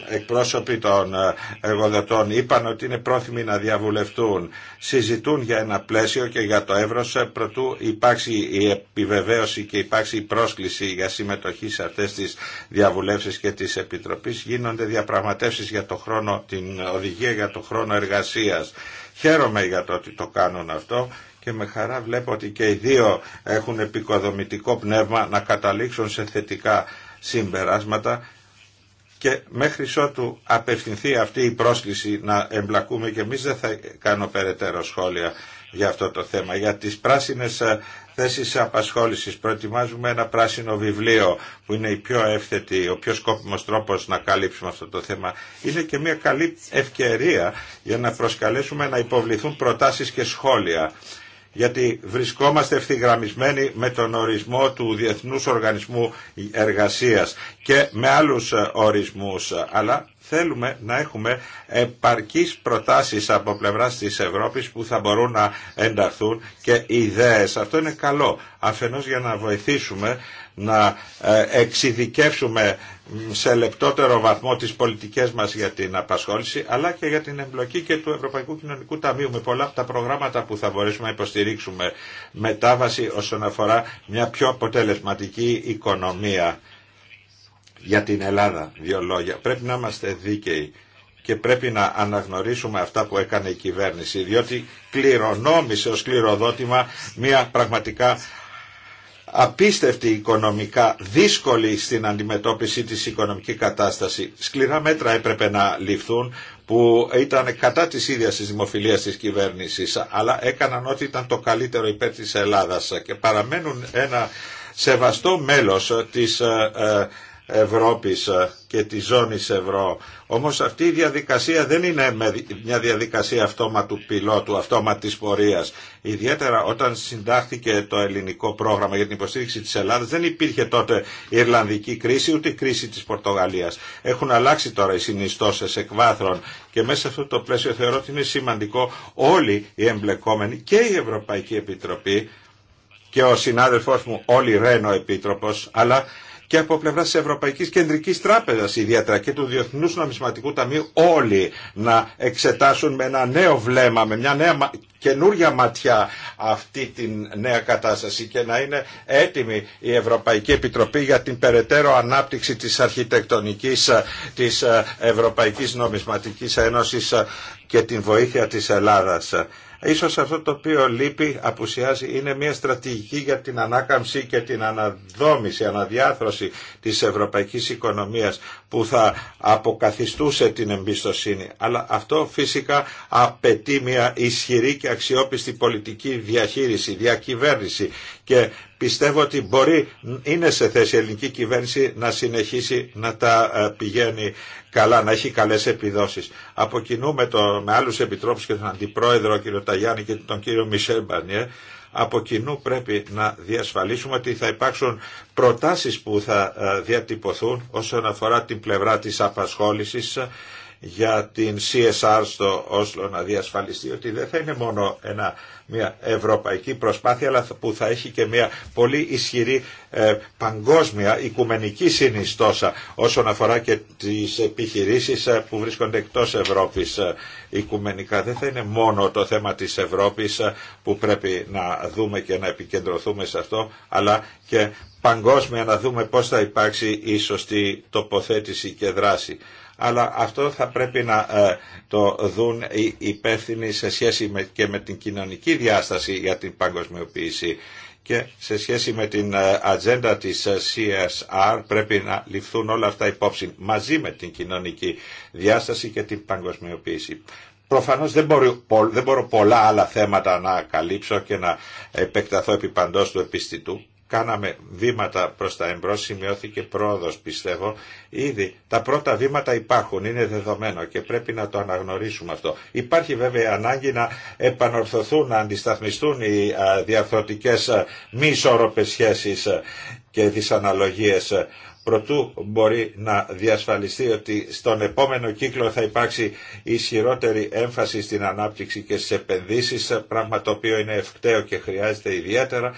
εκπρόσωποι των ε, εργοδοτών είπαν ότι είναι πρόθυμοι να διαβουλευτούν. Συζητούν για ένα πλαίσιο και για το εύρος ε, προτού υπάρξει η επιβεβαίωση και υπάρξει η πρόσκληση για συμμετοχή σε αυτές τις διαβουλεύσεις και τις επιτροπής. Γίνονται διαπραγματεύσεις για το χρόνο, την οδηγία για το χρόνο εργασίας. Χαίρομαι για το ότι το κάνουν αυτό και με χαρά βλέπω ότι και οι δύο έχουν επικοδομητικό πνεύμα να καταλήξουν σε θετικά συμπεράσματα και μέχρι ότου απευθυνθεί αυτή η πρόσκληση να εμπλακούμε και εμείς δεν θα κάνω περαιτέρω σχόλια για αυτό το θέμα. Για τις πράσινες ε, θέσεις απασχόλησης προετοιμάζουμε ένα πράσινο βιβλίο που είναι η πιο εύθετη, ο πιο σκόπιμος τρόπος να καλύψουμε αυτό το θέμα. Είναι και μια καλή ευκαιρία για να προσκαλέσουμε να υποβληθούν προτάσεις και σχόλια γιατί βρισκόμαστε ευθυγραμμισμένοι με τον ορισμό του Διεθνούς Οργανισμού Εργασίας και με άλλους ε, ορισμούς, αλλά θέλουμε να έχουμε επαρκείς προτάσεις από πλευράς της Ευρώπης που θα μπορούν να ενταχθούν και ιδέες. Αυτό είναι καλό, αφενός για να βοηθήσουμε να ε, εξειδικεύσουμε σε λεπτότερο βαθμό τις πολιτικές μας για την απασχόληση αλλά και για την εμπλοκή και του Ευρωπαϊκού Κοινωνικού Ταμείου με πολλά από τα προγράμματα που θα μπορέσουμε να υποστηρίξουμε μετάβαση όσον αφορά μια πιο αποτελεσματική οικονομία για την Ελλάδα. Δύο λόγια. Πρέπει να είμαστε δίκαιοι και πρέπει να αναγνωρίσουμε αυτά που έκανε η κυβέρνηση διότι κληρονόμησε ως κληροδότημα μια πραγματικά απίστευτη οικονομικά, δύσκολη στην αντιμετώπιση της οικονομική κατάσταση. Σκληρά μέτρα έπρεπε να ληφθούν που ήταν κατά της ίδιας της δημοφιλίας της κυβέρνησης, αλλά έκαναν ό,τι ήταν το καλύτερο υπέρ της Ελλάδας και παραμένουν ένα σεβαστό μέλος της ε, ε, Ευρώπης ε, και της ζώνης ευρώ. Όμως αυτή η διαδικασία δεν είναι μια διαδικασία αυτόματου πιλότου, αυτόματης πορείας. Ιδιαίτερα όταν συντάχθηκε το ελληνικό πρόγραμμα για την υποστήριξη της Ελλάδας δεν υπήρχε τότε η Ιρλανδική κρίση ούτε η κρίση της Πορτογαλίας. Έχουν αλλάξει τώρα οι συνιστώσεις εκβάθρων και μέσα σε αυτό το πλαίσιο θεωρώ ότι είναι σημαντικό όλοι οι εμπλεκόμενοι και η Ευρωπαϊκή Επιτροπή και ο συνάδελφός μου όλοι Ρένο Επίτροπος αλλά και από πλευρά τη Ευρωπαϊκή Κεντρική Τράπεζα ιδιαίτερα και του Διεθνού Νομισματικού Ταμείου όλοι να εξετάσουν με ένα νέο βλέμμα, με μια νέα καινούρια ματιά αυτή την νέα κατάσταση και να είναι έτοιμη η Ευρωπαϊκή Επιτροπή για την περαιτέρω ανάπτυξη της αρχιτεκτονικής της ε, Ευρωπαϊκής Νομισματικής Ένωσης ε, και την βοήθεια της Ελλάδας. Ίσως αυτό το οποίο λείπει, απουσιάζει, είναι μια στρατηγική για την ανάκαμψη και την αναδόμηση, αναδιάθρωση της ευρωπαϊκής οικονομίας που θα αποκαθιστούσε την εμπιστοσύνη. Αλλά αυτό φυσικά απαιτεί μια ισχυρή και αξιόπιστη πολιτική διαχείριση, διακυβέρνηση και πιστεύω ότι μπορεί, είναι σε θέση η ελληνική κυβέρνηση να συνεχίσει να τα ε, πηγαίνει καλά, να έχει καλές επιδόσεις. Από κοινού με, το, με άλλους επιτρόπους και τον Αντιπρόεδρο κύριο Ταγιάννη και τον κύριο Μισελ Μπανιέ, από κοινού πρέπει να διασφαλίσουμε ότι θα υπάρξουν προτάσεις που θα ε, διατυπωθούν όσον αφορά την πλευρά της απασχόλησης για την CSR στο Όσλο να διασφαλιστεί ότι δεν θα είναι μόνο ένα, μια ευρωπαϊκή προσπάθεια αλλά που θα έχει και μια πολύ ισχυρή ε, παγκόσμια οικουμενική συνιστόσα όσον αφορά και τις επιχειρήσεις ε, που βρίσκονται εκτός Ευρώπης ε, οικουμενικά. Δεν θα είναι μόνο το θέμα της Ευρώπης ε, που πρέπει να δούμε και να επικεντρωθούμε σε αυτό αλλά και παγκόσμια να δούμε πώς θα υπάρξει η σωστή τοποθέτηση και δράση αλλά αυτό θα πρέπει να ε, το δουν οι υπεύθυνοι σε σχέση και με την κοινωνική διάσταση για την παγκοσμιοποίηση και σε σχέση με την ε, ατζέντα της ε, CSR πρέπει να ληφθούν όλα αυτά υπόψη μαζί με την κοινωνική διάσταση και την παγκοσμιοποίηση. Προφανώς δεν μπορώ, δεν μπορώ πολλά άλλα θέματα να καλύψω και να επεκταθώ επί παντός του επιστητού κάναμε βήματα προς τα εμπρός, σημειώθηκε πρόοδος πιστεύω. Ήδη τα πρώτα βήματα υπάρχουν, είναι δεδομένο και πρέπει να το αναγνωρίσουμε αυτό. Υπάρχει βέβαια ανάγκη να επανορθωθούν, να αντισταθμιστούν οι διαρθρωτικές μη ισόρροπες σχέσεις και δυσαναλογίες προτού μπορεί να διασφαλιστεί ότι στον επόμενο κύκλο θα υπάρξει ισχυρότερη έμφαση στην ανάπτυξη και στις επενδύσεις, πράγμα το οποίο είναι ευκταίο και χρειάζεται ιδιαίτερα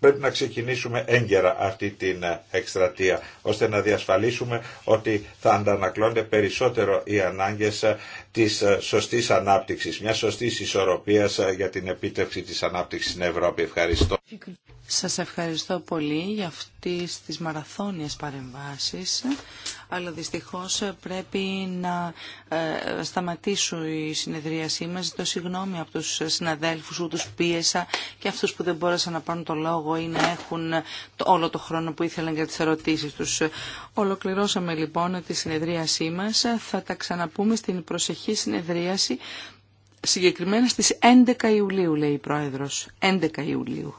πρέπει να ξεκινήσουμε έγκαιρα αυτή την ε, εκστρατεία, ώστε να διασφαλίσουμε ότι θα αντανακλώνται περισσότερο οι ανάγκες ε, της ε, σωστής ανάπτυξης, μια σωστής ισορροπίας για την επίτευξη της ανάπτυξης στην Ευρώπη. Ευχαριστώ. Σας ευχαριστώ πολύ για αυτές τις μαραθώνιες παρεμβάσεις αλλά δυστυχώς πρέπει να ε, σταματήσω η συνεδρίασή μας. Ζητώ συγγνώμη από τους συναδέλφους που τους πίεσα και αυτούς που δεν μπόρεσαν να πάρουν το λόγο ή να έχουν όλο το χρόνο που ήθελαν για τις ερωτήσεις τους. Ολοκληρώσαμε λοιπόν τη συνεδρίασή μας. Θα τα ξαναπούμε στην προσεχή συνεδρίαση συγκεκριμένα στις 11 Ιουλίου, λέει η Πρόεδρος. 11 Ιουλίου.